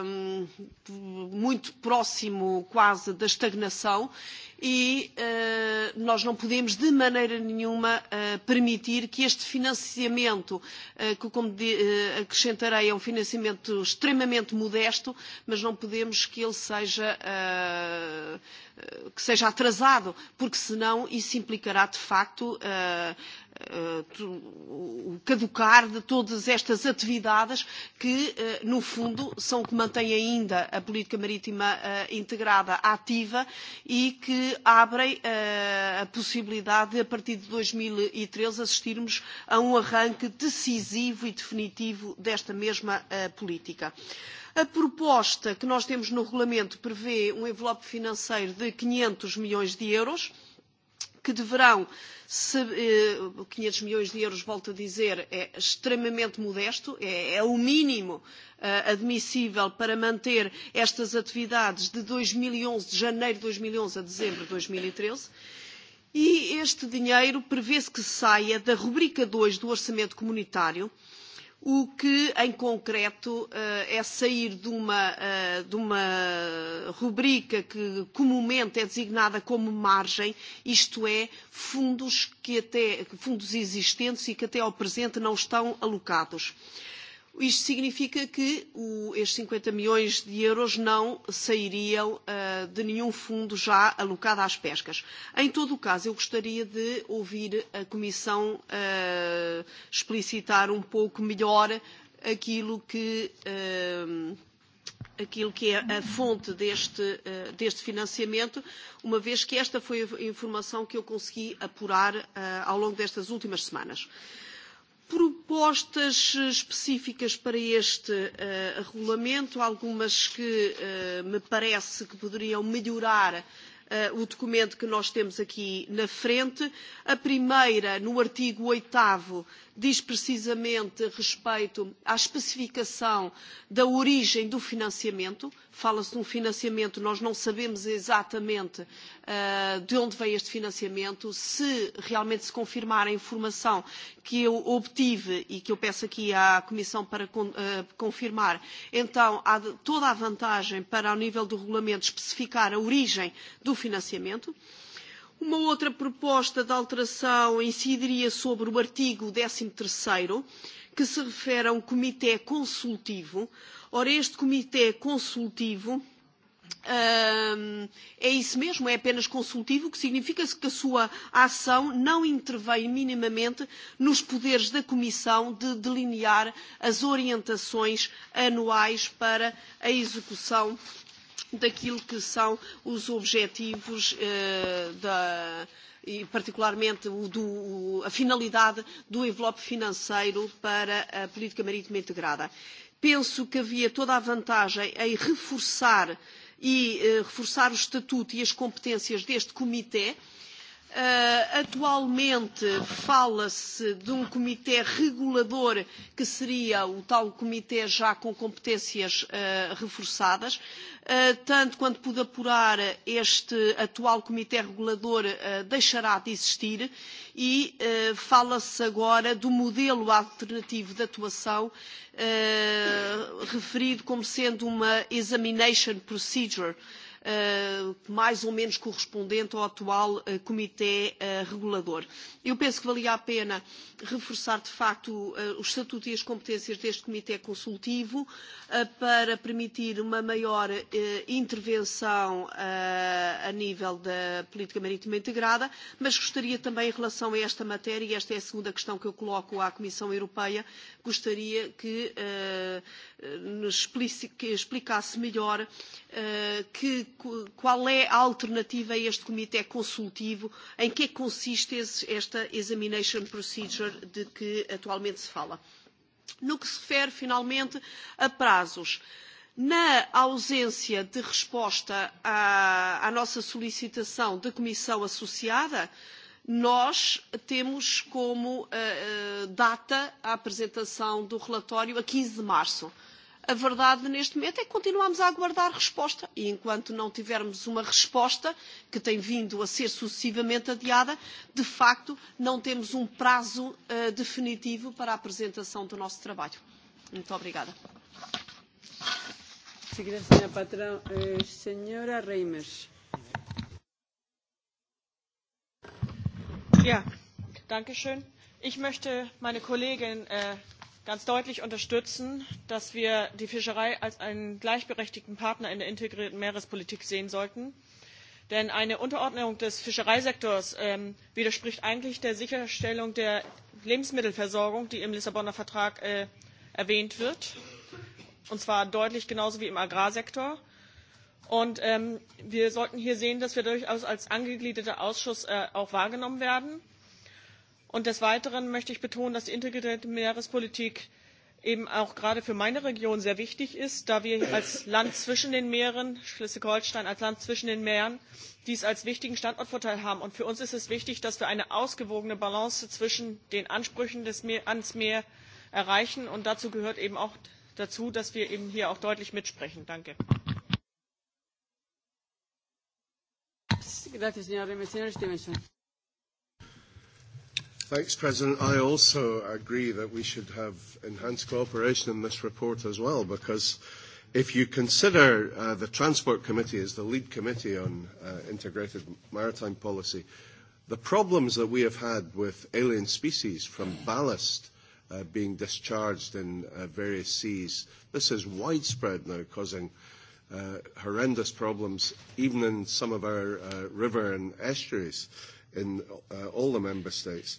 uh, muito próximo quase da estagnação, e uh, nós não podemos de maneira nenhuma uh, permitir que este financiamento, uh, que como de, acrescentarei é um financiamento extremamente modesto, mas não podemos que ele seja que seja atrasado, porque senão isso implicará de facto uh, Eh, o caducar de todas estas atividades que, eh, no fundo, são o que mantém ainda a política marítima eh, integrada ativa e que abrem a possibilidade de, a partir de 2013, e assistirmos a um arranque decisivo e definitivo desta mesma política. A proposta que nós temos no regulamento prevê um envelope financeiro de 500 milhões de euros que deverão, se, eh, 500 milhões de euros, volto a dizer, é extremamente modesto, é, é o mínimo eh, admissível para manter estas atividades de 2011, e de janeiro de 2011 e a dezembro de 2013. E, e este dinheiro prevê-se que saia da rubrica 2 do Orçamento Comunitário, o que, em concreto, eh, é sair de uma, eh, de uma rubrica que comumente é designada como margem, isto é, fundos, que até, fundos existentes e que até ao presente não estão alocados. Uh, Isto significa que o, estes 50 milhões de euros não sairiam uh, de nenhum fundo já alocado às pescas. Em todo o caso, eu gostaria de ouvir a Comissão uh, explicitar um pouco melhor aquilo que. Uh, aquilo que é a fonte deste, deste financiamento, uma vez que esta foi a informação que eu consegui apurar ao longo destas últimas semanas. Uh, propostas eh, específicas para este uh, regulamento, algumas que uh, me parece que poderiam melhorar uh, o documento que nós temos aqui na frente. A primeira, no artigo 8 diz precisamente respeito à especificação da origem do financiamento. Fala-se de um financiamento, nós não sabemos exatamente uh, de onde vem este financiamento. Se realmente se confirmar a informação que eu obtive e que eu peço aqui à Comissão para con uh, confirmar, então há toda a vantagem para, ao nível do regulamento, especificar a origem do financiamento. Uma outra proposta de alteração incidiria sobre o artigo 13º, que se refere a um comitê consultivo. Ora, este comitê consultivo é isso mesmo, é apenas consultivo, o que significa que a sua ação não intervém minimamente nos poderes da Comissão de delinear as orientações anuais para a execução daquilo que são os objetivos eh, da, e particularmente o do, o, a finalidade do envelope financeiro para a política marítima integrada. Penso que havia toda a vantagem em reforçar e uh, reforçar o estatuto e as competências deste comitê, Eh, atualmente fala-se de um comitê regulador que seria o tal comitê já com competências uh, reforçadas. Uh, tanto quanto pude apurar, este atual comitê regulador deixará de existir e fala-se agora do modelo alternativo de atuação referido como sendo uma examination procedure. Uh, Eh, mais ou menos correspondente ao atual eh, Comitê eh, Regulador. Eu penso que valia a pena reforçar, de facto, o estatuto e as competências deste Comitê Consultivo para permitir uma maior intervenção a nível da política marítima integrada, mas gostaria também, em relação a esta matéria, e esta é a segunda questão que eu coloco à Comissão Europeia, gostaria que nos explicasse melhor que qual é a alternativa a este comitê consultivo, em que consiste esse, esta examination procedure de que atualmente se fala. No que se refere, finalmente, a prazos. Na ausência de resposta à, à nossa solicitação da Comissão Associada, nós temos como uh, data a apresentação do relatório a 15 de março. A verdade neste momento é que continuamos a aguardar resposta e enquanto não tivermos uma resposta, que tem vindo a ser sucessivamente adiada, de facto não temos um prazo uh, definitivo para a apresentação do nosso trabalho. Muito obrigada. Seguida, senhora patrão, eh, senhora Reimers. Yeah. danke schön. Ich möchte meine Kollegin äh, ganz deutlich unterstützen, dass wir die Fischerei als einen gleichberechtigten Partner in der integrierten Meerespolitik sehen sollten. Denn eine Unterordnung des Fischereisektors ähm, widerspricht eigentlich der Sicherstellung der Lebensmittelversorgung, die im Lissabonner Vertrag äh, erwähnt wird. Und zwar deutlich genauso wie im Agrarsektor. Und ähm, wir sollten hier sehen, dass wir durchaus als angegliederter Ausschuss äh, auch wahrgenommen werden Und des Weiteren möchte ich betonen, dass die integrierte Meerespolitik eben auch gerade für meine Region sehr wichtig ist, da wir als Land zwischen den Meeren, Schleswig-Holstein als Land zwischen den Meeren, dies als wichtigen Standortvorteil haben. Und für uns ist es wichtig, dass wir eine ausgewogene Balance zwischen den Ansprüchen ans Meer erreichen. Und dazu gehört eben auch dazu, dass wir eben hier auch deutlich mitsprechen. Danke. Thanks, President. I also agree that we should have enhanced cooperation in this report as well, because if you consider uh, the Transport Committee as the lead committee on uh, integrated maritime policy, the problems that we have had with alien species from ballast uh, being discharged in uh, various seas, this is widespread now, causing uh, horrendous problems even in some of our uh, river and estuaries. Uh, in uh, all the member states.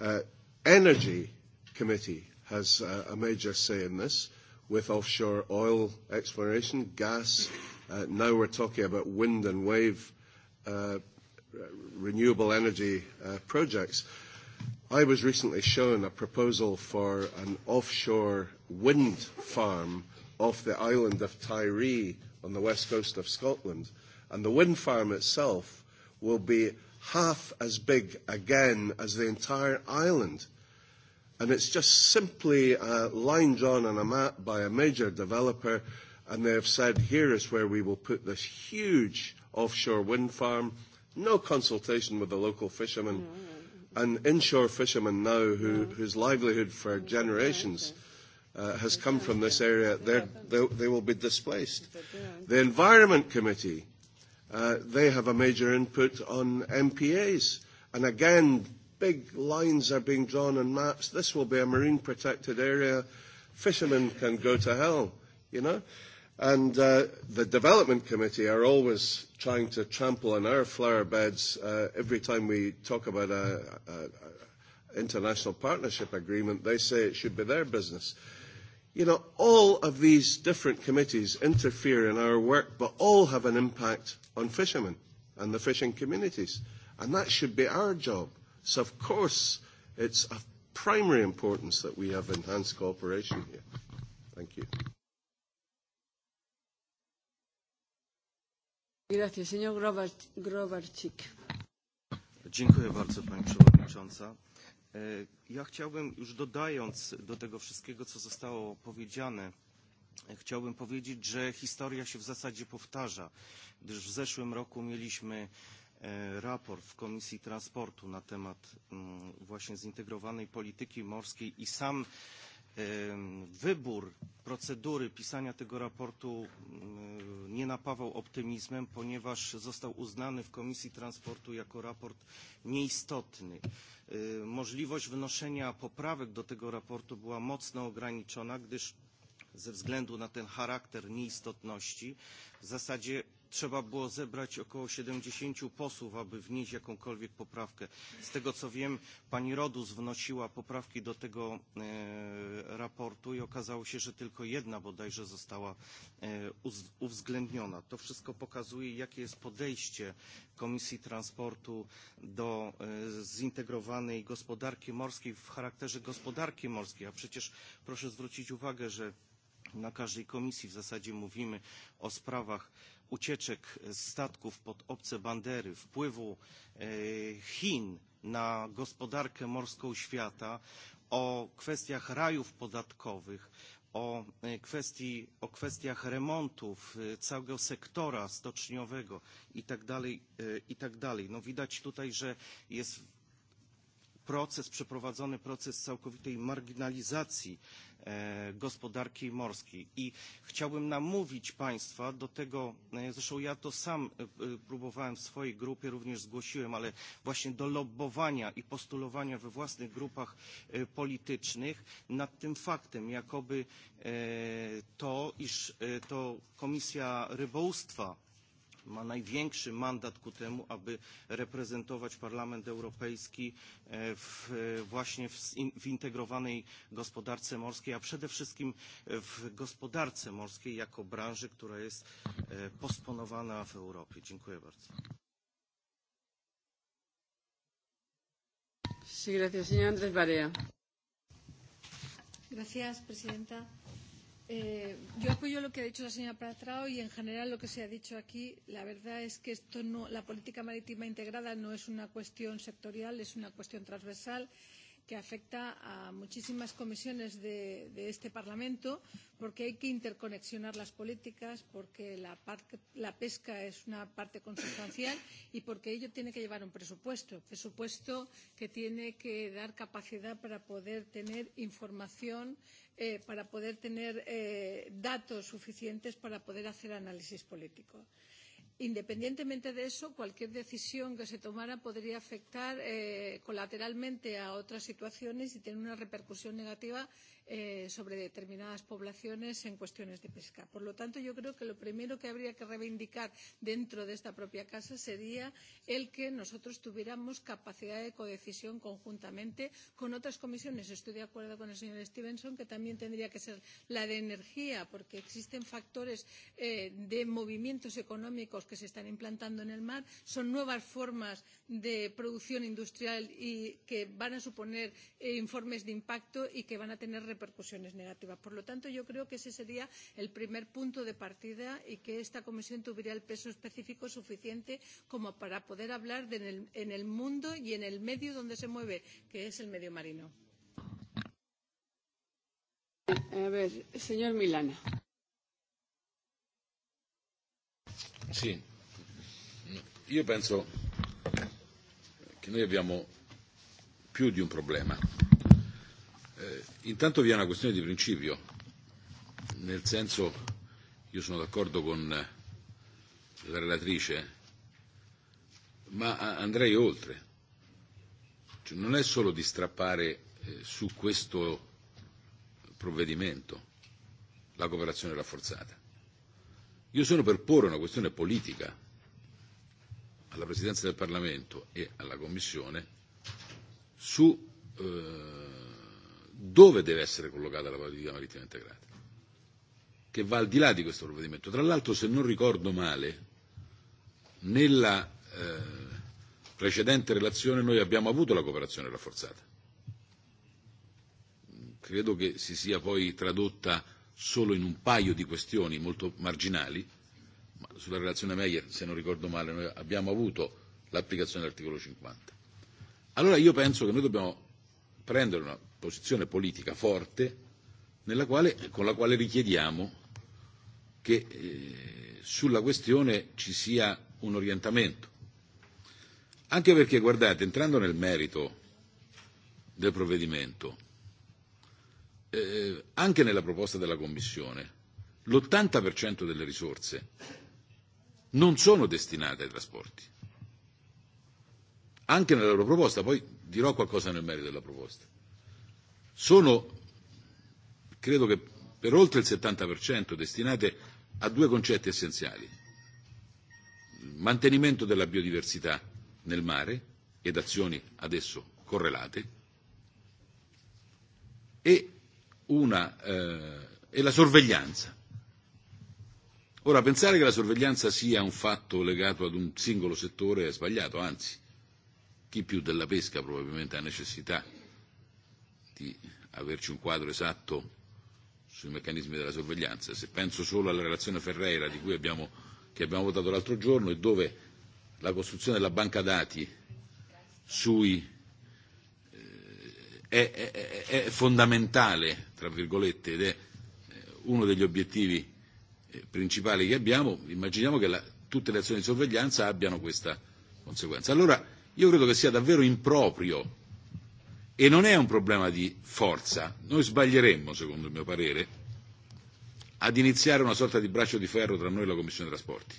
Uh, Energy Committee has uh, a major say in this with offshore oil exploration, gas. Uh, now we're talking about wind and wave uh, renewable energy uh, projects. I was recently shown a proposal for an offshore wind farm off the island of Tyree on the west coast of Scotland. And the wind farm itself will be half as big again as the entire island. And it's just simply a uh, line drawn on a map by a major developer, and they have said, here is where we will put this huge offshore wind farm, no consultation with the local fishermen. Mm -hmm and inshore fishermen now who, no. whose livelihood for mm. generations uh, has come from this area, they're, they, they will be displaced. The Environment Committee Uh, they have a major input on MPAs. And again, big lines are being drawn on maps. This will be a marine protected area. Fishermen can go to hell, you know? And uh, the development committee are always trying to trample on our flower beds uh, every time we talk about an international partnership agreement. They say it should be their business. Uh, You know, all of these different committees interfere in our work, but all have an impact on fishermen and the fishing communities. And that should be our job. So, of course, it's of primary importance that we have enhanced cooperation here. Thank you. Dziękuję bardzo Pani Przewodnicząca. E, ja chciałbym, już dodając do tego wszystkiego, co zostało powiedziane, e, chciałbym powiedzieć, że historia się w zasadzie powtarza, gdyż w zeszłym roku mieliśmy e, raport w Komisji Transportu na temat mm, właśnie zintegrowanej polityki morskiej i sam wybór procedury pisania tego raportu nie napawał optymizmem, ponieważ został uznany w Komisji Transportu jako raport nieistotny. Możliwość wnoszenia poprawek do tego raportu była mocno ograniczona, gdyż ze względu na ten charakter nieistotności w zasadzie trzeba było zebrać około 70 posłów, aby wnieść jakąkolwiek poprawkę. Z tego co wiem, pani Rodus wnosiła poprawki do tego e, raportu i okazało się, że tylko jedna bodajże została e, uz, uwzględniona. To wszystko pokazuje, jakie jest podejście Komisji Transportu do e, zintegrowanej gospodarki morskiej w charakterze gospodarki morskiej, a przecież proszę zwrócić uwagę, że na każdej komisji w zasadzie mówimy o sprawach ucieczek statków pod obce bandery, wpływu e, Chin na gospodarkę morską świata, o kwestiach rajów podatkowych, o, e, kwestii, o kwestiach remontów e, całego sektora stoczniowego itd. itd. No widać tutaj, że jest proces, przeprowadzony proces całkowitej marginalizacji e, gospodarki morskiej. I chciałbym namówić Państwa do tego, e, zresztą ja to sam e, próbowałem w swojej grupie, również zgłosiłem, ale właśnie do lobbowania i postulowania we własnych grupach politycznych nad tym faktem, jakoby to, iż to Komisja Rybołówstwa ma największy mandat ku temu, aby reprezentować Parlament Europejski e, w, e, właśnie w, zintegrowanej gospodarce morskiej, a przede wszystkim w gospodarce morskiej jako branży, która jest e, posponowana w Europie. Dziękuję bardzo. Sí, gracias, señor Andrés Barea. Gracias, presidenta. Eh, yo apoyo lo que ha dicho la señora Patrao y en general lo que se ha dicho aquí. La verdad es que esto no, la política marítima integrada no es una cuestión sectorial, es una cuestión transversal que afecta a muchísimas comisiones de, de este Parlamento, porque hay que interconexionar las políticas, porque la, par, la pesca es una parte consustancial y porque ello tiene que llevar un presupuesto, presupuesto que tiene que dar capacidad para poder tener información, eh, para poder tener eh, datos suficientes para poder hacer análisis político. Independientemente de eso, cualquier decisión que se tomara podría afectar eh, colateralmente a otras situaciones y tener una repercusión negativa eh, sobre determinadas poblaciones en cuestiones de pesca. Por lo tanto, yo creo que lo primero que habría que reivindicar dentro de esta propia casa sería el que nosotros tuviéramos capacidad de codecisión conjuntamente con otras comisiones. Estoy de acuerdo con el señor Stevenson que también tendría que ser la de energía, porque existen factores eh, de movimientos económicos que se están implantando en el mar, son nuevas formas de producción industrial y que van a suponer eh, informes de impacto y que van a tener repercusiones negativas. Por lo tanto, yo creo que ese sería el primer punto de partida y que esta comisión tuviera el peso específico suficiente como para poder hablar de en, el, en el mundo y en el medio donde se mueve, que es el medio marino. A ver, señor Milana. Sì, io penso che noi abbiamo più di un problema Eh, intanto vi è una questione di principio, nel senso io sono d'accordo con eh, la relatrice, ma eh, andrei oltre. Cioè, non è solo di strappare eh, su questo provvedimento la cooperazione rafforzata. Io sono per porre una questione politica alla Presidenza del Parlamento e alla Commissione su eh, dove deve essere collocata la politica marittima integrata, che va al di là di questo provvedimento. Tra l'altro, se non ricordo male, nella eh, precedente relazione noi abbiamo avuto la cooperazione rafforzata. Credo che si sia poi tradotta solo in un paio di questioni molto marginali, ma sulla relazione Meyer, se non ricordo male, noi abbiamo avuto l'applicazione dell'articolo 50. Allora io penso che noi dobbiamo prendere una posizione politica forte nella quale, con la quale richiediamo che eh, sulla questione ci sia un orientamento. Anche perché, guardate, entrando nel merito del provvedimento, eh, anche nella proposta della Commissione, l'80% delle risorse non sono destinate ai trasporti. Anche nella loro proposta, poi dirò qualcosa nel merito della proposta sono, credo che per oltre il 70%, destinate a due concetti essenziali. Mantenimento della biodiversità nel mare ed azioni adesso correlate e, una, eh, e la sorveglianza. Ora, pensare che la sorveglianza sia un fatto legato ad un singolo settore è sbagliato, anzi, chi più della pesca probabilmente ha necessità di averci un quadro esatto sui meccanismi della sorveglianza. Se penso solo alla relazione Ferreira di cui abbiamo, che abbiamo votato l'altro giorno e dove la costruzione della banca dati sui, eh, è, è, è fondamentale, tra virgolette, ed è eh, uno degli obiettivi eh, principali che abbiamo, immaginiamo che la, tutte le azioni di sorveglianza abbiano questa conseguenza. Allora io credo che sia davvero improprio E non è un problema di forza. Noi sbaglieremmo, secondo il mio parere, ad iniziare una sorta di braccio di ferro tra noi e la Commissione Trasporti.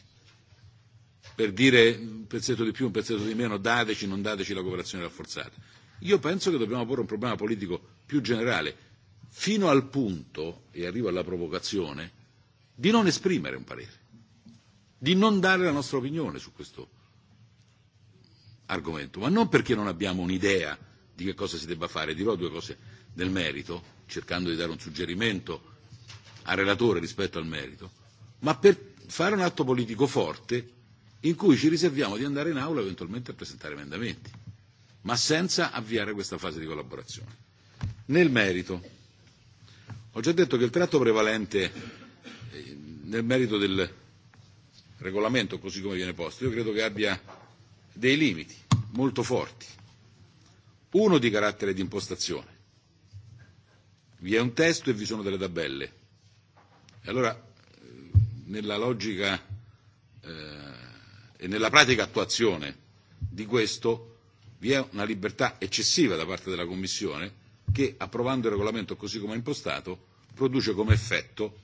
Per dire un pezzetto di più, un pezzetto di meno, dateci, non dateci la cooperazione rafforzata. Io penso che dobbiamo porre un problema politico più generale, fino al punto, e arrivo alla provocazione, di non esprimere un parere, di non dare la nostra opinione su questo argomento, ma non perché non abbiamo un'idea di che cosa si debba fare. Dirò due cose nel merito, cercando di dare un suggerimento al relatore rispetto al merito, ma per fare un atto politico forte in cui ci riserviamo di andare in aula eventualmente a presentare emendamenti, ma senza avviare questa fase di collaborazione. Nel merito, ho già detto che il tratto prevalente eh, nel merito del regolamento, così come viene posto, io credo che abbia dei limiti molto forti uno di carattere di impostazione. Vi è un testo e vi sono delle tabelle. E allora, eh, nella logica eh, e nella pratica attuazione di questo, vi è una libertà eccessiva da parte della Commissione che, approvando il regolamento così come è impostato, produce come effetto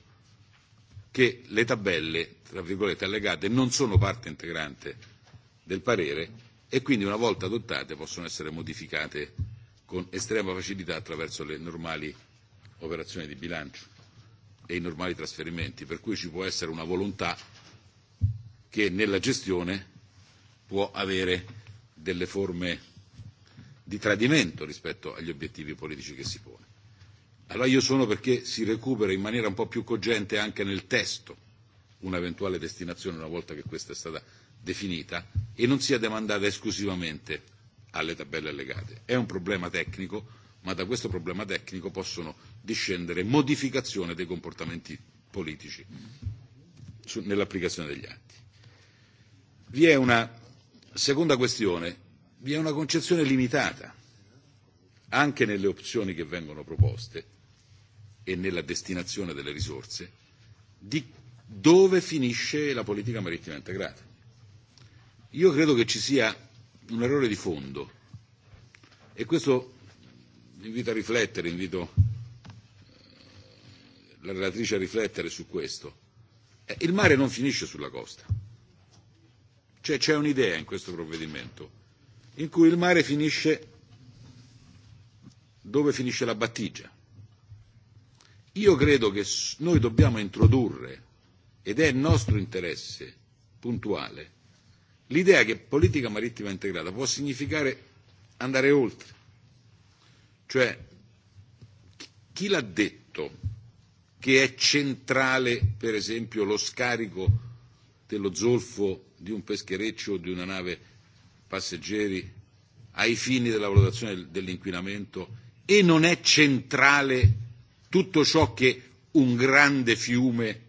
che le tabelle, tra virgolette, allegate non sono parte integrante del parere e quindi una volta adottate possono essere modificate con estrema facilità attraverso le normali operazioni di bilancio e i normali trasferimenti, per cui ci può essere una volontà che nella gestione può avere delle forme di tradimento rispetto agli obiettivi politici che si pone. Allora io sono perché si recupera in maniera un po' più cogente anche nel testo un'eventuale destinazione una volta che questa è stata definita e non sia demandata esclusivamente alle tabelle allegate. È un problema tecnico, ma da questo problema tecnico possono discendere modificazioni dei comportamenti politici nell'applicazione degli atti. Vi è una seconda questione, vi è una concezione limitata anche nelle opzioni che vengono proposte e nella destinazione delle risorse di dove finisce la politica marittima integrata. Io credo che ci sia un errore di fondo e questo invito a riflettere, invito eh, la relatrice a riflettere su questo. Eh, il mare non finisce sulla costa. Cioè c'è un'idea in questo provvedimento in cui il mare finisce dove finisce la battigia. Io credo che noi dobbiamo introdurre, ed è nostro interesse puntuale, L'idea che politica marittima integrata può significare andare oltre. Cioè, chi l'ha detto che è centrale, per esempio, lo scarico dello zolfo di un peschereccio o di una nave passeggeri ai fini della valutazione dell'inquinamento e non è centrale tutto ciò che un grande fiume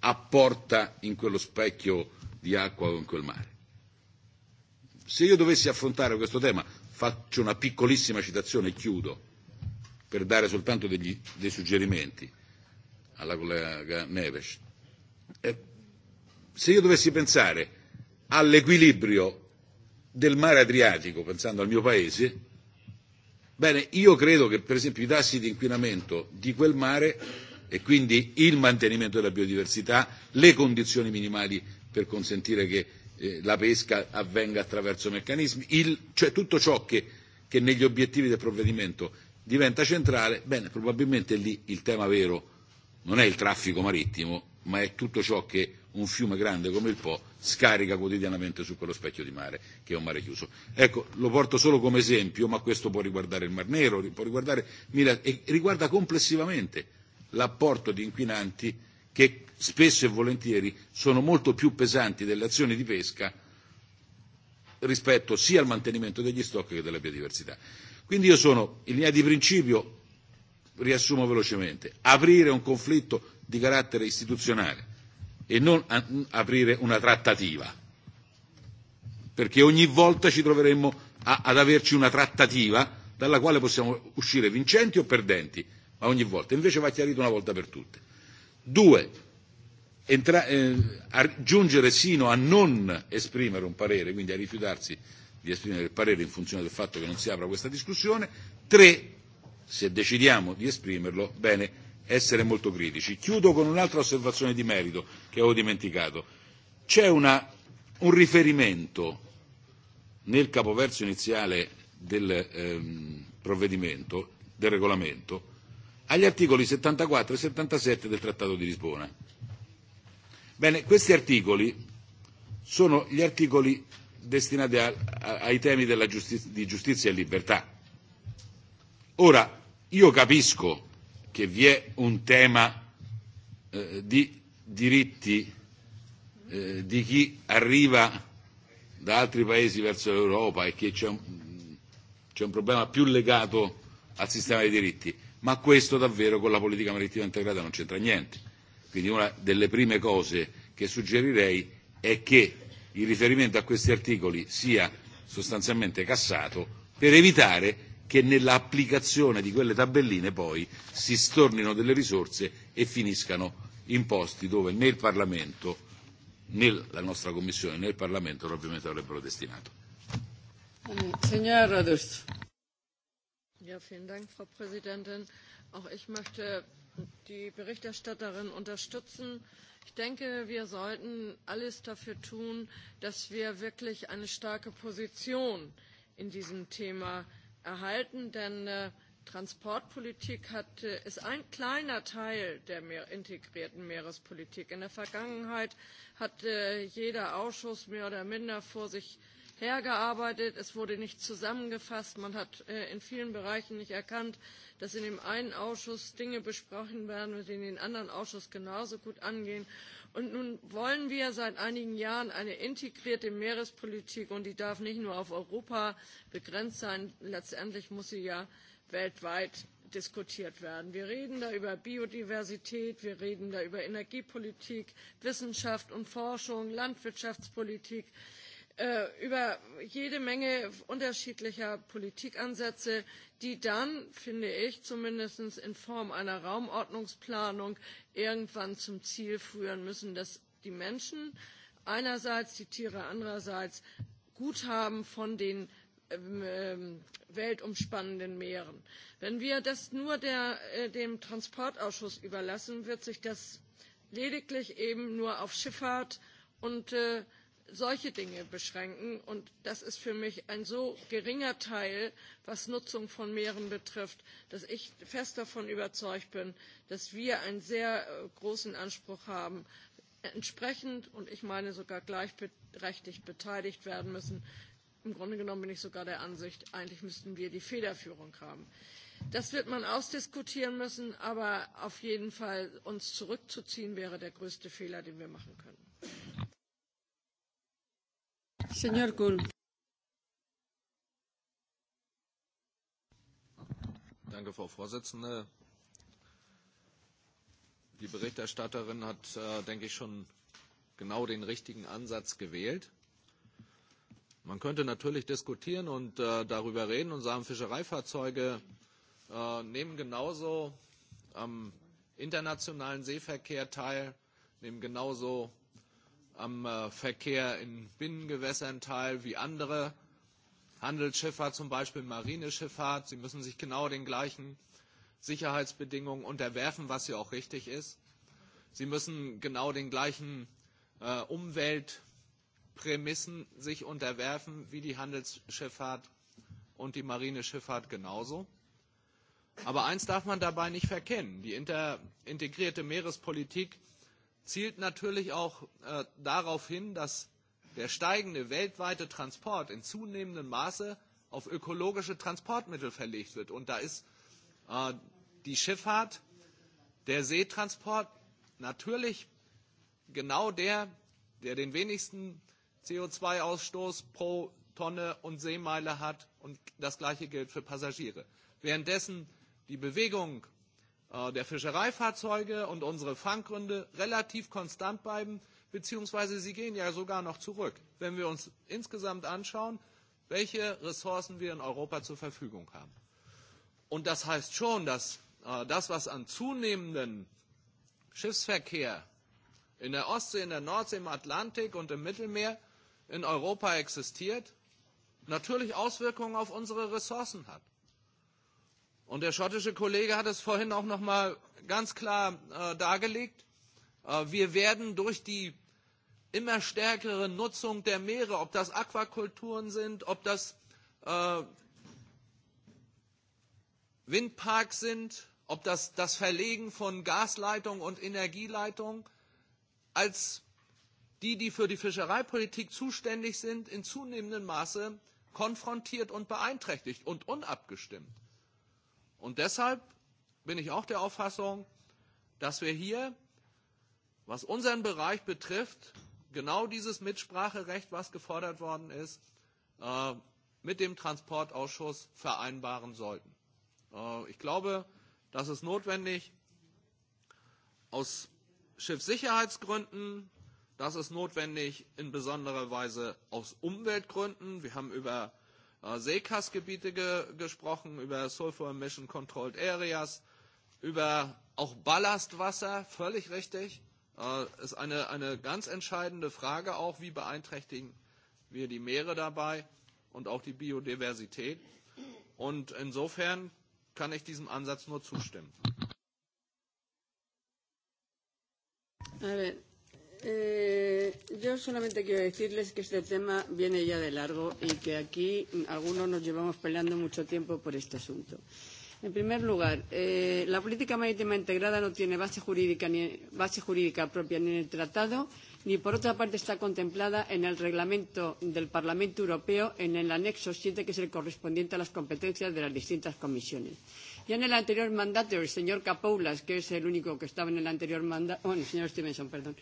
apporta in quello specchio di acqua con quel mare. Se io dovessi affrontare questo tema, faccio una piccolissima citazione e chiudo, per dare soltanto degli, dei suggerimenti alla collega Neves. Eh, se io dovessi pensare all'equilibrio del mare Adriatico, pensando al mio paese, bene, io credo che per esempio i tassi di inquinamento di quel mare e quindi il mantenimento della biodiversità, le condizioni minimali per consentire che eh, la pesca avvenga attraverso meccanismi, il, cioè tutto ciò che, che negli obiettivi del provvedimento diventa centrale, bene, probabilmente lì il tema vero non è il traffico marittimo, ma è tutto ciò che un fiume grande come il Po scarica quotidianamente su quello specchio di mare, che è un mare chiuso. Ecco, lo porto solo come esempio, ma questo può riguardare il Mar Nero, può riguardare Mila, e riguarda complessivamente l'apporto di inquinanti che spesso e volentieri sono molto più pesanti delle azioni di pesca rispetto sia al mantenimento degli stock che della biodiversità. Quindi io sono, in linea di principio, riassumo velocemente, aprire un conflitto di carattere istituzionale e non aprire una trattativa, perché ogni volta ci troveremmo a, ad averci una trattativa dalla quale possiamo uscire vincenti o perdenti, ma ogni volta. Invece va chiarito una volta per tutte. Due, entra- eh, giungere sino a non esprimere un parere, quindi a rifiutarsi di esprimere il parere in funzione del fatto che non si apra questa discussione. Tre, se decidiamo di esprimerlo, bene, essere molto critici. Chiudo con un'altra osservazione di merito che avevo dimenticato. C'è una, un riferimento nel capoverso iniziale del ehm, provvedimento, del regolamento, agli articoli 74 e 77 del Trattato di Lisbona. Bene, questi articoli sono gli articoli destinati a, a, ai temi della giustizia, di giustizia e libertà. Ora, io capisco che vi è un tema eh, di diritti eh, di chi arriva da altri paesi verso l'Europa e che c'è un, c'è un problema più legato al sistema dei diritti ma questo davvero con la politica marittima integrata non c'entra niente. Quindi una delle prime cose che suggerirei è che il riferimento a questi articoli sia sostanzialmente cassato per evitare che nell'applicazione di quelle tabelline poi si stornino delle risorse e finiscano in posti dove né il Parlamento né la nostra Commissione né il Parlamento ovviamente avrebbero destinato. Signor vielen Dank, Frau Präsidentin. Auch ich möchte die Berichterstatterin unterstützen. Ich denke, wir sollten alles dafür tun, dass wir wirklich eine starke Position in diesem Thema erhalten, denn äh, Transportpolitik hat, äh, ist ein kleiner Teil der mehr integrierten Meerespolitik. In der Vergangenheit hat äh, jeder Ausschuss mehr oder minder vor sich hergearbeitet. Es wurde nicht zusammengefasst. Man hat äh, in vielen Bereichen nicht erkannt, dass in dem einen Ausschuss Dinge besprochen werden, die in den anderen Ausschuss genauso gut angehen. Und nun wollen wir seit einigen Jahren eine integrierte Meerespolitik und die darf nicht nur auf Europa begrenzt sein. Letztendlich muss sie ja weltweit diskutiert werden. Wir reden da über Biodiversität, wir reden da über Energiepolitik, Wissenschaft und Forschung, Landwirtschaftspolitik. Äh, über jede Menge unterschiedlicher Politikansätze, die dann, finde ich, zumindest in Form einer Raumordnungsplanung irgendwann zum Ziel führen müssen, dass die Menschen einerseits, die Tiere andererseits Guthaben von den ähm, ähm, weltumspannenden Meeren. Wenn wir das nur der, äh, dem Transportausschuss überlassen, wird sich das lediglich eben nur auf Schifffahrt und äh, solche Dinge beschränken. Und das ist für mich ein so geringer Teil, was Nutzung von Meeren betrifft, dass ich fest davon überzeugt bin, dass wir einen sehr äh, großen Anspruch haben, entsprechend und ich meine sogar gleichberechtigt beteiligt werden müssen. Im Grunde genommen bin ich sogar der Ansicht, eigentlich müssten wir die Federführung haben. Das wird man ausdiskutieren müssen, aber auf jeden Fall uns zurückzuziehen wäre der größte Fehler, den wir machen können. Señor Kuhn. Danke, Frau Vorsitzende. Die Berichterstatterin hat, äh, denke ich, schon genau den richtigen Ansatz gewählt. Man könnte natürlich diskutieren und äh, darüber reden und sagen, Fischereifahrzeuge äh, nehmen genauso am internationalen Seeverkehr teil, nehmen genauso am äh, Verkehr in Binnengewässern teil wie andere. Handelsschifffahrt, zum Beispiel Marineschifffahrt. Sie müssen sich genau den gleichen Sicherheitsbedingungen unterwerfen, was ja auch richtig ist. Sie müssen genau den gleichen äh, Umweltprämissen sich unterwerfen wie die Handelsschifffahrt und die Marineschifffahrt genauso. Aber eins darf man dabei nicht verkennen. Die integrierte Meerespolitik zielt natürlich auch äh, darauf hin, dass der steigende weltweite Transport in zunehmendem Maße auf ökologische Transportmittel verlegt wird. Und da ist äh, die Schifffahrt, der Seetransport natürlich genau der, der den wenigsten co zwei ausstoß pro Tonne und Seemeile hat. Und das Gleiche gilt für Passagiere. Währenddessen die Bewegung Äh, der Fischereifahrzeuge und unsere Fanggründe relativ konstant bleiben, beziehungsweise sie gehen ja sogar noch zurück, wenn wir uns insgesamt anschauen, welche Ressourcen wir in Europa zur Verfügung haben. Und das heißt schon, dass äh, das, was an zunehmendem Schiffsverkehr in der Ostsee, in der Nordsee, im Atlantik und im Mittelmeer in Europa existiert, natürlich Auswirkungen auf unsere Ressourcen hat. Und der schottische Kollege hat es vorhin auch noch mal ganz klar äh, dargelegt. Äh, wir werden durch die immer stärkere Nutzung der Meere, ob das Aquakulturen sind, ob das äh, Windparks sind, ob das das Verlegen von Gasleitung und Energieleitung als die, die für die Fischereipolitik zuständig sind, in zunehmendem Maße konfrontiert und beeinträchtigt und unabgestimmt. Und deshalb bin ich auch der Auffassung, dass wir hier, was unseren Bereich betrifft, genau dieses Mitspracherecht, was gefordert worden ist, äh, mit dem Transportausschuss vereinbaren sollten. Äh, ich glaube, das ist notwendig aus Schiffssicherheitsgründen, das ist notwendig in besonderer Weise aus Umweltgründen. Wir haben über äh, Seekastgebiete ge gesprochen, über Sulfur Emission Controlled Areas, über auch Ballastwasser, völlig richtig. Äh, ist eine, eine ganz entscheidende Frage auch, wie beeinträchtigen wir die Meere dabei und auch die Biodiversität. Und insofern kann ich diesem Ansatz nur zustimmen. Äh, Eh, yo solamente quiero decirles que este tema viene ya de largo y que aquí algunos nos llevamos peleando mucho tiempo por este asunto. En primer lugar, eh, la política marítima integrada no tiene base jurídica, ni, base jurídica propia ni en el tratado, ni por otra parte está contemplada en el reglamento del Parlamento Europeo en el anexo siete, que es el correspondiente a las competencias de las distintas comisiones. Ya en el anterior mandato, el señor Capoulas, que es el único que estaba en el anterior mandato, bueno, el señor Stevenson, perdón,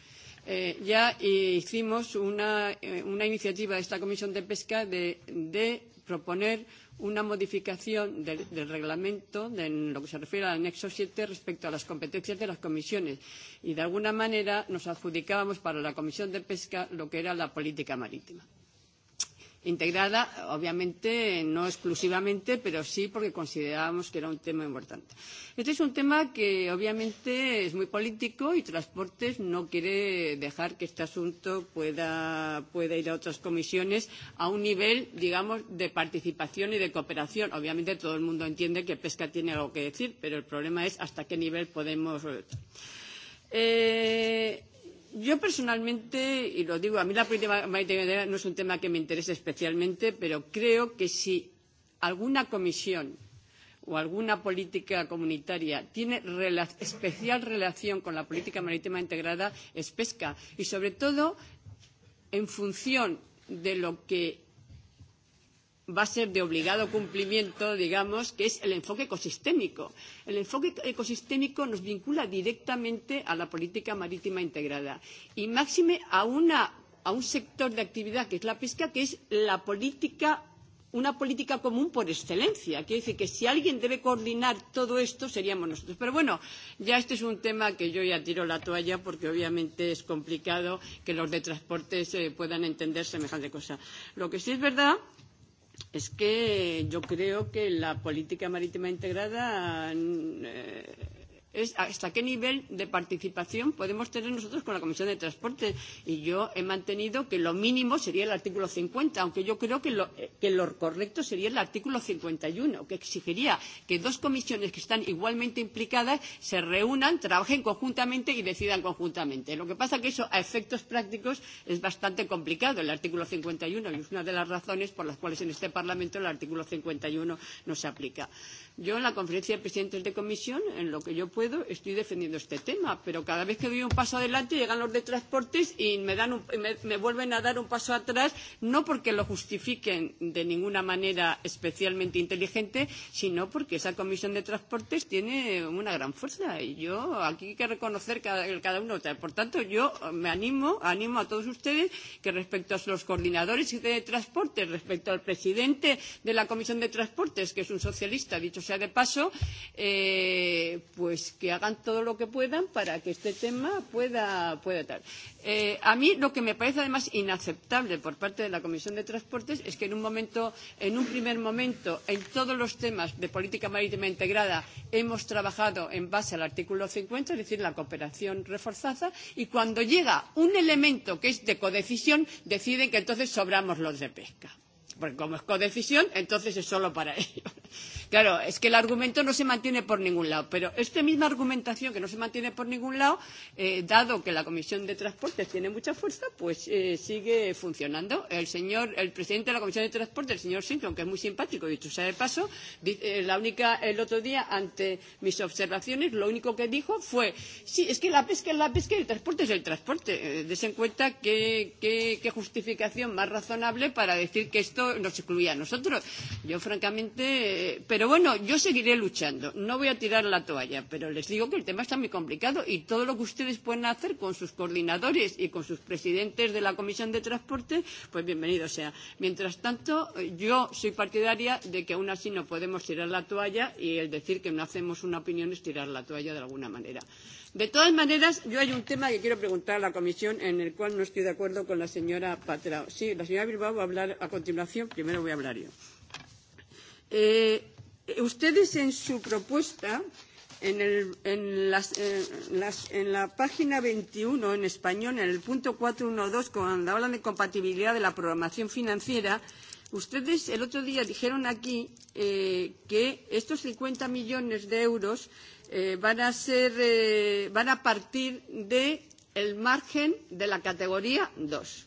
eh, ya eh, hicimos una, eh, una iniciativa de esta Comisión de Pesca de, de proponer una modificación del, del reglamento de, en lo que se refiere al anexo siete respecto a las competencias de las comisiones y de alguna manera nos adjudicábamos para la Comisión de Pesca lo que era la política marítima integrada, obviamente no exclusivamente, pero sí porque considerábamos que era un tema importante. Este es un tema que obviamente es muy político y Transportes no quiere dejar que este asunto pueda, pueda ir a otras comisiones a un nivel, digamos, de participación y de cooperación. Obviamente todo el mundo entiende que pesca tiene algo que decir, pero el problema es hasta qué nivel podemos. Eh, Yo personalmente, y lo digo, a mí la política marítima no es un tema que me interese especialmente, pero creo que si alguna comisión o alguna política comunitaria tiene rela especial relación con la política marítima integrada es pesca y sobre todo en función de lo que va a ser de obligado cumplimiento, digamos, que es el enfoque ecosistémico. El enfoque ecosistémico nos vincula directamente a la política marítima integrada y máxime a, una, a un sector de actividad que es la pesca, que es la política una política común por excelencia. Quiere decir que si alguien debe coordinar todo esto seríamos nosotros. Pero bueno, ya este es un tema que yo ya tiro la toalla porque obviamente es complicado que los de transportes eh, puedan entender semejante cosa. Lo que sí es verdad es que yo creo que la política marítima integrada mm, eh, es hasta qué nivel de participación podemos tener nosotros con la Comisión de Transportes. Y yo he mantenido que lo mínimo sería el artículo 50, aunque yo creo que lo, eh, que lo correcto sería el artículo 51, que exigiría que dos comisiones que están igualmente implicadas se reúnan, trabajen conjuntamente y decidan conjuntamente. Lo que pasa es que eso a efectos prácticos es bastante complicado, el artículo 51, y es una de las razones por las cuales en este Parlamento el artículo 51 no se aplica. Yo en la conferencia de presidentes de comisión, en lo que yo puedo puedo, estoy defendiendo este tema, pero cada vez que doy un paso adelante llegan los de transportes y me, dan un, me, me vuelven a dar un paso atrás, no porque lo justifiquen de ninguna manera especialmente inteligente, sino porque esa comisión de transportes tiene una gran fuerza y yo aquí hay que reconocer cada, cada uno. Por tanto, yo me animo, animo a todos ustedes que respecto a los coordinadores de transportes, respecto al presidente de la comisión de transportes, que es un socialista, dicho sea de paso, eh, pues que hagan todo lo que puedan para que este tema pueda, pueda tal. Eh, a mí lo que me parece además inaceptable por parte de la Comisión de Transportes es que en un momento, en un primer momento, en todos los temas de política marítima integrada hemos trabajado en base al artículo 50, es decir, la cooperación reforzada, y cuando llega un elemento que es de codecisión, deciden que entonces sobramos los de pesca porque como es codecisión, entonces es solo para ellos. Claro, es que el argumento no se mantiene por ningún lado, pero esta misma argumentación que no se mantiene por ningún lado, eh, dado que la Comisión de Transportes tiene mucha fuerza, pues eh, sigue funcionando. El señor, el presidente de la Comisión de Transportes, el señor Simpson, que es muy simpático, dicho sea de paso, dice, eh, la única, el otro día, ante mis observaciones, lo único que dijo fue, sí, es que la pesca es la pesca y el transporte es el transporte. Eh, desen cuenta qué, qué, qué justificación más razonable para decir que esto esto nos incluye a nosotros. Yo, francamente, eh, pero bueno, yo seguiré luchando. No voy a tirar la toalla, pero les digo que el tema está muy complicado y todo lo que ustedes pueden hacer con sus coordinadores y con sus presidentes de la Comisión de Transporte, pues bienvenido sea. Mientras tanto, yo soy partidaria de que aún así no podemos tirar la toalla y el decir que no hacemos una opinión es tirar la toalla de alguna manera. De todas maneras, yo hay un tema que quiero preguntar a la comisión en el cual no estoy de acuerdo con la señora Patrao. Sí, la señora Bilbao va a hablar a continuación, primero voy a hablar yo. Eh, ustedes en su propuesta, en, el, en, las, eh, en, las, en la página 21 en español, en el punto 412, cuando hablan de compatibilidad de la programación financiera, ustedes el otro día dijeron aquí eh, que estos 50 millones de euros eh, van, a ser, eh, van a partir del de margen de la categoría 2.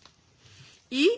Y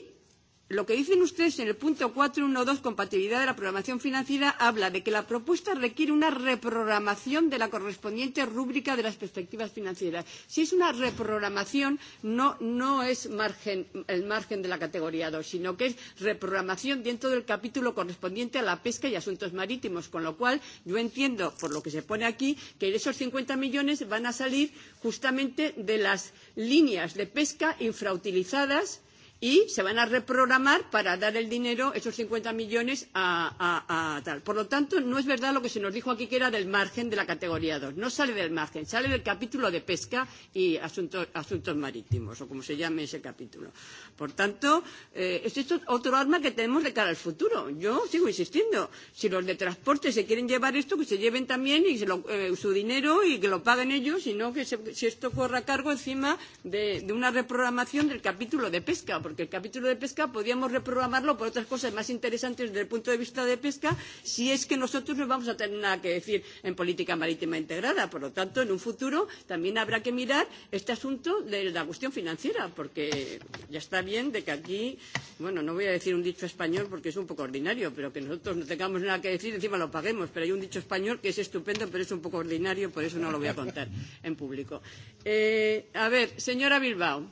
lo que dicen ustedes en el punto 4.1.2, compatibilidad de la programación financiera, habla de que la propuesta requiere una reprogramación de la correspondiente rúbrica de las perspectivas financieras. Si es una reprogramación, no, no es margen, el margen de la categoría 2, sino que es reprogramación dentro del capítulo correspondiente a la pesca y asuntos marítimos, con lo cual yo entiendo, por lo que se pone aquí, que esos 50 millones van a salir justamente de las líneas de pesca infrautilizadas y se van a reprogramar para dar el dinero, esos cincuenta millones, a, a, a, tal. Por lo tanto, no es verdad lo que se nos dijo aquí que era del margen de la categoría dos. No sale del margen, sale del capítulo de pesca y asuntos, asuntos marítimos, o como se llame ese capítulo. Por tanto, eh, es esto otro arma que tenemos de cara al futuro. Yo sigo insistiendo. Si los de transporte se quieren llevar esto, que se lleven también y se lo, eh, su dinero y que lo paguen ellos, y no que se, si esto corra a cargo encima de, de una reprogramación del capítulo de pesca porque el capítulo de pesca podíamos reprogramarlo por otras cosas más interesantes desde el punto de vista de pesca, si es que nosotros no vamos a tener nada que decir en política marítima integrada. Por lo tanto, en un futuro también habrá que mirar este asunto de la cuestión financiera, porque ya está bien de que aquí, bueno, no voy a decir un dicho español porque es un poco ordinario, pero que nosotros no tengamos nada que decir, encima lo paguemos. Pero hay un dicho español que es estupendo, pero es un poco ordinario, por eso no lo voy a contar en público. Eh, a ver, señora Bilbao.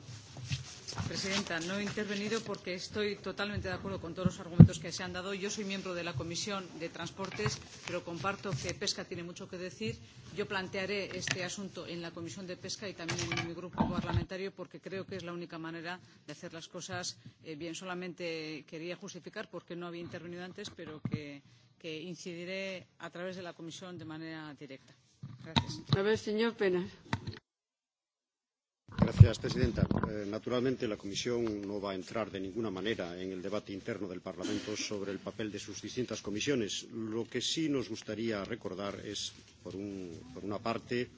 Presidenta, no he intervenido porque estoy totalmente de acuerdo con todos los argumentos que se han dado. Yo soy miembro de la Comisión de Transportes, pero comparto que Pesca tiene mucho que decir. Yo plantearé este asunto en la Comisión de Pesca y también en mi grupo parlamentario porque creo que es la única manera de hacer las cosas eh, bien. Solamente quería justificar por qué no había intervenido antes, pero que, que incidiré a través de la Comisión de manera directa. Gracias. A ver, señor Penas. Señora presidenta. Eh, naturalmente, la Comisión no va a entrar de ninguna manera en el debate interno del Parlamento sobre el papel de sus distintas comisiones. Lo que sí nos gustaría recordar es, por, un, por una parte, eh,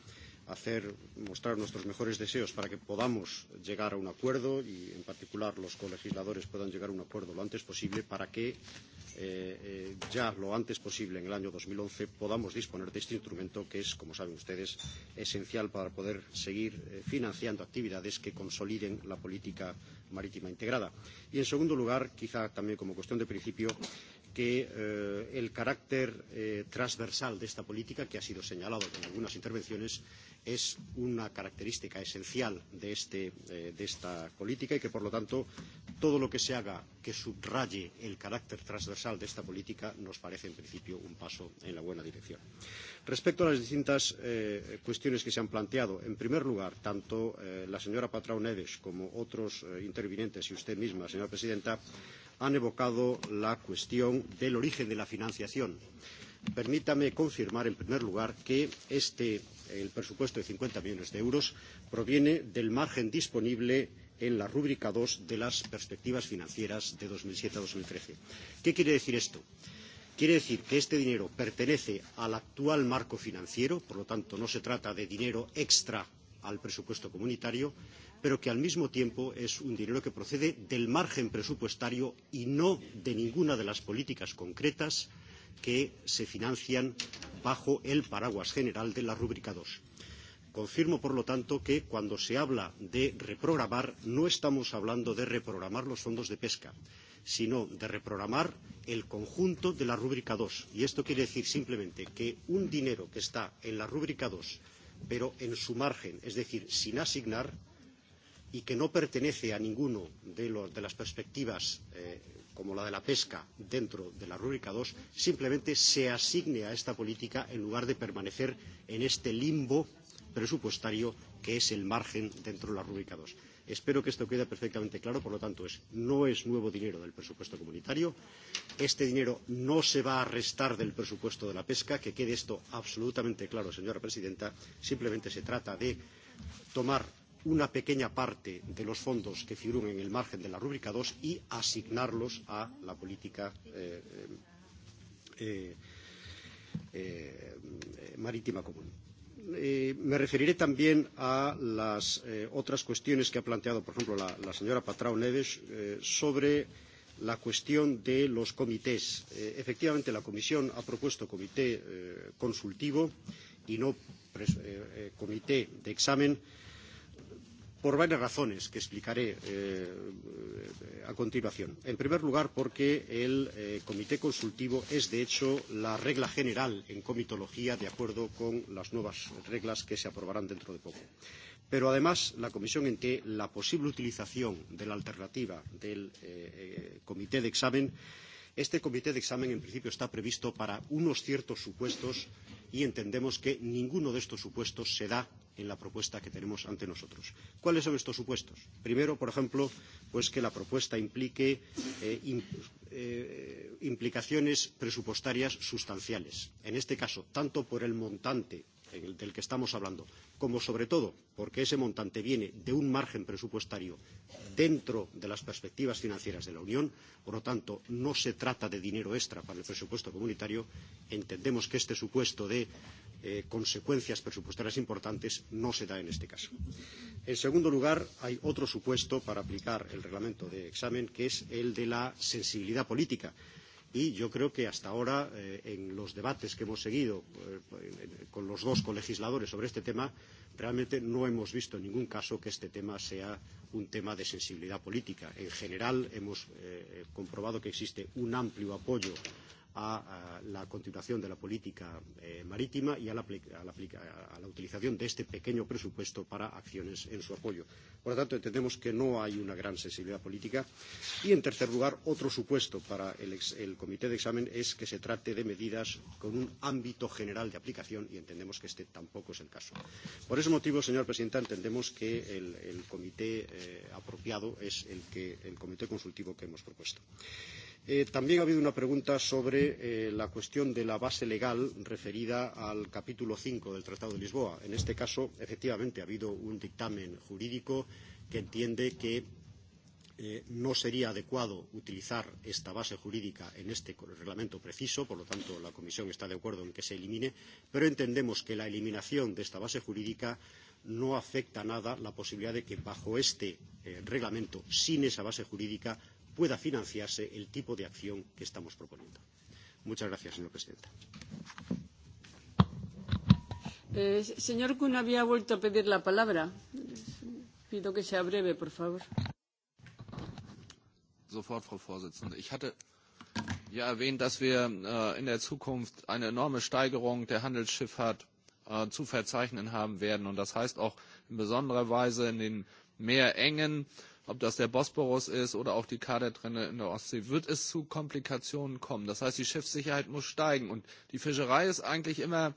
hacer, mostrar nuestros mejores deseos para que podamos llegar a un acuerdo y, en particular, los colegisladores puedan llegar a un acuerdo lo antes posible para que eh, eh, ya lo antes posible, en el año 2011, podamos disponer de este instrumento que es, como saben ustedes, esencial para poder seguir eh, financiando actividades que consoliden la política marítima integrada. Y, en segundo lugar, quizá también como cuestión de principio, que eh, el carácter eh, transversal de esta política, que ha sido señalado en algunas intervenciones, es una característica esencial de, este, eh, de esta política y que, por lo tanto, todo lo que se haga que subraye el carácter transversal de esta política nos parece, en principio, un paso en la buena dirección. Respecto a las distintas eh, cuestiones que se han planteado, en primer lugar, tanto eh, la señora Patrao Neves como otros eh, intervinientes y usted misma, señora presidenta, han evocado la cuestión del origen de la financiación. Permítame confirmar, en primer lugar, que este el presupuesto de 50 millones de euros proviene del margen disponible en la rúbrica 2 de las perspectivas financieras de 2007 a 2013. ¿Qué quiere decir esto? Quiere decir que este dinero pertenece al actual marco financiero, por lo tanto no se trata de dinero extra al presupuesto comunitario, pero que al mismo tiempo es un dinero que procede del margen presupuestario y no de ninguna de las políticas concretas que se financian bajo el paraguas general de la rúbrica 2. Confirmo, por lo tanto, que cuando se habla de reprogramar, no estamos hablando de reprogramar los fondos de pesca, sino de reprogramar el conjunto de la rúbrica 2. Y esto quiere decir simplemente que un dinero que está en la rúbrica 2, pero en su margen, es decir, sin asignar, y que no pertenece a ninguno de, de las perspectivas eh, como la de la pesca dentro de la rúbrica dos simplemente se asigne a esta política en lugar de permanecer en este limbo presupuestario que es el margen dentro de la rúbrica dos. Espero que esto quede perfectamente claro. Por lo tanto, es, no es nuevo dinero del presupuesto comunitario. Este dinero no se va a restar del presupuesto de la pesca. Que quede esto absolutamente claro, señora presidenta. Simplemente se trata de tomar una pequeña parte de los fondos que figuran en el margen de la rúbrica 2 y asignarlos a la política eh, eh, eh, eh, marítima común. Eh, me referiré también a las eh, otras cuestiones que ha planteado, por ejemplo, la, la señora Patrao Neves eh, sobre la cuestión de los comités. Eh, efectivamente, la Comisión ha propuesto comité eh, consultivo y no eh, eh, comité de examen. Eh, por varias razones que explicaré eh, a continuación. En primer lugar, porque el eh, comité consultivo es, de hecho, la regla general en comitología de acuerdo con las nuevas reglas que se aprobarán dentro de poco. Pero además, la comisión entiende la posible utilización de la alternativa del eh, eh, comité de examen. Este comité de examen, en principio, está previsto para unos ciertos supuestos y entendemos que ninguno de estos supuestos se da en la propuesta que tenemos ante nosotros. ¿Cuáles son estos supuestos? Primero, por ejemplo, pues que la propuesta implique eh, in, eh, implicaciones presupuestarias sustanciales. En este caso, tanto por el montante el, del que estamos hablando, como sobre todo porque ese montante viene de un margen presupuestario dentro de las perspectivas financieras de la Unión, por lo tanto no se trata de dinero extra para el presupuesto comunitario, entendemos que este supuesto de eh, consecuencias presupuestarias importantes no se da en este caso. En segundo lugar, hay otro supuesto para aplicar el reglamento de examen, que es el de la sensibilidad política. Y yo creo que hasta ahora, eh, en los debates que hemos seguido eh, con los dos colegisladores sobre este tema, realmente no hemos visto en ningún caso que este tema sea un tema de sensibilidad política. En general, hemos eh, comprobado que existe un amplio apoyo a, a la continuación de la política eh, marítima y a la, a, la, a la utilización de este pequeño presupuesto para acciones en su apoyo. Por lo tanto, entendemos que no hay una gran sensibilidad política. Y, en tercer lugar, otro supuesto para el, ex, el comité de examen es que se trate de medidas con un ámbito general de aplicación y entendemos que este tampoco es el caso. Por ese motivo, señora presidenta, entendemos que el, el comité eh, apropiado es el, que, el comité consultivo que hemos propuesto. Eh, Eh, también ha habido una pregunta sobre eh, la cuestión de la base legal referida al capítulo 5 del Tratado de Lisboa. En este caso, efectivamente, ha habido un dictamen jurídico que entiende que eh, no sería adecuado utilizar esta base jurídica en este reglamento preciso, por lo tanto la Comisión está de acuerdo en que se elimine, pero entendemos que la eliminación de esta base jurídica no afecta nada la posibilidad de que bajo este eh, reglamento, sin esa base jurídica, pueda financiarse el tipo de acción que estamos proponiendo. Muchas gracias, señora presidenta. Eh, señor Kuhn había vuelto a pedir la palabra. Pido que sea breve, por favor. Sofort, Frau Vorsitzende. Ich hatte ja erwähnt, dass wir äh, in der Zukunft eine enorme Steigerung der Handelsschifffahrt äh, zu verzeichnen haben werden. Und das heißt auch in besonderer Weise in den Meerengen ob das der Bosporus ist oder auch die Kadertrenne in der Ostsee, wird es zu Komplikationen kommen. Das heißt, die Schiffssicherheit muss steigen. Und die Fischerei ist eigentlich immer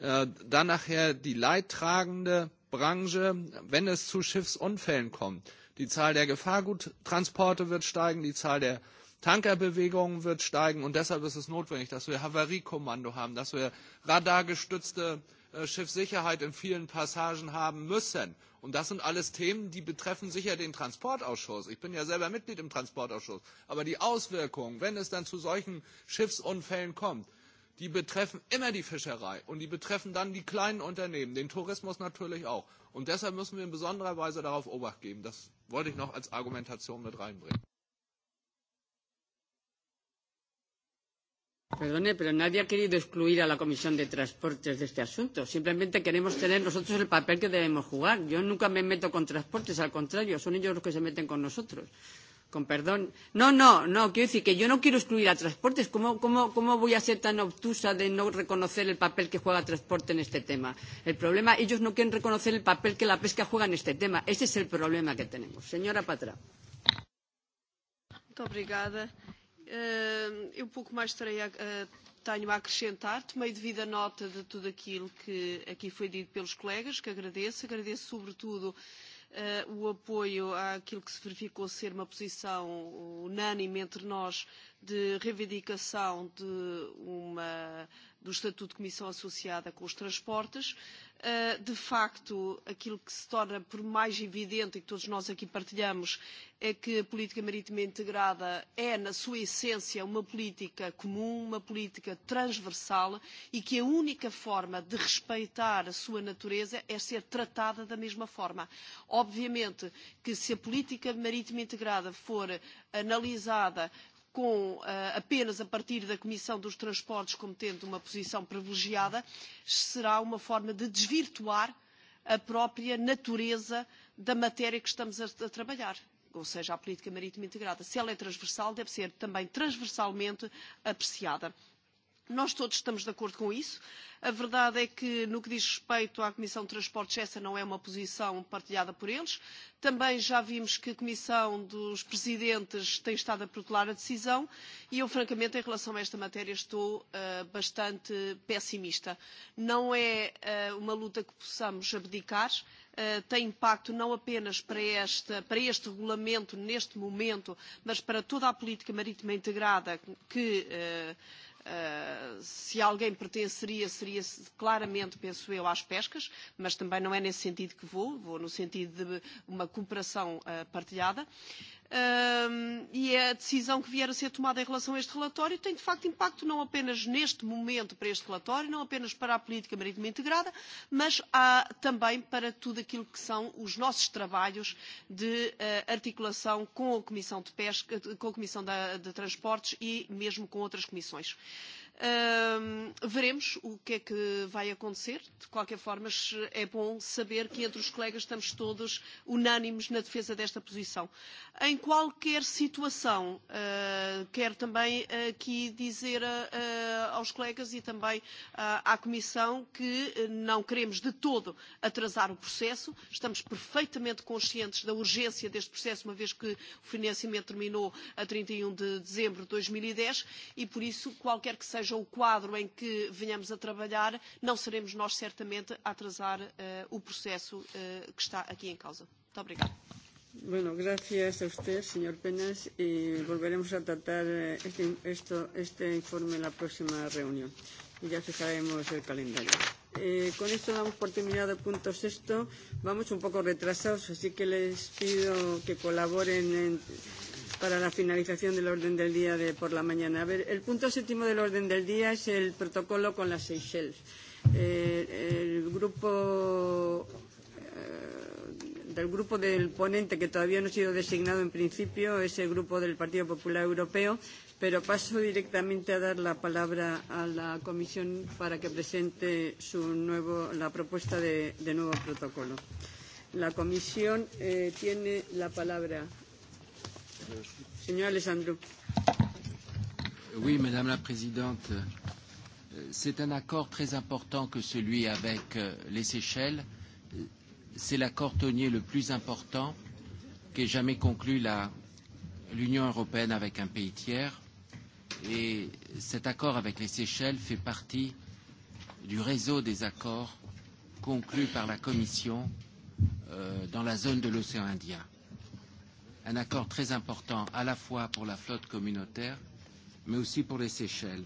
äh, dann nachher die leidtragende Branche, wenn es zu Schiffsunfällen kommt. Die Zahl der Gefahrguttransporte wird steigen, die Zahl der Tankerbewegungen wird steigen und deshalb ist es notwendig, dass wir Havariekommando haben, dass wir radargestützte äh, Äh, Schiffssicherheit in vielen Passagen haben müssen. Und das sind alles Themen, die betreffen sicher den Transportausschuss. Ich bin ja selber Mitglied im Transportausschuss. Aber die Auswirkungen, wenn es dann zu solchen Schiffsunfällen kommt, die betreffen immer die Fischerei und die betreffen dann die kleinen Unternehmen, den Tourismus natürlich auch. Und deshalb müssen wir in besonderer Weise darauf Obacht geben. Das wollte ich noch als Argumentation mit reinbringen. Perdone, pero nadie ha querido excluir a la Comisión de Transportes de este asunto. Simplemente queremos tener nosotros el papel que debemos jugar. Yo nunca me meto con transportes, al contrario, son ellos los que se meten con nosotros. Con perdón. No, no, no, quiero decir que yo no quiero excluir a transportes. ¿Cómo, cómo, cómo voy a ser tan obtusa de no reconocer el papel que juega transporte en este tema? El problema, ellos no quieren reconocer el papel que la pesca juega en este tema. Ese es el problema que tenemos. Señora Patra. Muchas gracias. Eh, eu pouco mais terei a, tenho a acrescentar. Tomei devida nota de tudo aquilo que aqui foi dito pelos colegas, que agradeço. Agradeço, sobretudo, uh, o apoio àquilo que se verificou ser uma posição unânime entre nós de reivindicação de uma do Estatuto de Comissão associada com os transportes. Eh, de facto, aquilo que se torna por mais evidente e que todos nós aqui partilhamos é que a política marítima integrada é, na sua essência, uma política comum, uma política transversal e que a única forma de respeitar a sua natureza é ser tratada da mesma forma. Obviamente que se a política marítima integrada for analisada com, eh, apenas a partir da Comissão dos Transportes como tendo uma posição privilegiada, será uma forma de desvirtuar a própria natureza da matéria que estamos a, a trabalhar ou seja, a política marítima integrada. Se ela é transversal, deve ser também transversalmente apreciada Nós todos estamos de acordo com isso. A verdade é que, no que diz respeito à Comissão de Transportes, essa não é uma posição partilhada por eles. Também já vimos que a Comissão dos Presidentes tem estado a protelar a decisão e eu, francamente, em relação a esta matéria estou uh, bastante pessimista. Não é uh, uma luta que possamos abdicar, uh, tem impacto não apenas para, esta, para este regulamento neste momento, mas para toda a política marítima integrada que Eh, se alguém pertenceria, seria claramente, penso eu, às pescas, mas também não é nesse sentido que vou, vou no sentido de uma cooperação uh, partilhada um, e a decisão que vier a ser tomada em relação a este relatório tem de facto impacto não apenas neste momento para este relatório, não apenas para a política marítima integrada, mas há também para tudo aquilo que são os nossos trabalhos de uh, articulação com a Comissão de Pesca, com a Comissão de, de Transportes e mesmo com outras comissões. Uh, Um, veremos o que é que vai acontecer. De qualquer forma, é bom saber que entre os colegas estamos todos unânimes na defesa desta posição. Em qualquer situação, uh, quero também aqui dizer a, ah, ah, aos colegas e também uh, à Comissão que não queremos de todo atrasar o processo. Estamos perfeitamente conscientes da urgência deste processo, uma vez que o financiamento terminou a 31 e um de dezembro de 2010 e, e, por isso, qualquer que seja seja o quadro em que venhamos a trabalhar, não seremos nós certamente a atrasar uh, o processo uh, que está aqui em causa. Muito obrigada. Bueno, gracias a usted, señor Penas, y volveremos a tratar eh, este, esto, este informe en la próxima reunión y ya fijaremos el calendario. Eh, con esto damos por terminado el punto sexto. Vamos un poco retrasados, así que les pido que colaboren en para la finalización del orden del día de por la mañana. A ver, el punto séptimo del orden del día es el protocolo con las Seychelles. Eh, el grupo eh, del grupo del ponente que todavía no ha sido designado en principio es el grupo del Partido Popular Europeo, pero paso directamente a dar la palabra a la Comisión para que presente su nuevo, la propuesta de, de nuevo protocolo. La Comisión eh, tiene la palabra. Señor Alessandro. Oui, Madame la Présidente. C'est un accord très important que celui avec euh, les Seychelles. C'est l'accord tonnier le plus important qu'ait jamais conclu l'Union européenne avec un pays tiers. Et cet accord avec les Seychelles fait partie du réseau des accords conclus par la Commission euh, dans la zone de l'océan Indien un accord très important à la fois pour la flotte communautaire, mais aussi pour les Seychelles.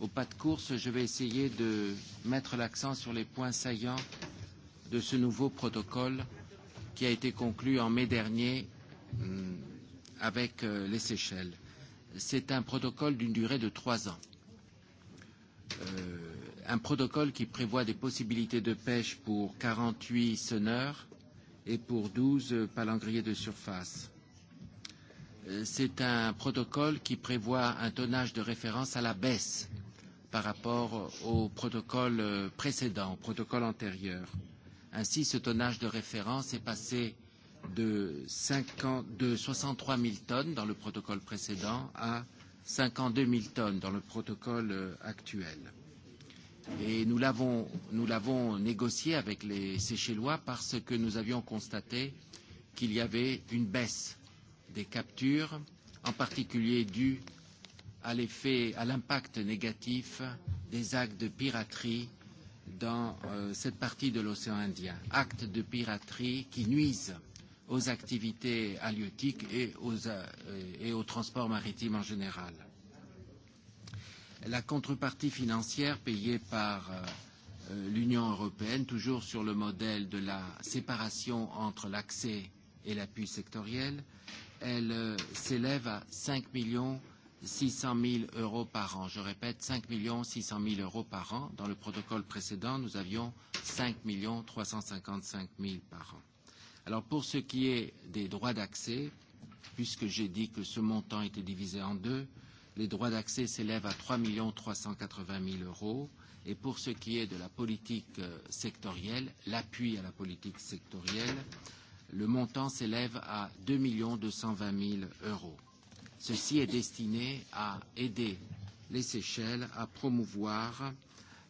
Au pas de course, je vais essayer de mettre l'accent sur les points saillants de ce nouveau protocole qui a été conclu en mai dernier mm, avec euh, les Seychelles. C'est un protocole d'une durée de trois ans. Euh, un protocole qui prévoit des possibilités de pêche pour 48 sonneurs, et pour 12 palangriers de surface. Euh, c'est un protocole qui prévoit un tonnage de référence à la baisse par rapport au protocole euh, précédent, au protocole antérieur. Ainsi, ce tonnage de référence est passé de, 50, de 63 000 tonnes dans le protocole précédent à 52 000 tonnes dans le protocole euh, actuel. Et nous l'avons négocié avec les Seychellois parce que nous avions constaté qu'il y avait une baisse des captures, en particulier due à l'effet, à l'impact négatif des actes de piraterie dans euh, cette partie de l'océan Indien. Actes de piraterie qui nuisent aux activités halieutiques et, aux, euh, et au transport maritime en général la contrepartie financière payée par euh, euh, l'Union européenne, toujours sur le modèle de la séparation entre l'accès et l'appui sectoriel, elle euh, s'élève à 5 millions 600 000 euros par an. Je répète, 5 millions 600 000 euros par an. Dans le protocole précédent, nous avions 5 millions 355 000 par an. Alors pour ce qui est des droits d'accès, puisque j'ai dit que ce montant était divisé en deux, euh, les droits d'accès s'élèvent à 3 380 000 euros. Et pour ce qui est de la politique euh, sectorielle, l'appui à la politique sectorielle, le montant s'élève à 2 220 000 euros. Ceci est destiné à aider les Seychelles à promouvoir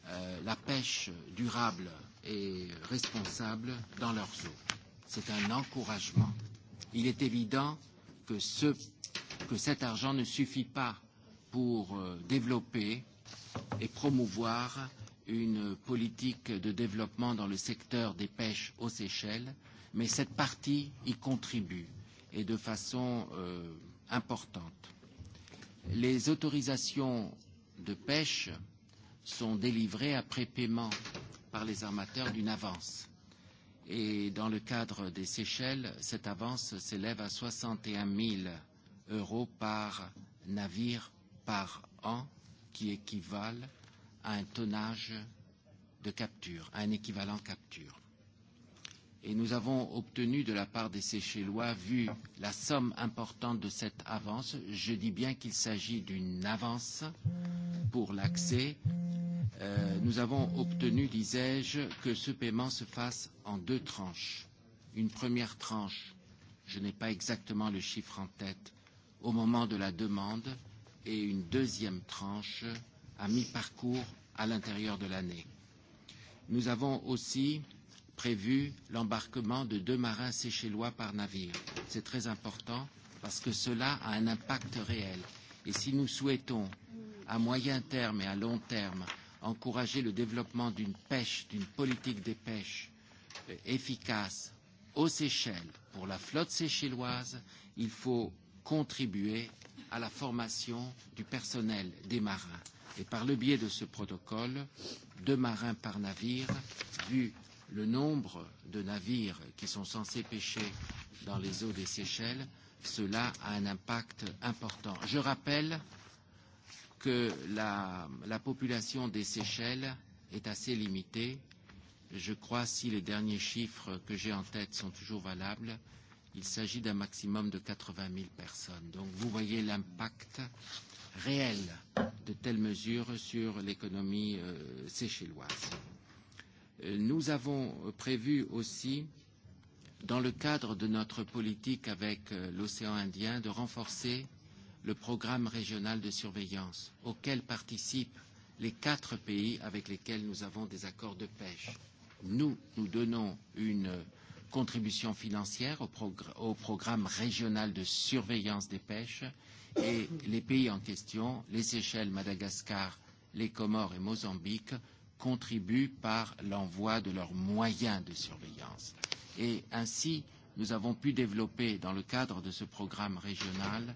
euh, la pêche durable et responsable dans leurs eaux. C'est un encouragement. Il est évident que, ce, que cet argent ne suffit pas pour euh, développer et promouvoir une politique de développement dans le secteur des pêches aux Seychelles, mais cette partie y contribue et de façon euh, importante. Les autorisations de pêche sont délivrées après paiement par les armateurs d'une avance. Et dans le cadre des Seychelles, cette avance s'élève à 61 000 euros par navire par an qui équivalent à un tonnage de capture, à un équivalent capture. Et nous avons obtenu de la part des Seychellois, vu la somme importante de cette avance, je dis bien qu'il s'agit d'une avance pour l'accès, euh, nous avons obtenu, disais-je, que ce paiement se fasse en deux tranches. Une première tranche, je n'ai pas exactement le chiffre en tête, au moment de la demande, et une deuxième tranche à mi-parcours à l'intérieur de l'année. Nous avons aussi prévu l'embarquement de deux marins séchellois par navire. C'est très important parce que cela a un impact réel. Et si nous souhaitons, à moyen terme et à long terme, encourager le développement d'une pêche, d'une politique des pêches euh, efficace aux Seychelles pour la flotte séchelloise, il faut contribuer à la formation du personnel des marins. Et par le biais de ce protocole, deux marins par navire, vu le nombre de navires qui sont censés pêcher dans les eaux des Seychelles, cela a un impact important. Je rappelle que la, la population des Seychelles est assez limitée. Je crois, si les derniers chiffres que j'ai en tête sont toujours valables, Il s'agit d'un maximum de 80 000 personnes. Donc vous voyez l'impact réel de telles mesures sur l'économie euh, séchelloise. Euh, nous avons prévu aussi, dans le cadre de notre politique avec euh, l'océan Indien, de renforcer le programme régional de surveillance auquel participent les quatre pays avec lesquels nous avons des accords de pêche. Nous, nous donnons une euh, contribution financière au, progr au programme régional de surveillance des pêches et les pays en question, les Seychelles, Madagascar, les Comores et Mozambique, contribuent par l'envoi de leurs moyens de surveillance. Et ainsi, nous avons pu développer, dans le cadre de ce programme régional,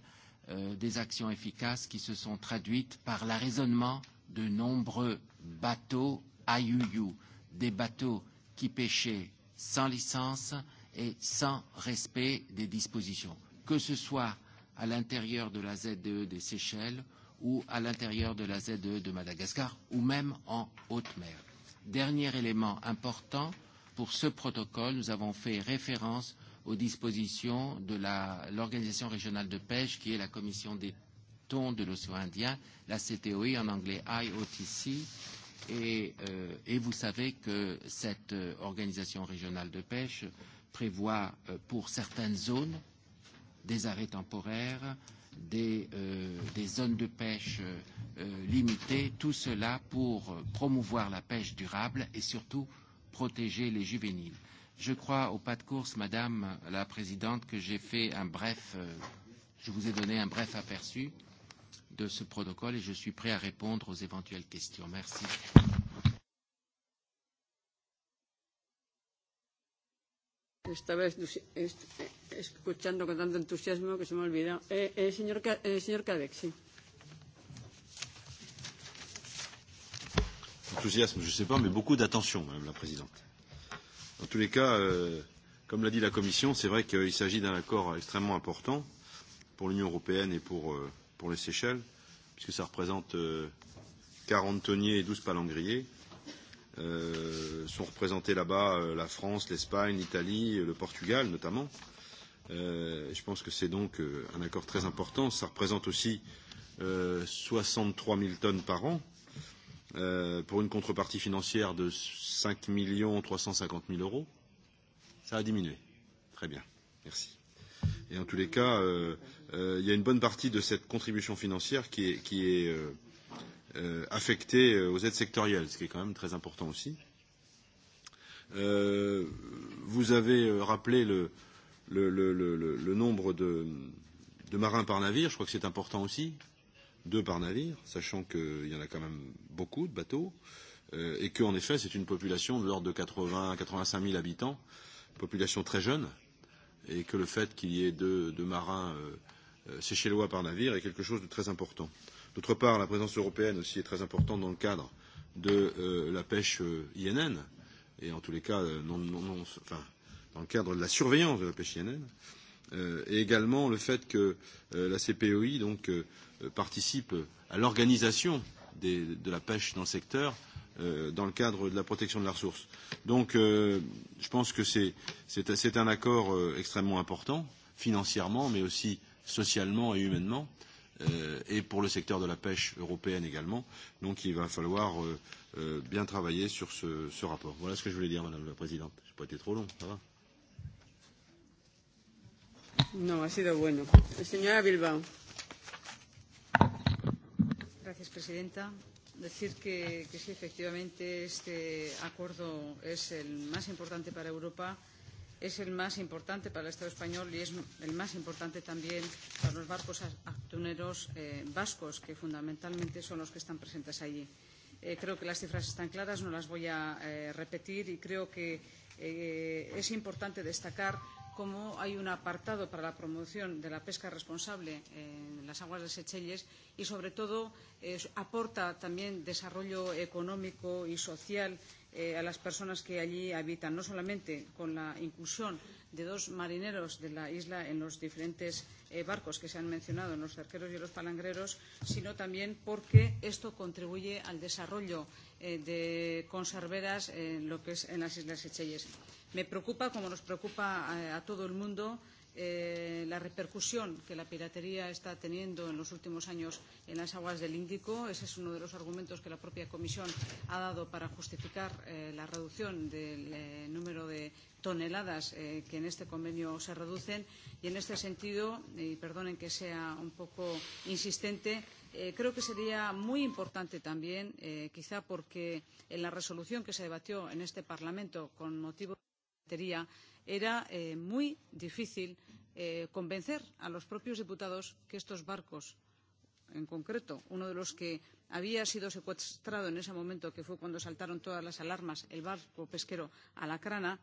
euh, des actions efficaces qui se sont traduites par l'arraisonnement de nombreux bateaux IUU, des bateaux qui pêchaient sans licence et sans respect des dispositions, que ce soit à l'intérieur de la ZDE e des Seychelles ou à l'intérieur de la ZDE e de Madagascar ou même en haute mer. Dernier élément important, pour ce protocole, nous avons fait référence aux dispositions de l'Organisation régionale de pêche, qui est la Commission des thons de l'océan Indien, la CTOI e en anglais IOTC, Et, euh, et vous savez que cette euh, organisation régionale de pêche prévoit euh, pour certaines zones des arrêts temporaires, des, euh, des zones de pêche euh, euh limitées, tout cela pour euh, promouvoir la pêche durable et surtout protéger les juvéniles. Je crois au pas de course, Madame la Présidente, que j'ai fait un bref, euh, je vous ai donné un bref aperçu de ce protocole et je suis prêt à répondre aux éventuelles questions. Merci. Esta vez no escuchando con tanto entusiasmo que se me ha olvidado. Eh, eh, señor, eh, señor Cadec, sí. Enthousiasme, je ne sais pas, mais beaucoup d'attention, Madame la Présidente. En tous les cas, euh, comme l'a dit la Commission, c'est vrai qu'il s'agit d'un accord extrêmement important pour l'Union européenne et pour euh, pour les Seychelles, puisque ça représente euh, 40 tonniers et 12 palangriers. Euh, sont représentés là-bas euh, la France, l'Espagne, l'Italie, euh, le Portugal notamment. Euh, je pense que c'est donc euh, un accord très important. Ça représente aussi euh, 63 000 tonnes par an, euh, pour une contrepartie financière de 5 350 000 euros. Ça a diminué. Très bien. Merci. Et en tous les cas, euh, euh, il y a une bonne partie de cette contribution financière qui est, qui est euh, euh, affectée euh, aux aides sectorielles, ce qui est quand même très important aussi. Euh, vous avez euh, rappelé le, le, le, le, le nombre de, de marins par navire, je crois que c'est important aussi, deux par navire, sachant qu'il euh, y en a quand même beaucoup de bateaux, euh, et qu'en effet c'est une population de l'ordre de 80 85 000 habitants, population très jeune, et que le fait qu'il y ait deux, deux marins euh, Euh, Seychellois par navire est quelque chose de très important. D'autre part, la présence européenne aussi est très importante dans le cadre de euh, la pêche euh, INN, et en tous les cas, euh, non, non, non, enfin, dans le cadre de la surveillance de la pêche INN, euh, et également le fait que euh, la CPOI donc, euh, participe à l'organisation de la pêche dans le secteur euh, dans le cadre de la protection de la ressource. Donc, euh, je pense que c'est un accord euh, extrêmement important financièrement, mais aussi socialement et humainement, euh, et pour le secteur de la pêche européenne également. Donc il va falloir euh, euh, bien travailler sur ce, ce rapport. Voilà ce que je voulais dire, Madame la Présidente. Je n'ai pas été trop long, ça va No, ha sido bueno. Señora Bilbao. Gracias, Presidenta. Decir que, que sí, efectivamente, este acuerdo es el más importante para Europa es el más importante para el Estado español y es el más importante también para los barcos atuneros eh, vascos, que fundamentalmente son los que están presentes allí. Eh, creo que las cifras están claras, no las voy a eh, repetir y creo que eh, es importante destacar cómo hay un apartado para la promoción de la pesca responsable en las aguas de Seychelles y, sobre todo, eh, aporta también desarrollo económico y social eh, a las personas que allí habitan, no solamente con la inclusión de dos marineros de la isla en los diferentes eh, barcos que se han mencionado, en los cerqueros y en los palangreros, sino también porque esto contribuye al desarrollo Eh, de conserveras en lo que es en las Islas Echelles. Me preocupa, como nos preocupa a, a todo el mundo, eh, la repercusión que la piratería está teniendo en los últimos años en las aguas del Índico. Ese es uno de los argumentos que la propia Comisión ha dado para justificar eh, la reducción del eh, número de toneladas eh, que en este convenio se reducen. Y en este sentido, y perdonen que sea un poco insistente, Eh, creo que sería muy importante también, eh, quizá porque en la resolución que se debatió en este Parlamento con motivo de la piratería era eh, muy difícil eh, convencer a los propios diputados que estos barcos, en concreto uno de los que había sido secuestrado en ese momento, que fue cuando saltaron todas las alarmas, el barco pesquero Alacrana,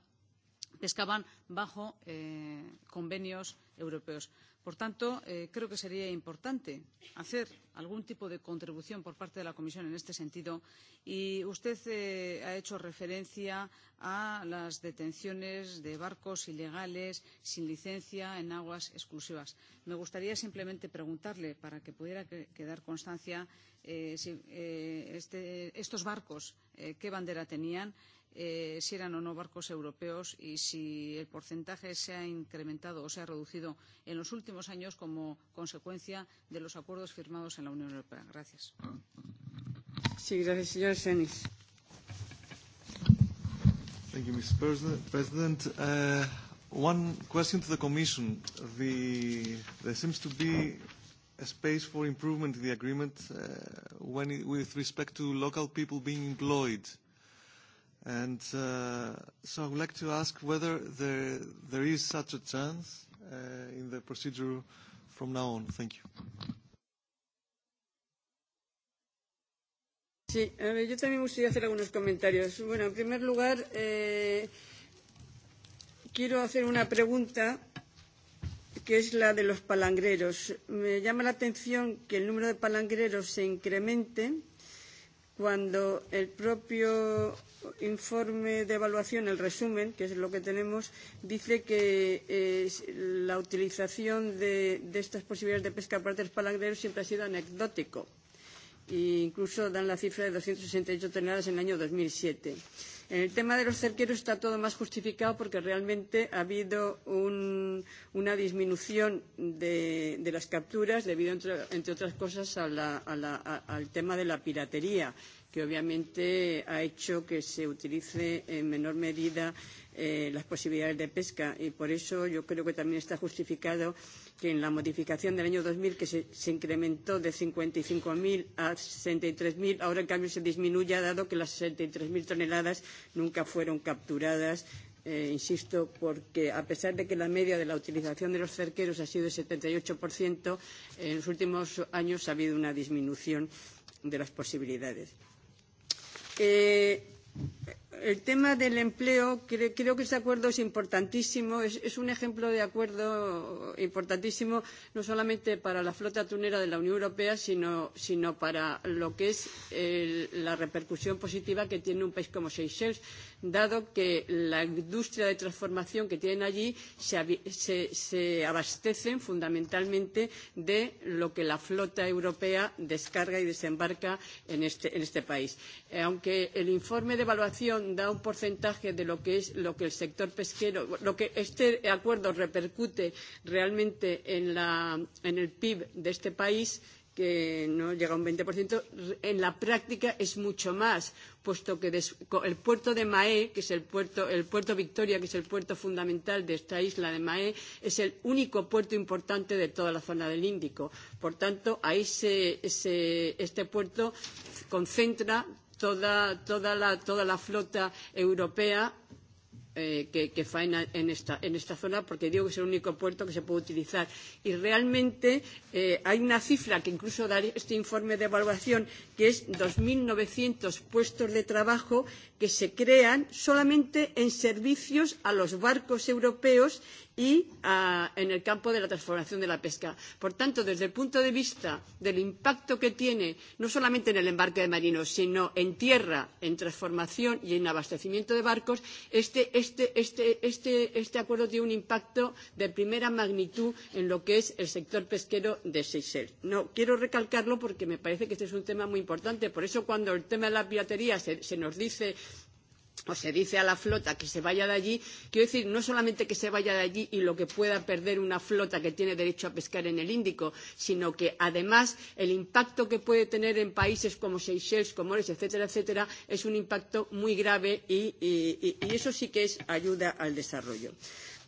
pescaban bajo eh, convenios europeos. Por tanto, eh, creo que sería importante hacer algún tipo de contribución por parte de la Comisión en este sentido. Y usted eh, ha hecho referencia a las detenciones de barcos ilegales sin licencia en aguas exclusivas. Me gustaría simplemente preguntarle, para que pudiera que, quedar constancia, eh, si, eh, este, estos barcos, eh, qué bandera tenían eh, si eran o no barcos europeos y si el porcentaje se ha incrementado o se ha reducido en los últimos años como consecuencia de los acuerdos firmados en la Unión Europea. Gracias. Sí, gracias, señor Senis. Thank you, Mr. President. Uh, one question to the Commission. The, there seems to be a space for improvement in the agreement uh, when it, with respect to local people being employed. Uh, And uh, so I would like to ask whether there, there is such a chance uh, in the procedure from now on. Thank you. Sí, a ver, yo también me gustaría hacer algunos comentarios. Bueno, en primer lugar, eh, quiero hacer una pregunta que es la de los palangreros. Me llama la atención que el número de palangreros se incremente cuando el propio informe de evaluación, el resumen, que es lo que tenemos, dice que eh, la utilización de, de estas posibilidades de pesca por tres palangreros siempre ha sido anecdótico. E incluso dan la cifra de 268 toneladas en el año 2007. En el tema de los cerqueros está todo más justificado porque realmente ha habido un, una disminución de, de las capturas debido, entre, entre otras cosas, a la, a la, a, al tema de la piratería que obviamente ha hecho que se utilice en menor medida eh, las posibilidades de pesca. Y por eso yo creo que también está justificado que en la modificación del año dos mil, que se, se incrementó de cincuenta y cinco 55.000 a y tres 63.000, ahora en cambio se disminuya, dado que las sesenta y tres 63.000 toneladas nunca fueron capturadas eh, insisto, porque a pesar de que la media de la utilización de los cerqueros ha sido del 78%, en los últimos años ha habido una disminución de las posibilidades. Eh, el tema del empleo, creo, creo que este acuerdo es importantísimo, es, es un ejemplo de acuerdo importantísimo no solamente para la flota tunera de la Unión Europea, sino, sino para lo que es el, la repercusión positiva que tiene un país como Seychelles, dado que la industria de transformación que tienen allí se, se, se abastece fundamentalmente de lo que la flota europea descarga y desembarca en este, en este país. Eh, aunque el informe de evaluación relación da un porcentaje de lo que es lo que el sector pesquero, lo que este acuerdo repercute realmente en, la, en el PIB de este país, que no llega a un 20%, en la práctica es mucho más, puesto que des, el puerto de Maé, que es el puerto, el puerto Victoria, que es el puerto fundamental de esta isla de Maé, es el único puerto importante de toda la zona del Índico. Por tanto, ahí se, se, este puerto concentra toda, toda, la, toda la flota europea eh, que, que faena en esta, en esta zona, porque digo que es el único puerto que se puede utilizar. Y realmente eh, hay una cifra que incluso da este informe de evaluación, que es 2.900 puestos de trabajo que se crean solamente en servicios a los barcos europeos y a, en el campo de la transformación de la pesca. Por tanto, desde el punto de vista del impacto que tiene no solamente en el embarque de marinos, sino en tierra, en transformación y en abastecimiento de barcos, este, este, este, este acuerdo tiene un impacto de primera magnitud en lo que es el sector pesquero de Seychelles. No, quiero recalcarlo porque me parece que este es un tema muy importante. Por eso, cuando el tema de la piratería se, se nos dice o se dice a la flota que se vaya de allí, quiero decir, no solamente que se vaya de allí y lo que pueda perder una flota que tiene derecho a pescar en el Índico, sino que además el impacto que puede tener en países como Seychelles, Comores, etcétera, etcétera, es un impacto muy grave y, y, y eso sí que es ayuda al desarrollo.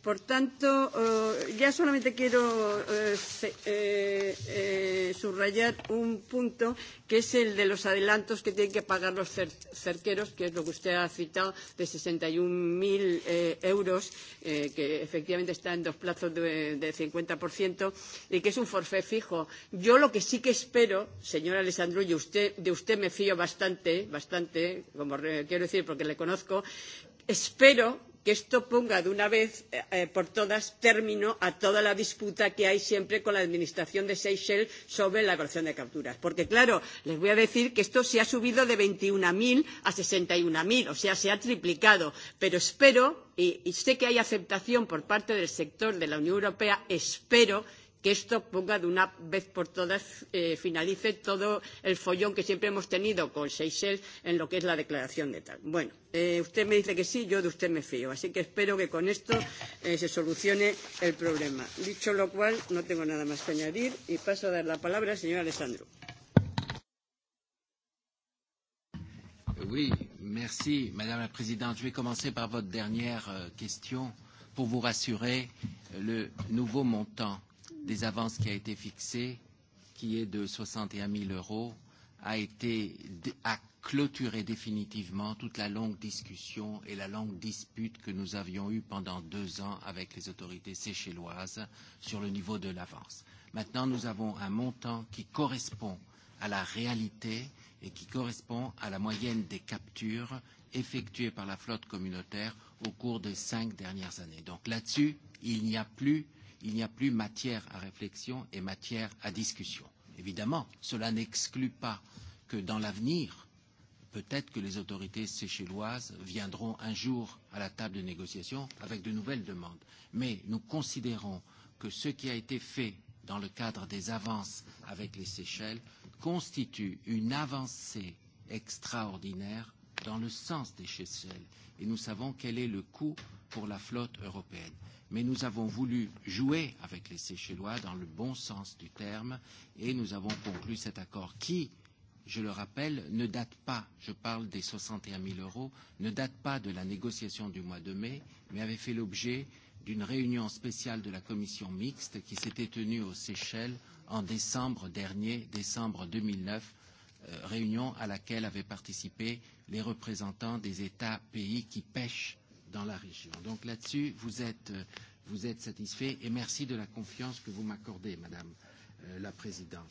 Por tanto, eh, ya solamente quiero eh, eh, eh, subrayar un punto que es el de los adelantos que tienen que pagar los cer cerqueros, que es lo que usted ha citado, de 61.000 eh, euros, eh, que efectivamente está en dos plazos de, de 50%, y que es un forfé fijo. Yo lo que sí que espero, señor Alessandro, y usted, de usted me fío bastante, bastante, como quiero decir, porque le conozco, espero que esto ponga de una vez eh, eh, por todas término a toda la disputa que hay siempre con la Administración de Seychelles sobre la evaluación de capturas. Porque, claro, les voy a decir que esto se ha subido de 21.000 a 61.000, o sea, se ha triplicado. Pero espero, y, y sé que hay aceptación por parte del sector de la Unión Europea, espero que que esto ponga de una vez por todas, eh, finalice todo el follón que siempre hemos tenido con Seychelles en lo que es la declaración de tal. Bueno, eh, usted me dice que sí, yo de usted me fío. Así que espero que con esto eh, se solucione el problema. Dicho lo cual, no tengo nada más que añadir y paso a dar la palabra al señor Alessandro. Oui, merci, Madame la Présidente. Je vais commencer par votre dernière euh, question pour vous rassurer euh, le nouveau montant des avances qui a été fixée, qui est de 61 000 euros, a été a clôturé définitivement toute la longue discussion et la longue dispute que nous avions eue pendant deux ans avec les autorités séchelloises sur le niveau de l'avance. Maintenant, nous avons un montant qui correspond à la réalité et qui correspond à la moyenne des captures effectuées par la flotte communautaire au cours des cinq dernières années. Donc là-dessus, il n'y a plus il n'y a plus matière à réflexion et matière à discussion. Évidemment, cela n'exclut pas que dans l'avenir, peut-être que les autorités séchelloises viendront un jour à la table de négociation avec de nouvelles demandes. Mais nous considérons que ce qui a été fait dans le cadre des avances avec les Seychelles constitue une avancée extraordinaire dans le sens des Seychelles et nous savons quel est le coût pour la flotte européenne mais nous avons voulu jouer avec les Seychellois dans le bon sens du terme et nous avons conclu cet accord qui, je le rappelle, ne date pas, je parle des 61 000 euros, ne date pas de la négociation du mois de mai, mais avait fait l'objet d'une réunion spéciale de la commission mixte qui s'était tenue aux Seychelles en décembre dernier, décembre 2009, euh, réunion à laquelle avaient participé les représentants des États pays qui pêchent dans la région. Donc là-dessus, vous êtes, euh, vous êtes satisfait et merci de la confiance que vous m'accordez, Madame euh, la Présidente.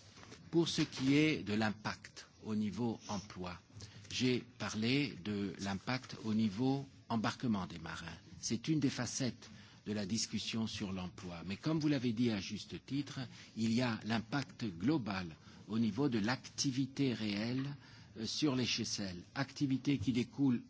Pour ce qui est de l'impact au niveau emploi, j'ai parlé de l'impact au niveau embarquement des marins. C'est une des facettes de la discussion sur l'emploi. Mais comme vous l'avez dit à juste titre, il y a l'impact global au niveau de l'activité réelle euh, sur les l'échelle, activité qui découle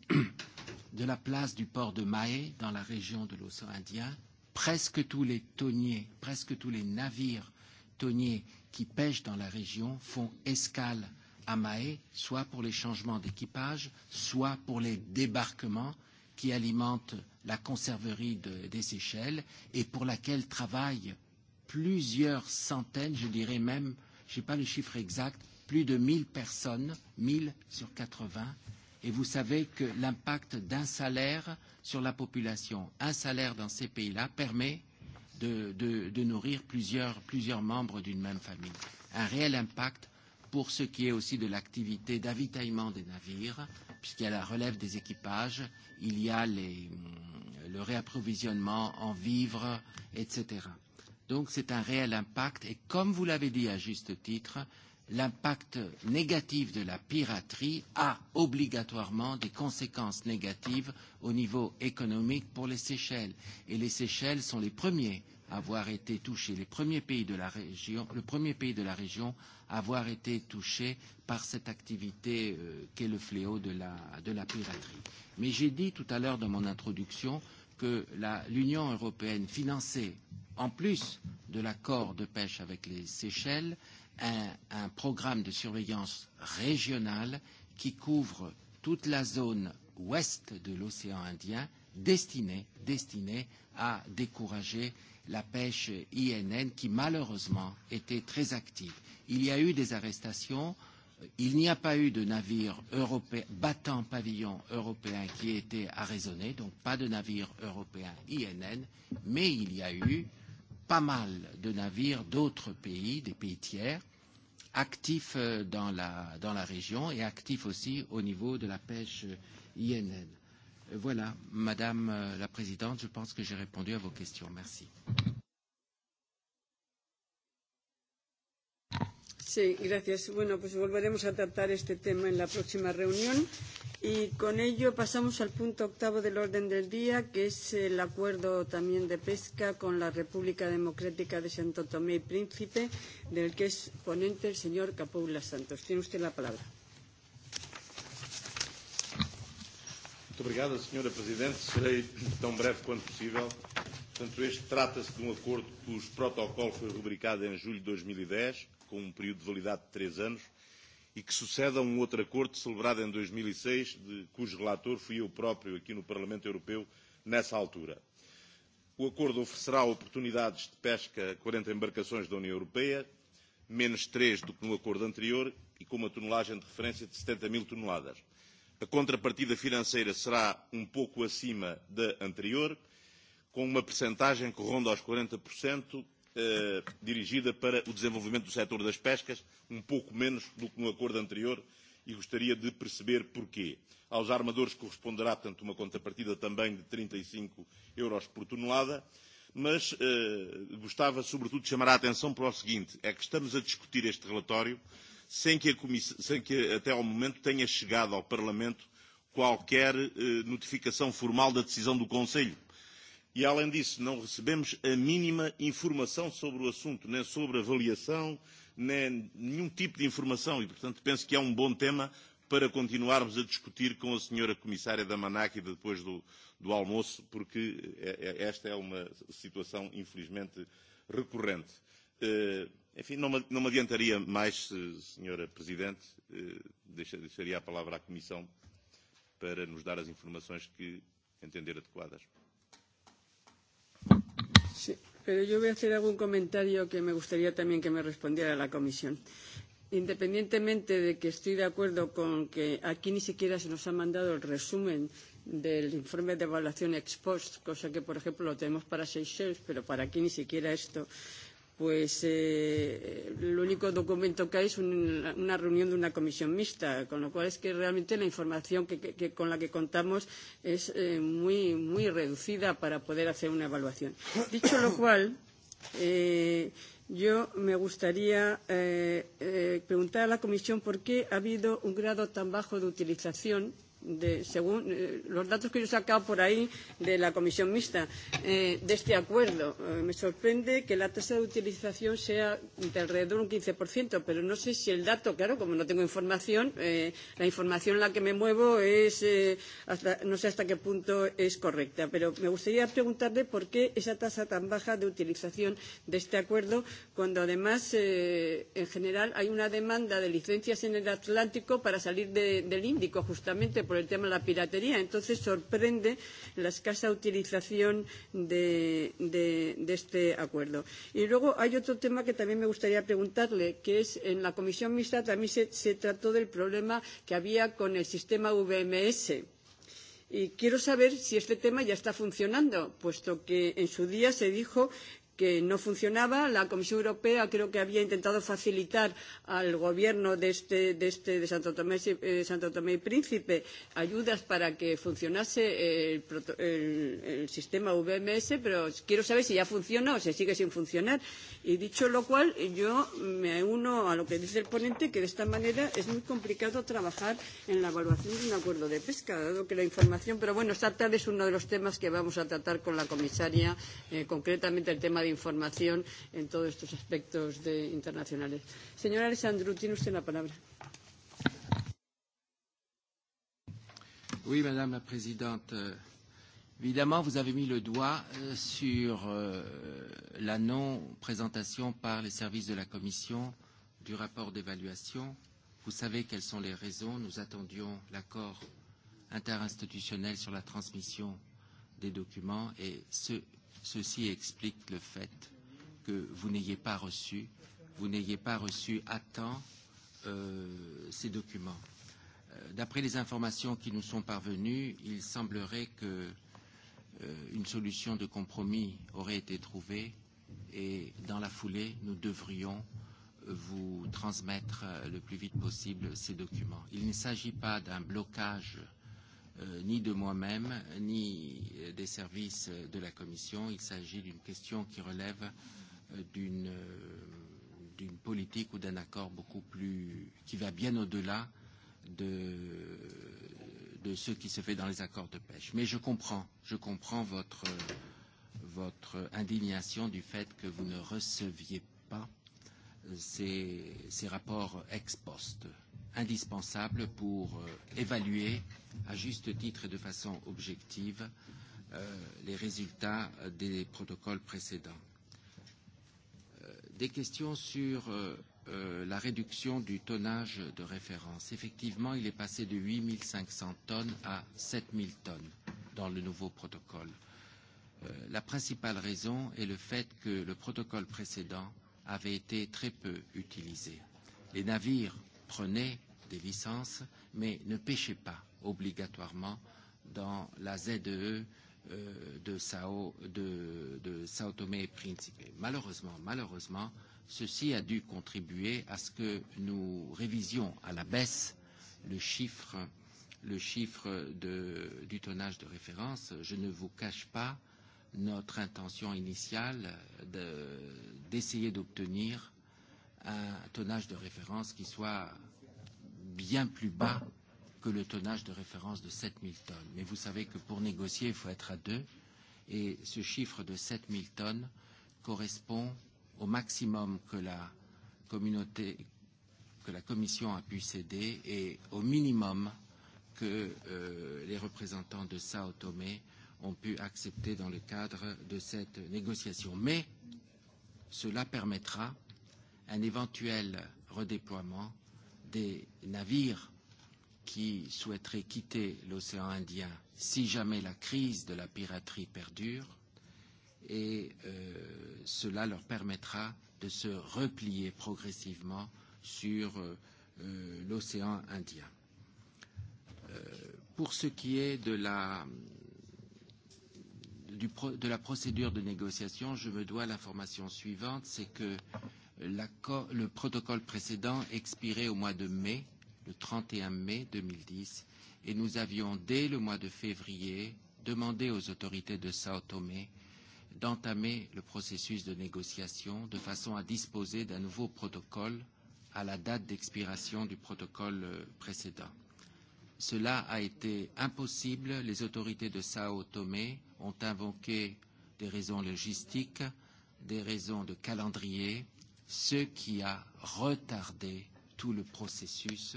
de la place du port de Mahé dans la région de l'océan Indien, presque tous les tonniers, presque tous les navires tonniers qui pêchent dans la région font escale à Mahé, soit pour les changements d'équipage, soit pour les débarquements qui alimentent la conserverie de, des Seychelles et pour laquelle travaillent plusieurs centaines, je dirais même, je n'ai pas le chiffre exact, plus de 1000 personnes, 1000 sur 80, Et vous savez que l'impact d'un salaire sur la population, un salaire dans ces pays-là permet de, de, de nourrir plusieurs, plusieurs membres d'une même famille. Un réel impact pour ce qui est aussi de l'activité d'avitaillement des navires, puisqu'il y a la relève des équipages, il y a les, le réapprovisionnement en vivres, etc. Donc c'est un réel impact et comme vous l'avez dit à juste titre, l'impact négatif de la piraterie a obligatoirement des conséquences négatives au niveau économique pour les Seychelles. Et les Seychelles sont les premiers à avoir été touchés, les premiers pays de la région, le premier pays de la région à avoir été touché par cette activité euh, qu'est le fléau de la, de la piraterie. Mais j'ai dit tout à l'heure dans mon introduction que l'Union européenne finançait, en plus de l'accord de pêche avec les Seychelles, euh, un, un programme de surveillance régionale qui couvre toute la zone ouest de l'océan Indien destiné, destiné à décourager la pêche INN qui malheureusement était très active. Il y a eu des arrestations, il n'y a pas eu de navire européen battant pavillon européen qui ait été arraisonné, donc pas de navire européen INN, mais il y a eu pas mal de navires d'autres pays, des pays tiers, actif euh, dans la, dans la région et actif aussi au niveau de la pêche euh, INN. Euh, voilà, Madame la Présidente, je pense que j'ai répondu à vos questions. Merci. Sí, gracias. Bueno, pues volveremos a tratar este tema en la próxima reunión. Y con ello pasamos al punto octavo del orden del día, que es el acuerdo también de pesca con la República Democrática de Santo Tomé y Príncipe, del que es ponente el señor Capoula Santos. Tiene usted la palabra. Muito obrigado, Sra. Presidente. Serei tão breve quanto possível. Portanto, este trata-se de um acordo cujo protocolo foi rubricado em julho de 2010 com um período de validade de três anos e que sucede a um outro acordo celebrado em 2006, e de, cujo relator fui eu próprio aqui no Parlamento Europeu nessa altura. O acordo oferecerá oportunidades de pesca a 40 embarcações da União Europeia, menos três do que no acordo anterior e com uma tonelagem de referência de 70 mil toneladas. A contrapartida financeira será um pouco acima da anterior, com uma percentagem que ronda aos 40%, eh, dirigida para o desenvolvimento do setor das pescas, um pouco menos do que no acordo anterior, e gostaria de perceber porquê. Aos armadores corresponderá, portanto, uma contrapartida também de 35 e euros por tonelada, mas eh, gostava sobretudo de chamar a atenção para o seguinte, é que estamos a discutir este relatório sem que, a comissão, sem que até ao momento tenha chegado ao Parlamento qualquer eh, notificação formal da decisão do Conselho E, além disso, não recebemos a mínima informação sobre o assunto, nem sobre avaliação, nem nenhum tipo de informação. E, portanto, penso que é um bom tema para continuarmos a discutir com a senhora comissária da e depois do, do almoço, porque esta é uma situação, infelizmente, recorrente. Eh, enfim, não me, não me adiantaria mais, senhora Presidente, eh, deixaria a palavra à Comissão para nos dar as informações que entender adequadas. Sí, pero yo voy a hacer algún comentario que me gustaría también que me respondiera la comisión. Independientemente de que estoy de acuerdo con que aquí ni siquiera se nos ha mandado el resumen del informe de evaluación ex post, cosa que, por ejemplo, lo tenemos para Seychelles, pero para aquí ni siquiera esto pues eh, el único documento que hay es un, una reunión de una comisión mixta, con lo cual es que realmente la información que, que, que con la que contamos es eh, muy, muy reducida para poder hacer una evaluación. Dicho lo cual, eh, yo me gustaría eh, eh, preguntar a la comisión por qué ha habido un grado tan bajo de utilización de, según eh, los datos que yo he sacado por ahí de la comisión mixta eh, de este acuerdo. Eh, me sorprende que la tasa de utilización sea de alrededor de un 15%, pero no sé si el dato, claro, como no tengo información, eh, la información en la que me muevo es, eh, hasta, no sé hasta qué punto es correcta. Pero me gustaría preguntarle por qué esa tasa tan baja de utilización de este acuerdo, cuando además, eh, en general, hay una demanda de licencias en el Atlántico para salir de, del Índico, justamente por el tema de la piratería. Entonces sorprende la escasa utilización de, de, de este acuerdo. Y luego hay otro tema que también me gustaría preguntarle, que es en la comisión mixta también se, se trató del problema que había con el sistema VMS. Y quiero saber si este tema ya está funcionando, puesto que en su día se dijo que no funcionaba. La Comisión Europea creo que había intentado facilitar al gobierno de, este, de, este, de Santo, Tomé, eh, Santo Tomé y Príncipe ayudas para que funcionase el, el, el sistema VMS, pero quiero saber si ya funciona o se sigue sin funcionar. Y dicho lo cual, yo me uno a lo que dice el ponente, que de esta manera es muy complicado trabajar en la evaluación de un acuerdo de pesca, dado que la información. Pero bueno, esta tarde es uno de los temas que vamos a tratar con la comisaria, eh, concretamente el tema de información en todos estos aspectos de, internacionales. Señor Alessandru, tiene usted la palabra. Oui, Madame la Présidente. Évidemment, vous avez mis le doigt euh, sur euh, la non-présentation par les services de la Commission du rapport d'évaluation. Vous savez quelles sont les raisons. Nous attendions l'accord interinstitutionnel sur la transmission des documents et ce Ceci explique le fait que vous n'ayez pas reçu, vous n'ayez pas reçu à temps euh, ces documents. Euh, d'après les informations qui nous sont parvenues, il semblerait que euh, une solution de compromis aurait été trouvée et dans la foulée, nous devrions euh, vous transmettre euh, le plus vite possible ces documents. Il ne s'agit pas d'un blocage euh, Euh, ni de moi-même, ni euh, des services de la Commission. Il s'agit d'une question qui relève euh, d'une politique ou d'un accord beaucoup plus qui va bien au-delà de, de ce qui se fait dans les accords de pêche. Mais je comprends, je comprends votre, votre indignation du fait que vous ne receviez pas ces, ces rapports ex post. Euh, indispensable pour euh, évaluer à juste titre et de façon objective euh, les résultats euh, des protocoles précédents. Euh, des questions sur euh, euh, la réduction du tonnage de référence. Effectivement, il est passé de 8 500 tonnes à 7 000 tonnes dans le nouveau protocole. Euh, la principale raison est le fait que le protocole précédent avait été très peu utilisé. Les navires prenez des licences, mais ne pêchez pas obligatoirement dans la ZEE e, euh, de, Sao, de, de Sao Tomé et Principe. Malheureusement, malheureusement, ceci a dû contribuer à ce que nous révisions à la baisse le chiffre, le chiffre de, du tonnage de référence. Je ne vous cache pas notre intention initiale d'essayer de, d'obtenir un tonnage de référence qui soit bien plus bas que le tonnage de référence de 7000 tonnes. Mais vous savez que pour négocier, il faut être à deux. Et ce chiffre de 7000 tonnes correspond au maximum que la communauté, que la Commission a pu céder et au minimum que euh, les représentants de Sao Tomé ont pu accepter dans le cadre de cette négociation. Mais cela permettra un éventuel redéploiement des navires qui souhaiteraient quitter l'océan Indien si jamais la crise de la piraterie perdure et euh, cela leur permettra de se replier progressivement sur euh, euh l'océan Indien. Euh, pour ce qui est de la, du pro, de la procédure de négociation, je me dois l'information suivante, c'est que le protocole précédent expirait au mois de mai, le 31 mai 2010, et nous avions, dès le mois de février, demandé aux autorités de Sao Tomé d'entamer le processus de négociation de façon à disposer d'un nouveau protocole à la date d'expiration du protocole euh, précédent. Cela a été impossible. Les autorités de Sao Tomé ont invoqué des raisons logistiques, des raisons de calendrier, ce qui a retardé tout le processus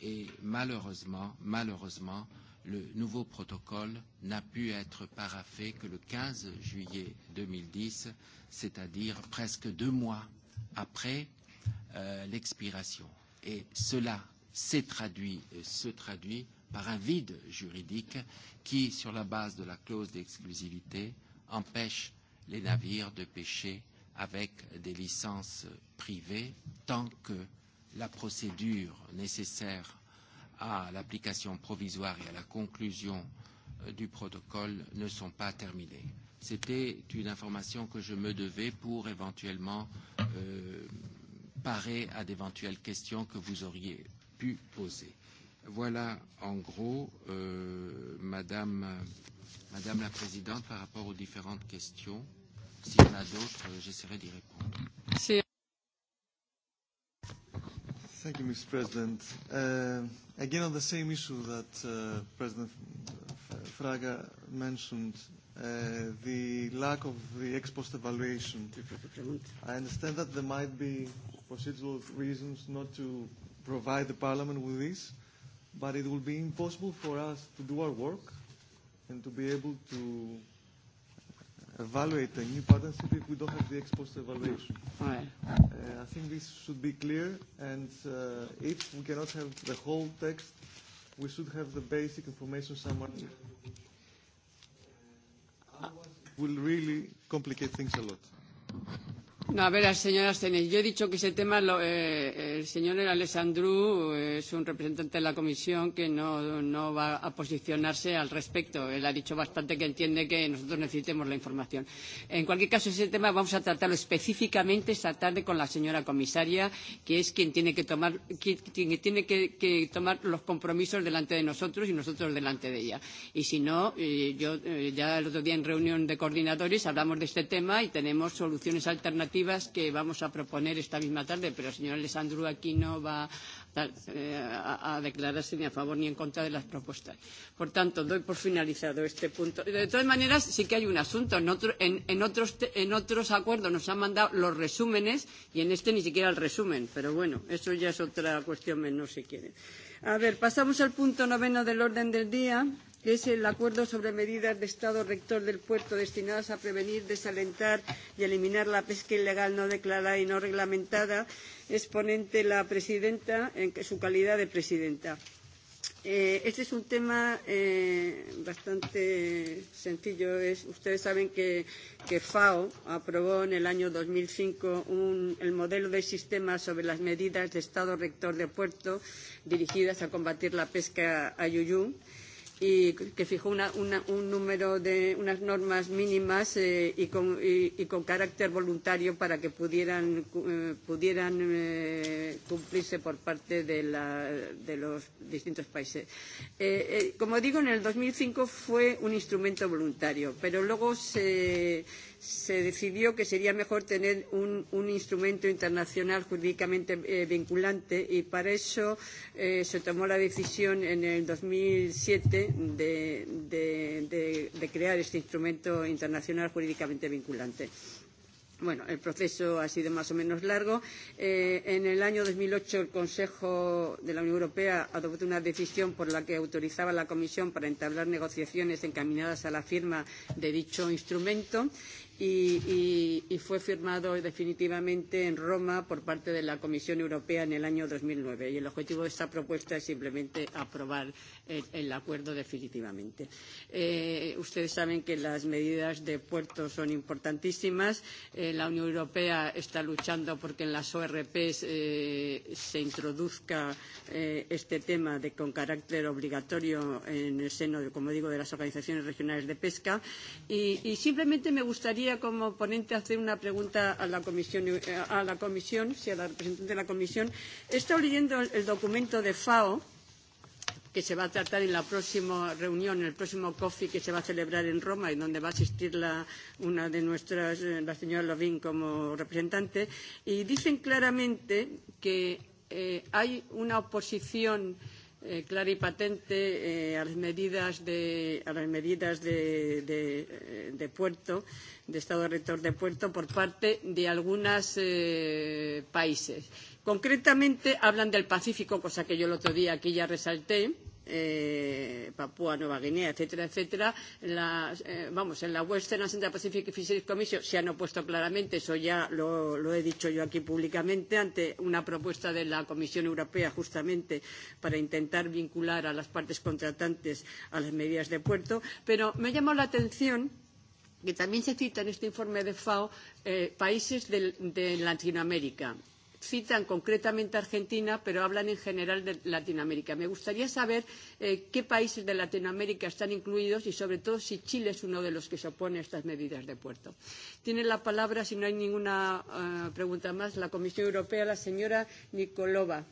et malheureusement, malheureusement, le nouveau protocole n'a pu être paraffé que le 15 juillet 2010, c'est-à-dire presque deux mois après euh, l'expiration. Et cela s'est traduit, euh, se traduit par un vide juridique qui, sur la base de la clause d'exclusivité, empêche les navires de pêcher avec des licences privées tant que la procédure nécessaire à l'application provisoire et à la conclusion euh, du protocole ne sont pas terminées. C'était une information que je me devais pour éventuellement euh, parer à d'éventuelles questions que vous auriez pu poser. Voilà en gros, euh, Madame, Madame la Présidente, par rapport aux différentes questions. S'il y en a d'autres, euh, j'essaierai d'y répondre. Merci. Thank you, Mr. President. Uh, again, on the same issue that uh, President Fraga mentioned, uh, the lack of the ex post evaluation. I understand that there might be procedural reasons not to provide the Parliament with this, but it will be impossible for us to do our work and to be able to evaluate the new partnership if we don't have the ex-post evaluation. Right. Uh, I think this should be clear, and uh, if we cannot have the whole text, we should have the basic information somewhere. Otherwise, it will really complicate things a lot. No, a ver, señora Senes, yo he dicho que ese tema, lo, eh, el señor Alessandru eh, es un representante de la Comisión que no, no va a posicionarse al respecto. Él ha dicho bastante que entiende que nosotros necesitemos la información. En cualquier caso, ese tema vamos a tratarlo específicamente esta tarde con la señora comisaria, que es quien tiene que tomar, quien tiene que, que tomar los compromisos delante de nosotros y nosotros delante de ella. Y si no, eh, yo eh, ya el otro día en reunión de coordinadores hablamos de este tema y tenemos soluciones alternativas directivas que vamos a proponer esta misma tarde, pero el señor Alessandro aquí no va eh, a, a declararse ni a favor ni en contra de las propuestas. Por tanto, doy por finalizado este punto. De todas maneras, sí que hay un asunto. En, otro, en, en, otros, en otros acuerdos nos han mandado los resúmenes y en este ni siquiera el resumen. Pero bueno, eso ya es otra cuestión menor si quieren. A ver, pasamos al punto noveno del orden del día es el acuerdo sobre medidas de Estado rector del puerto destinadas a prevenir, desalentar y eliminar la pesca ilegal no declarada y no reglamentada. Es ponente la presidenta en su calidad de presidenta. Eh, este es un tema eh, bastante sencillo. Es, ustedes saben que, que FAO aprobó en el año 2005 un, el modelo de sistema sobre las medidas de Estado rector de puerto dirigidas a combatir la pesca a Yuyú y que fijó una, una, un número de unas normas mínimas eh, y, con, y, y con carácter voluntario para que pudieran, eh, pudieran eh, cumplirse por parte de, la, de los distintos países. Eh, eh, como digo, en el 2005 fue un instrumento voluntario, pero luego se se decidió que sería mejor tener un, un instrumento internacional jurídicamente eh, vinculante y para eso eh, se tomó la decisión en el 2007 de, de, de, de crear este instrumento internacional jurídicamente vinculante. Bueno, el proceso ha sido más o menos largo. Eh, en el año 2008 el Consejo de la Unión Europea adoptó una decisión por la que autorizaba a la Comisión para entablar negociaciones encaminadas a la firma de dicho instrumento y, y, y fue firmado definitivamente en Roma por parte de la Comisión Europea en el año 2009. Y el objetivo de esta propuesta es simplemente aprobar el, el acuerdo definitivamente. Eh, ustedes saben que las medidas de puertos son importantísimas. Eh, la Unión Europea está luchando porque en las ORP eh, se introduzca eh, este tema de, con carácter obligatorio en el seno, de, como digo, de las organizaciones regionales de pesca. Y, y simplemente me gustaría, como ponente, hacer una pregunta a la Comisión, eh, a la comisión si a la representante de la Comisión. He estado leyendo el documento de FAO que se va a tratar en la próxima reunión, en el próximo COFI que se va a celebrar en Roma y donde va a asistir la, una de nuestras, eh, la señora Lovín como representante. Y dicen claramente que eh, hay una oposición eh, clara y patente eh, a las medidas de, a las medidas de, de, eh, de puerto, de Estado rector de puerto, por parte de algunos eh, países. Concretamente hablan del Pacífico, cosa que yo el otro día aquí ya resalté, eh, Papúa Nueva Guinea, etcétera, etcétera. En la, eh, vamos, en la Western Central Pacific Fisheries Commission se han opuesto claramente, eso ya lo, lo he dicho yo aquí públicamente, ante una propuesta de la Comisión Europea justamente para intentar vincular a las partes contratantes a las medidas de puerto. Pero me ha llamado la atención que también se cita en este informe de FAO eh, países de, de Latinoamérica citan concretamente Argentina, pero hablan en general de Latinoamérica. Me gustaría saber eh, qué países de Latinoamérica están incluidos y, sobre todo, si Chile es uno de los que se opone a estas medidas de puerto. Tiene la palabra, si no hay ninguna uh, pregunta más, la Comisión Europea, la señora Nicolova.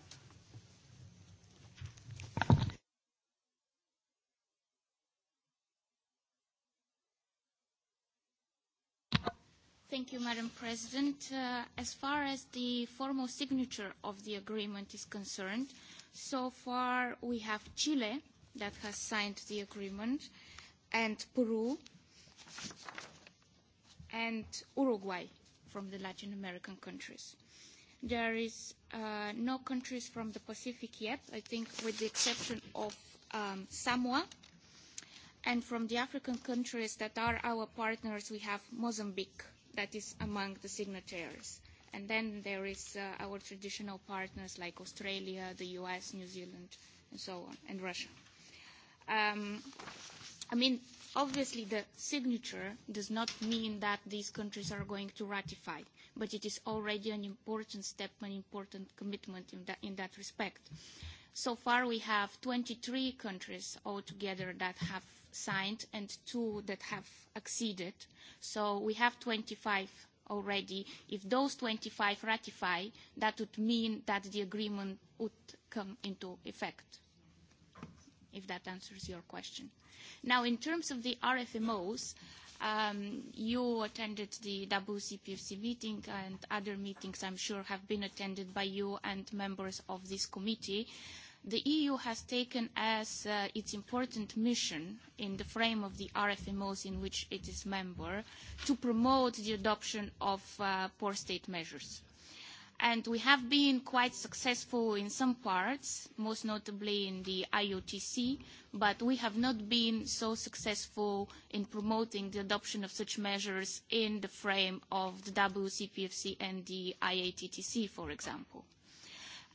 Thank you, Madam President. Uh, as far as the formal signature of the agreement is concerned, so far we have Chile that has signed the agreement, and Peru, and Uruguay from the Latin American countries. There is uh, no countries from the Pacific yet, I think with the exception of um, Samoa. And from the African countries that are our partners, we have Mozambique that is among the signatories. And then there is uh, our traditional partners like Australia, the US, New Zealand, and so on, and Russia. Um, I mean, obviously the signature does not mean that these countries are going to ratify, but it is already an important step, an important commitment in that, in that respect. So far we have 23 countries altogether that have signed and two that have acceded. So we have 25 already. If those 25 ratify, that would mean that the agreement would come into effect, if that answers your question. Now, in terms of the RFMOs, um, you attended the WCPFC meeting and other meetings I'm sure have been attended by you and members of this committee. Uh, the EU has taken as uh, its important mission in the frame of the RFMOs in which it is member to promote the adoption of uh, poor state measures. And we have been quite successful in some parts, most notably in the IOTC, but we have not been so successful in promoting the adoption of such measures in the frame of the WCPFC and the IATTC, for example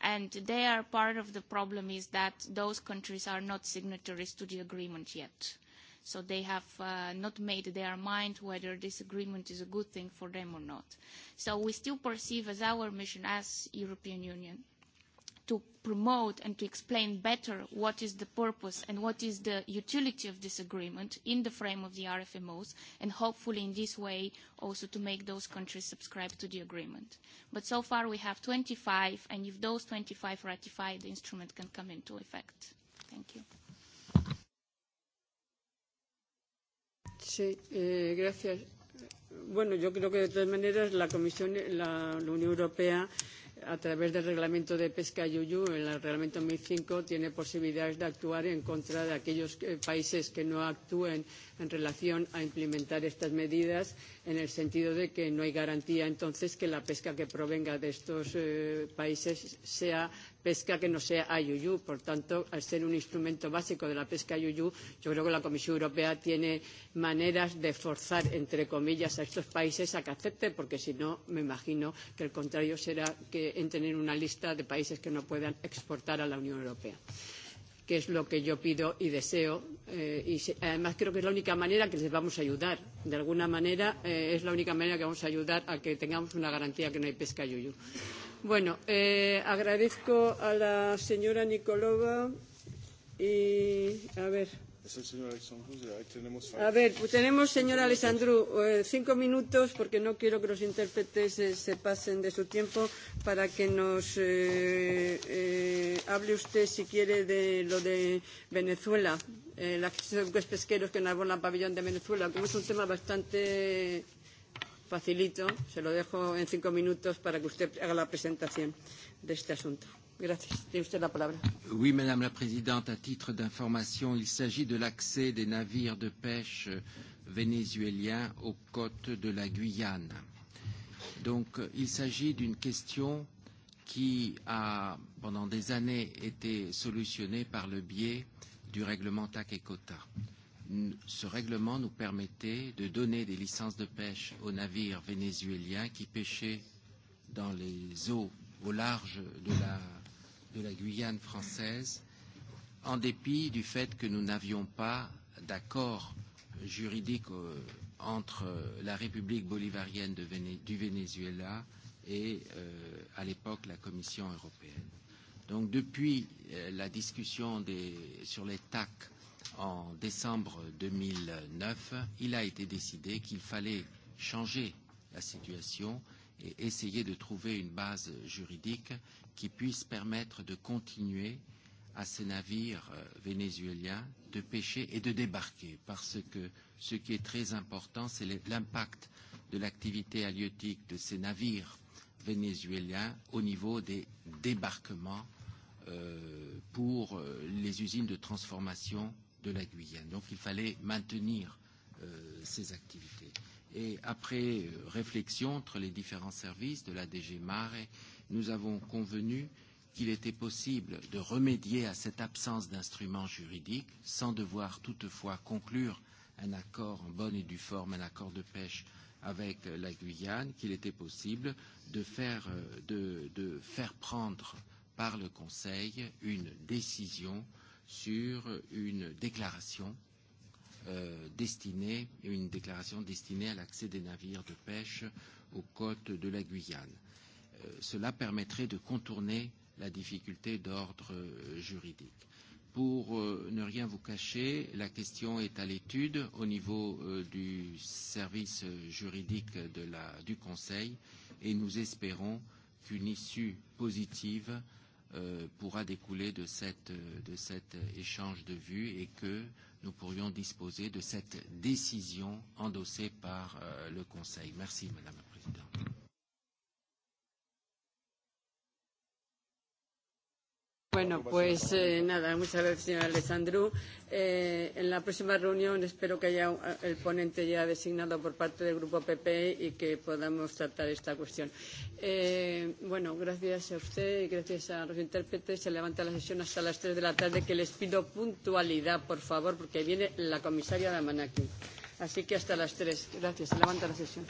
and they are part of the problem is that those countries are not signatories to the agreement yet. So they have uh, not made their mind whether this agreement is a good thing for them or not. So we still perceive as our mission as European Union to promote and to explain better what is the purpose and what is the utility of this agreement in the frame of the RFMOs, and hopefully in this way also to make those countries subscribe to the agreement. But so far we have 25, and if those 25 ratify, the instrument can come into effect. Thank you. Sí, eh, gracias. Bueno, yo creo que de todas maneras la Comisión, la, la Unión Europea a través del reglamento de pesca Yuyu, en el reglamento cinco tiene posibilidades de actuar en contra de aquellos eh, países que no actúen en relación a implementar estas medidas y en el sentido de que no hay garantía entonces que la pesca que provenga de estos eh, países sea pesca que no sea IUU. Por tanto, al ser un instrumento básico de la pesca IUU, yo creo que la Comisión Europea tiene maneras de forzar, entre comillas, a estos países a que acepten, porque si no, me imagino que el contrario será que entren en una lista de países que no puedan exportar a la Unión Europea que es lo que yo pido y deseo. Eh, y se, además creo que es la única manera que les vamos a ayudar. De alguna manera eh, es la única manera que vamos a ayudar a que tengamos una garantía que no hay pesca yuyu. Bueno, eh, agradezco a la señora Nicolova y a ver. A ver, pues tenemos, señora Alessandru, eh, cinco minutos, porque no quiero que los intérpretes se, eh, se pasen de su tiempo, para que nos eh, eh, hable usted, si quiere, de lo de Venezuela, eh, la gestión de pesqueros que enarbolan pabellón de Venezuela. Como es un tema bastante facilito, se lo dejo en cinco minutos para que usted haga la presentación de este asunto. Oui, Madame la Présidente, à titre d'information, il s'agit de l'accès des navires de pêche vénézuéliens aux côtes de la Guyane. Donc, il s'agit d'une question qui a, pendant des années, été solutionnée par le biais du règlement TAC et Quota. Ce règlement nous permettait de donner des licences de pêche aux navires vénézuéliens qui pêchaient dans les eaux au large de la de la Guyane française, en dépit du fait que nous n'avions pas d'accord juridique euh, entre euh, la République bolivarienne de Vene, du Venezuela et, euh, à l'époque, la Commission européenne. Donc, depuis euh, la discussion des, sur les TAC en décembre 2009, il a été décidé qu'il fallait changer la situation et essayer de trouver une base juridique qui puisse permettre de continuer à ces navires euh, vénézuéliens de pêcher et de débarquer, parce que ce qui est très important, c'est l'impact de l'activité halieutique de ces navires vénézuéliens au niveau des débarquements euh, pour euh, les usines de transformation de la Guyane. Donc il fallait maintenir euh, ces activités. Et après euh, réflexion entre les différents services de la DG Mare nous avons convenu qu'il était possible de remédier à cette absence d'instrument juridique sans devoir toutefois conclure un accord en bonne et due forme, un accord de pêche avec la Guyane, qu'il était possible de faire, euh, de, de faire prendre par le Conseil une décision sur une déclaration euh, destinée, une déclaration destinée à l'accès des navires de pêche aux côtes de la Guyane. Euh, cela permettrait de contourner la difficulté d'ordre euh, juridique. Pour euh, ne rien vous cacher, la question est à l'étude au niveau du service juridique de la, du Conseil et nous espérons qu'une issue positive euh, pourra découler de, cette, de cet échange de vues et que nous pourrions disposer de cette décision endossée par euh, le Conseil. Merci, Madame la Présidente. Bueno, pues eh, nada, muchas gracias, señora Alessandru. Eh, en la próxima reunión espero que haya un, eh, el ponente ya designado por parte del Grupo PP y que podamos tratar esta cuestión. Eh, bueno, gracias a usted y gracias a los intérpretes. Se levanta la sesión hasta las 3 de la tarde, que les pido puntualidad, por favor, porque viene la comisaria Damanaki. Así que hasta las 3. Gracias. Se levanta la sesión.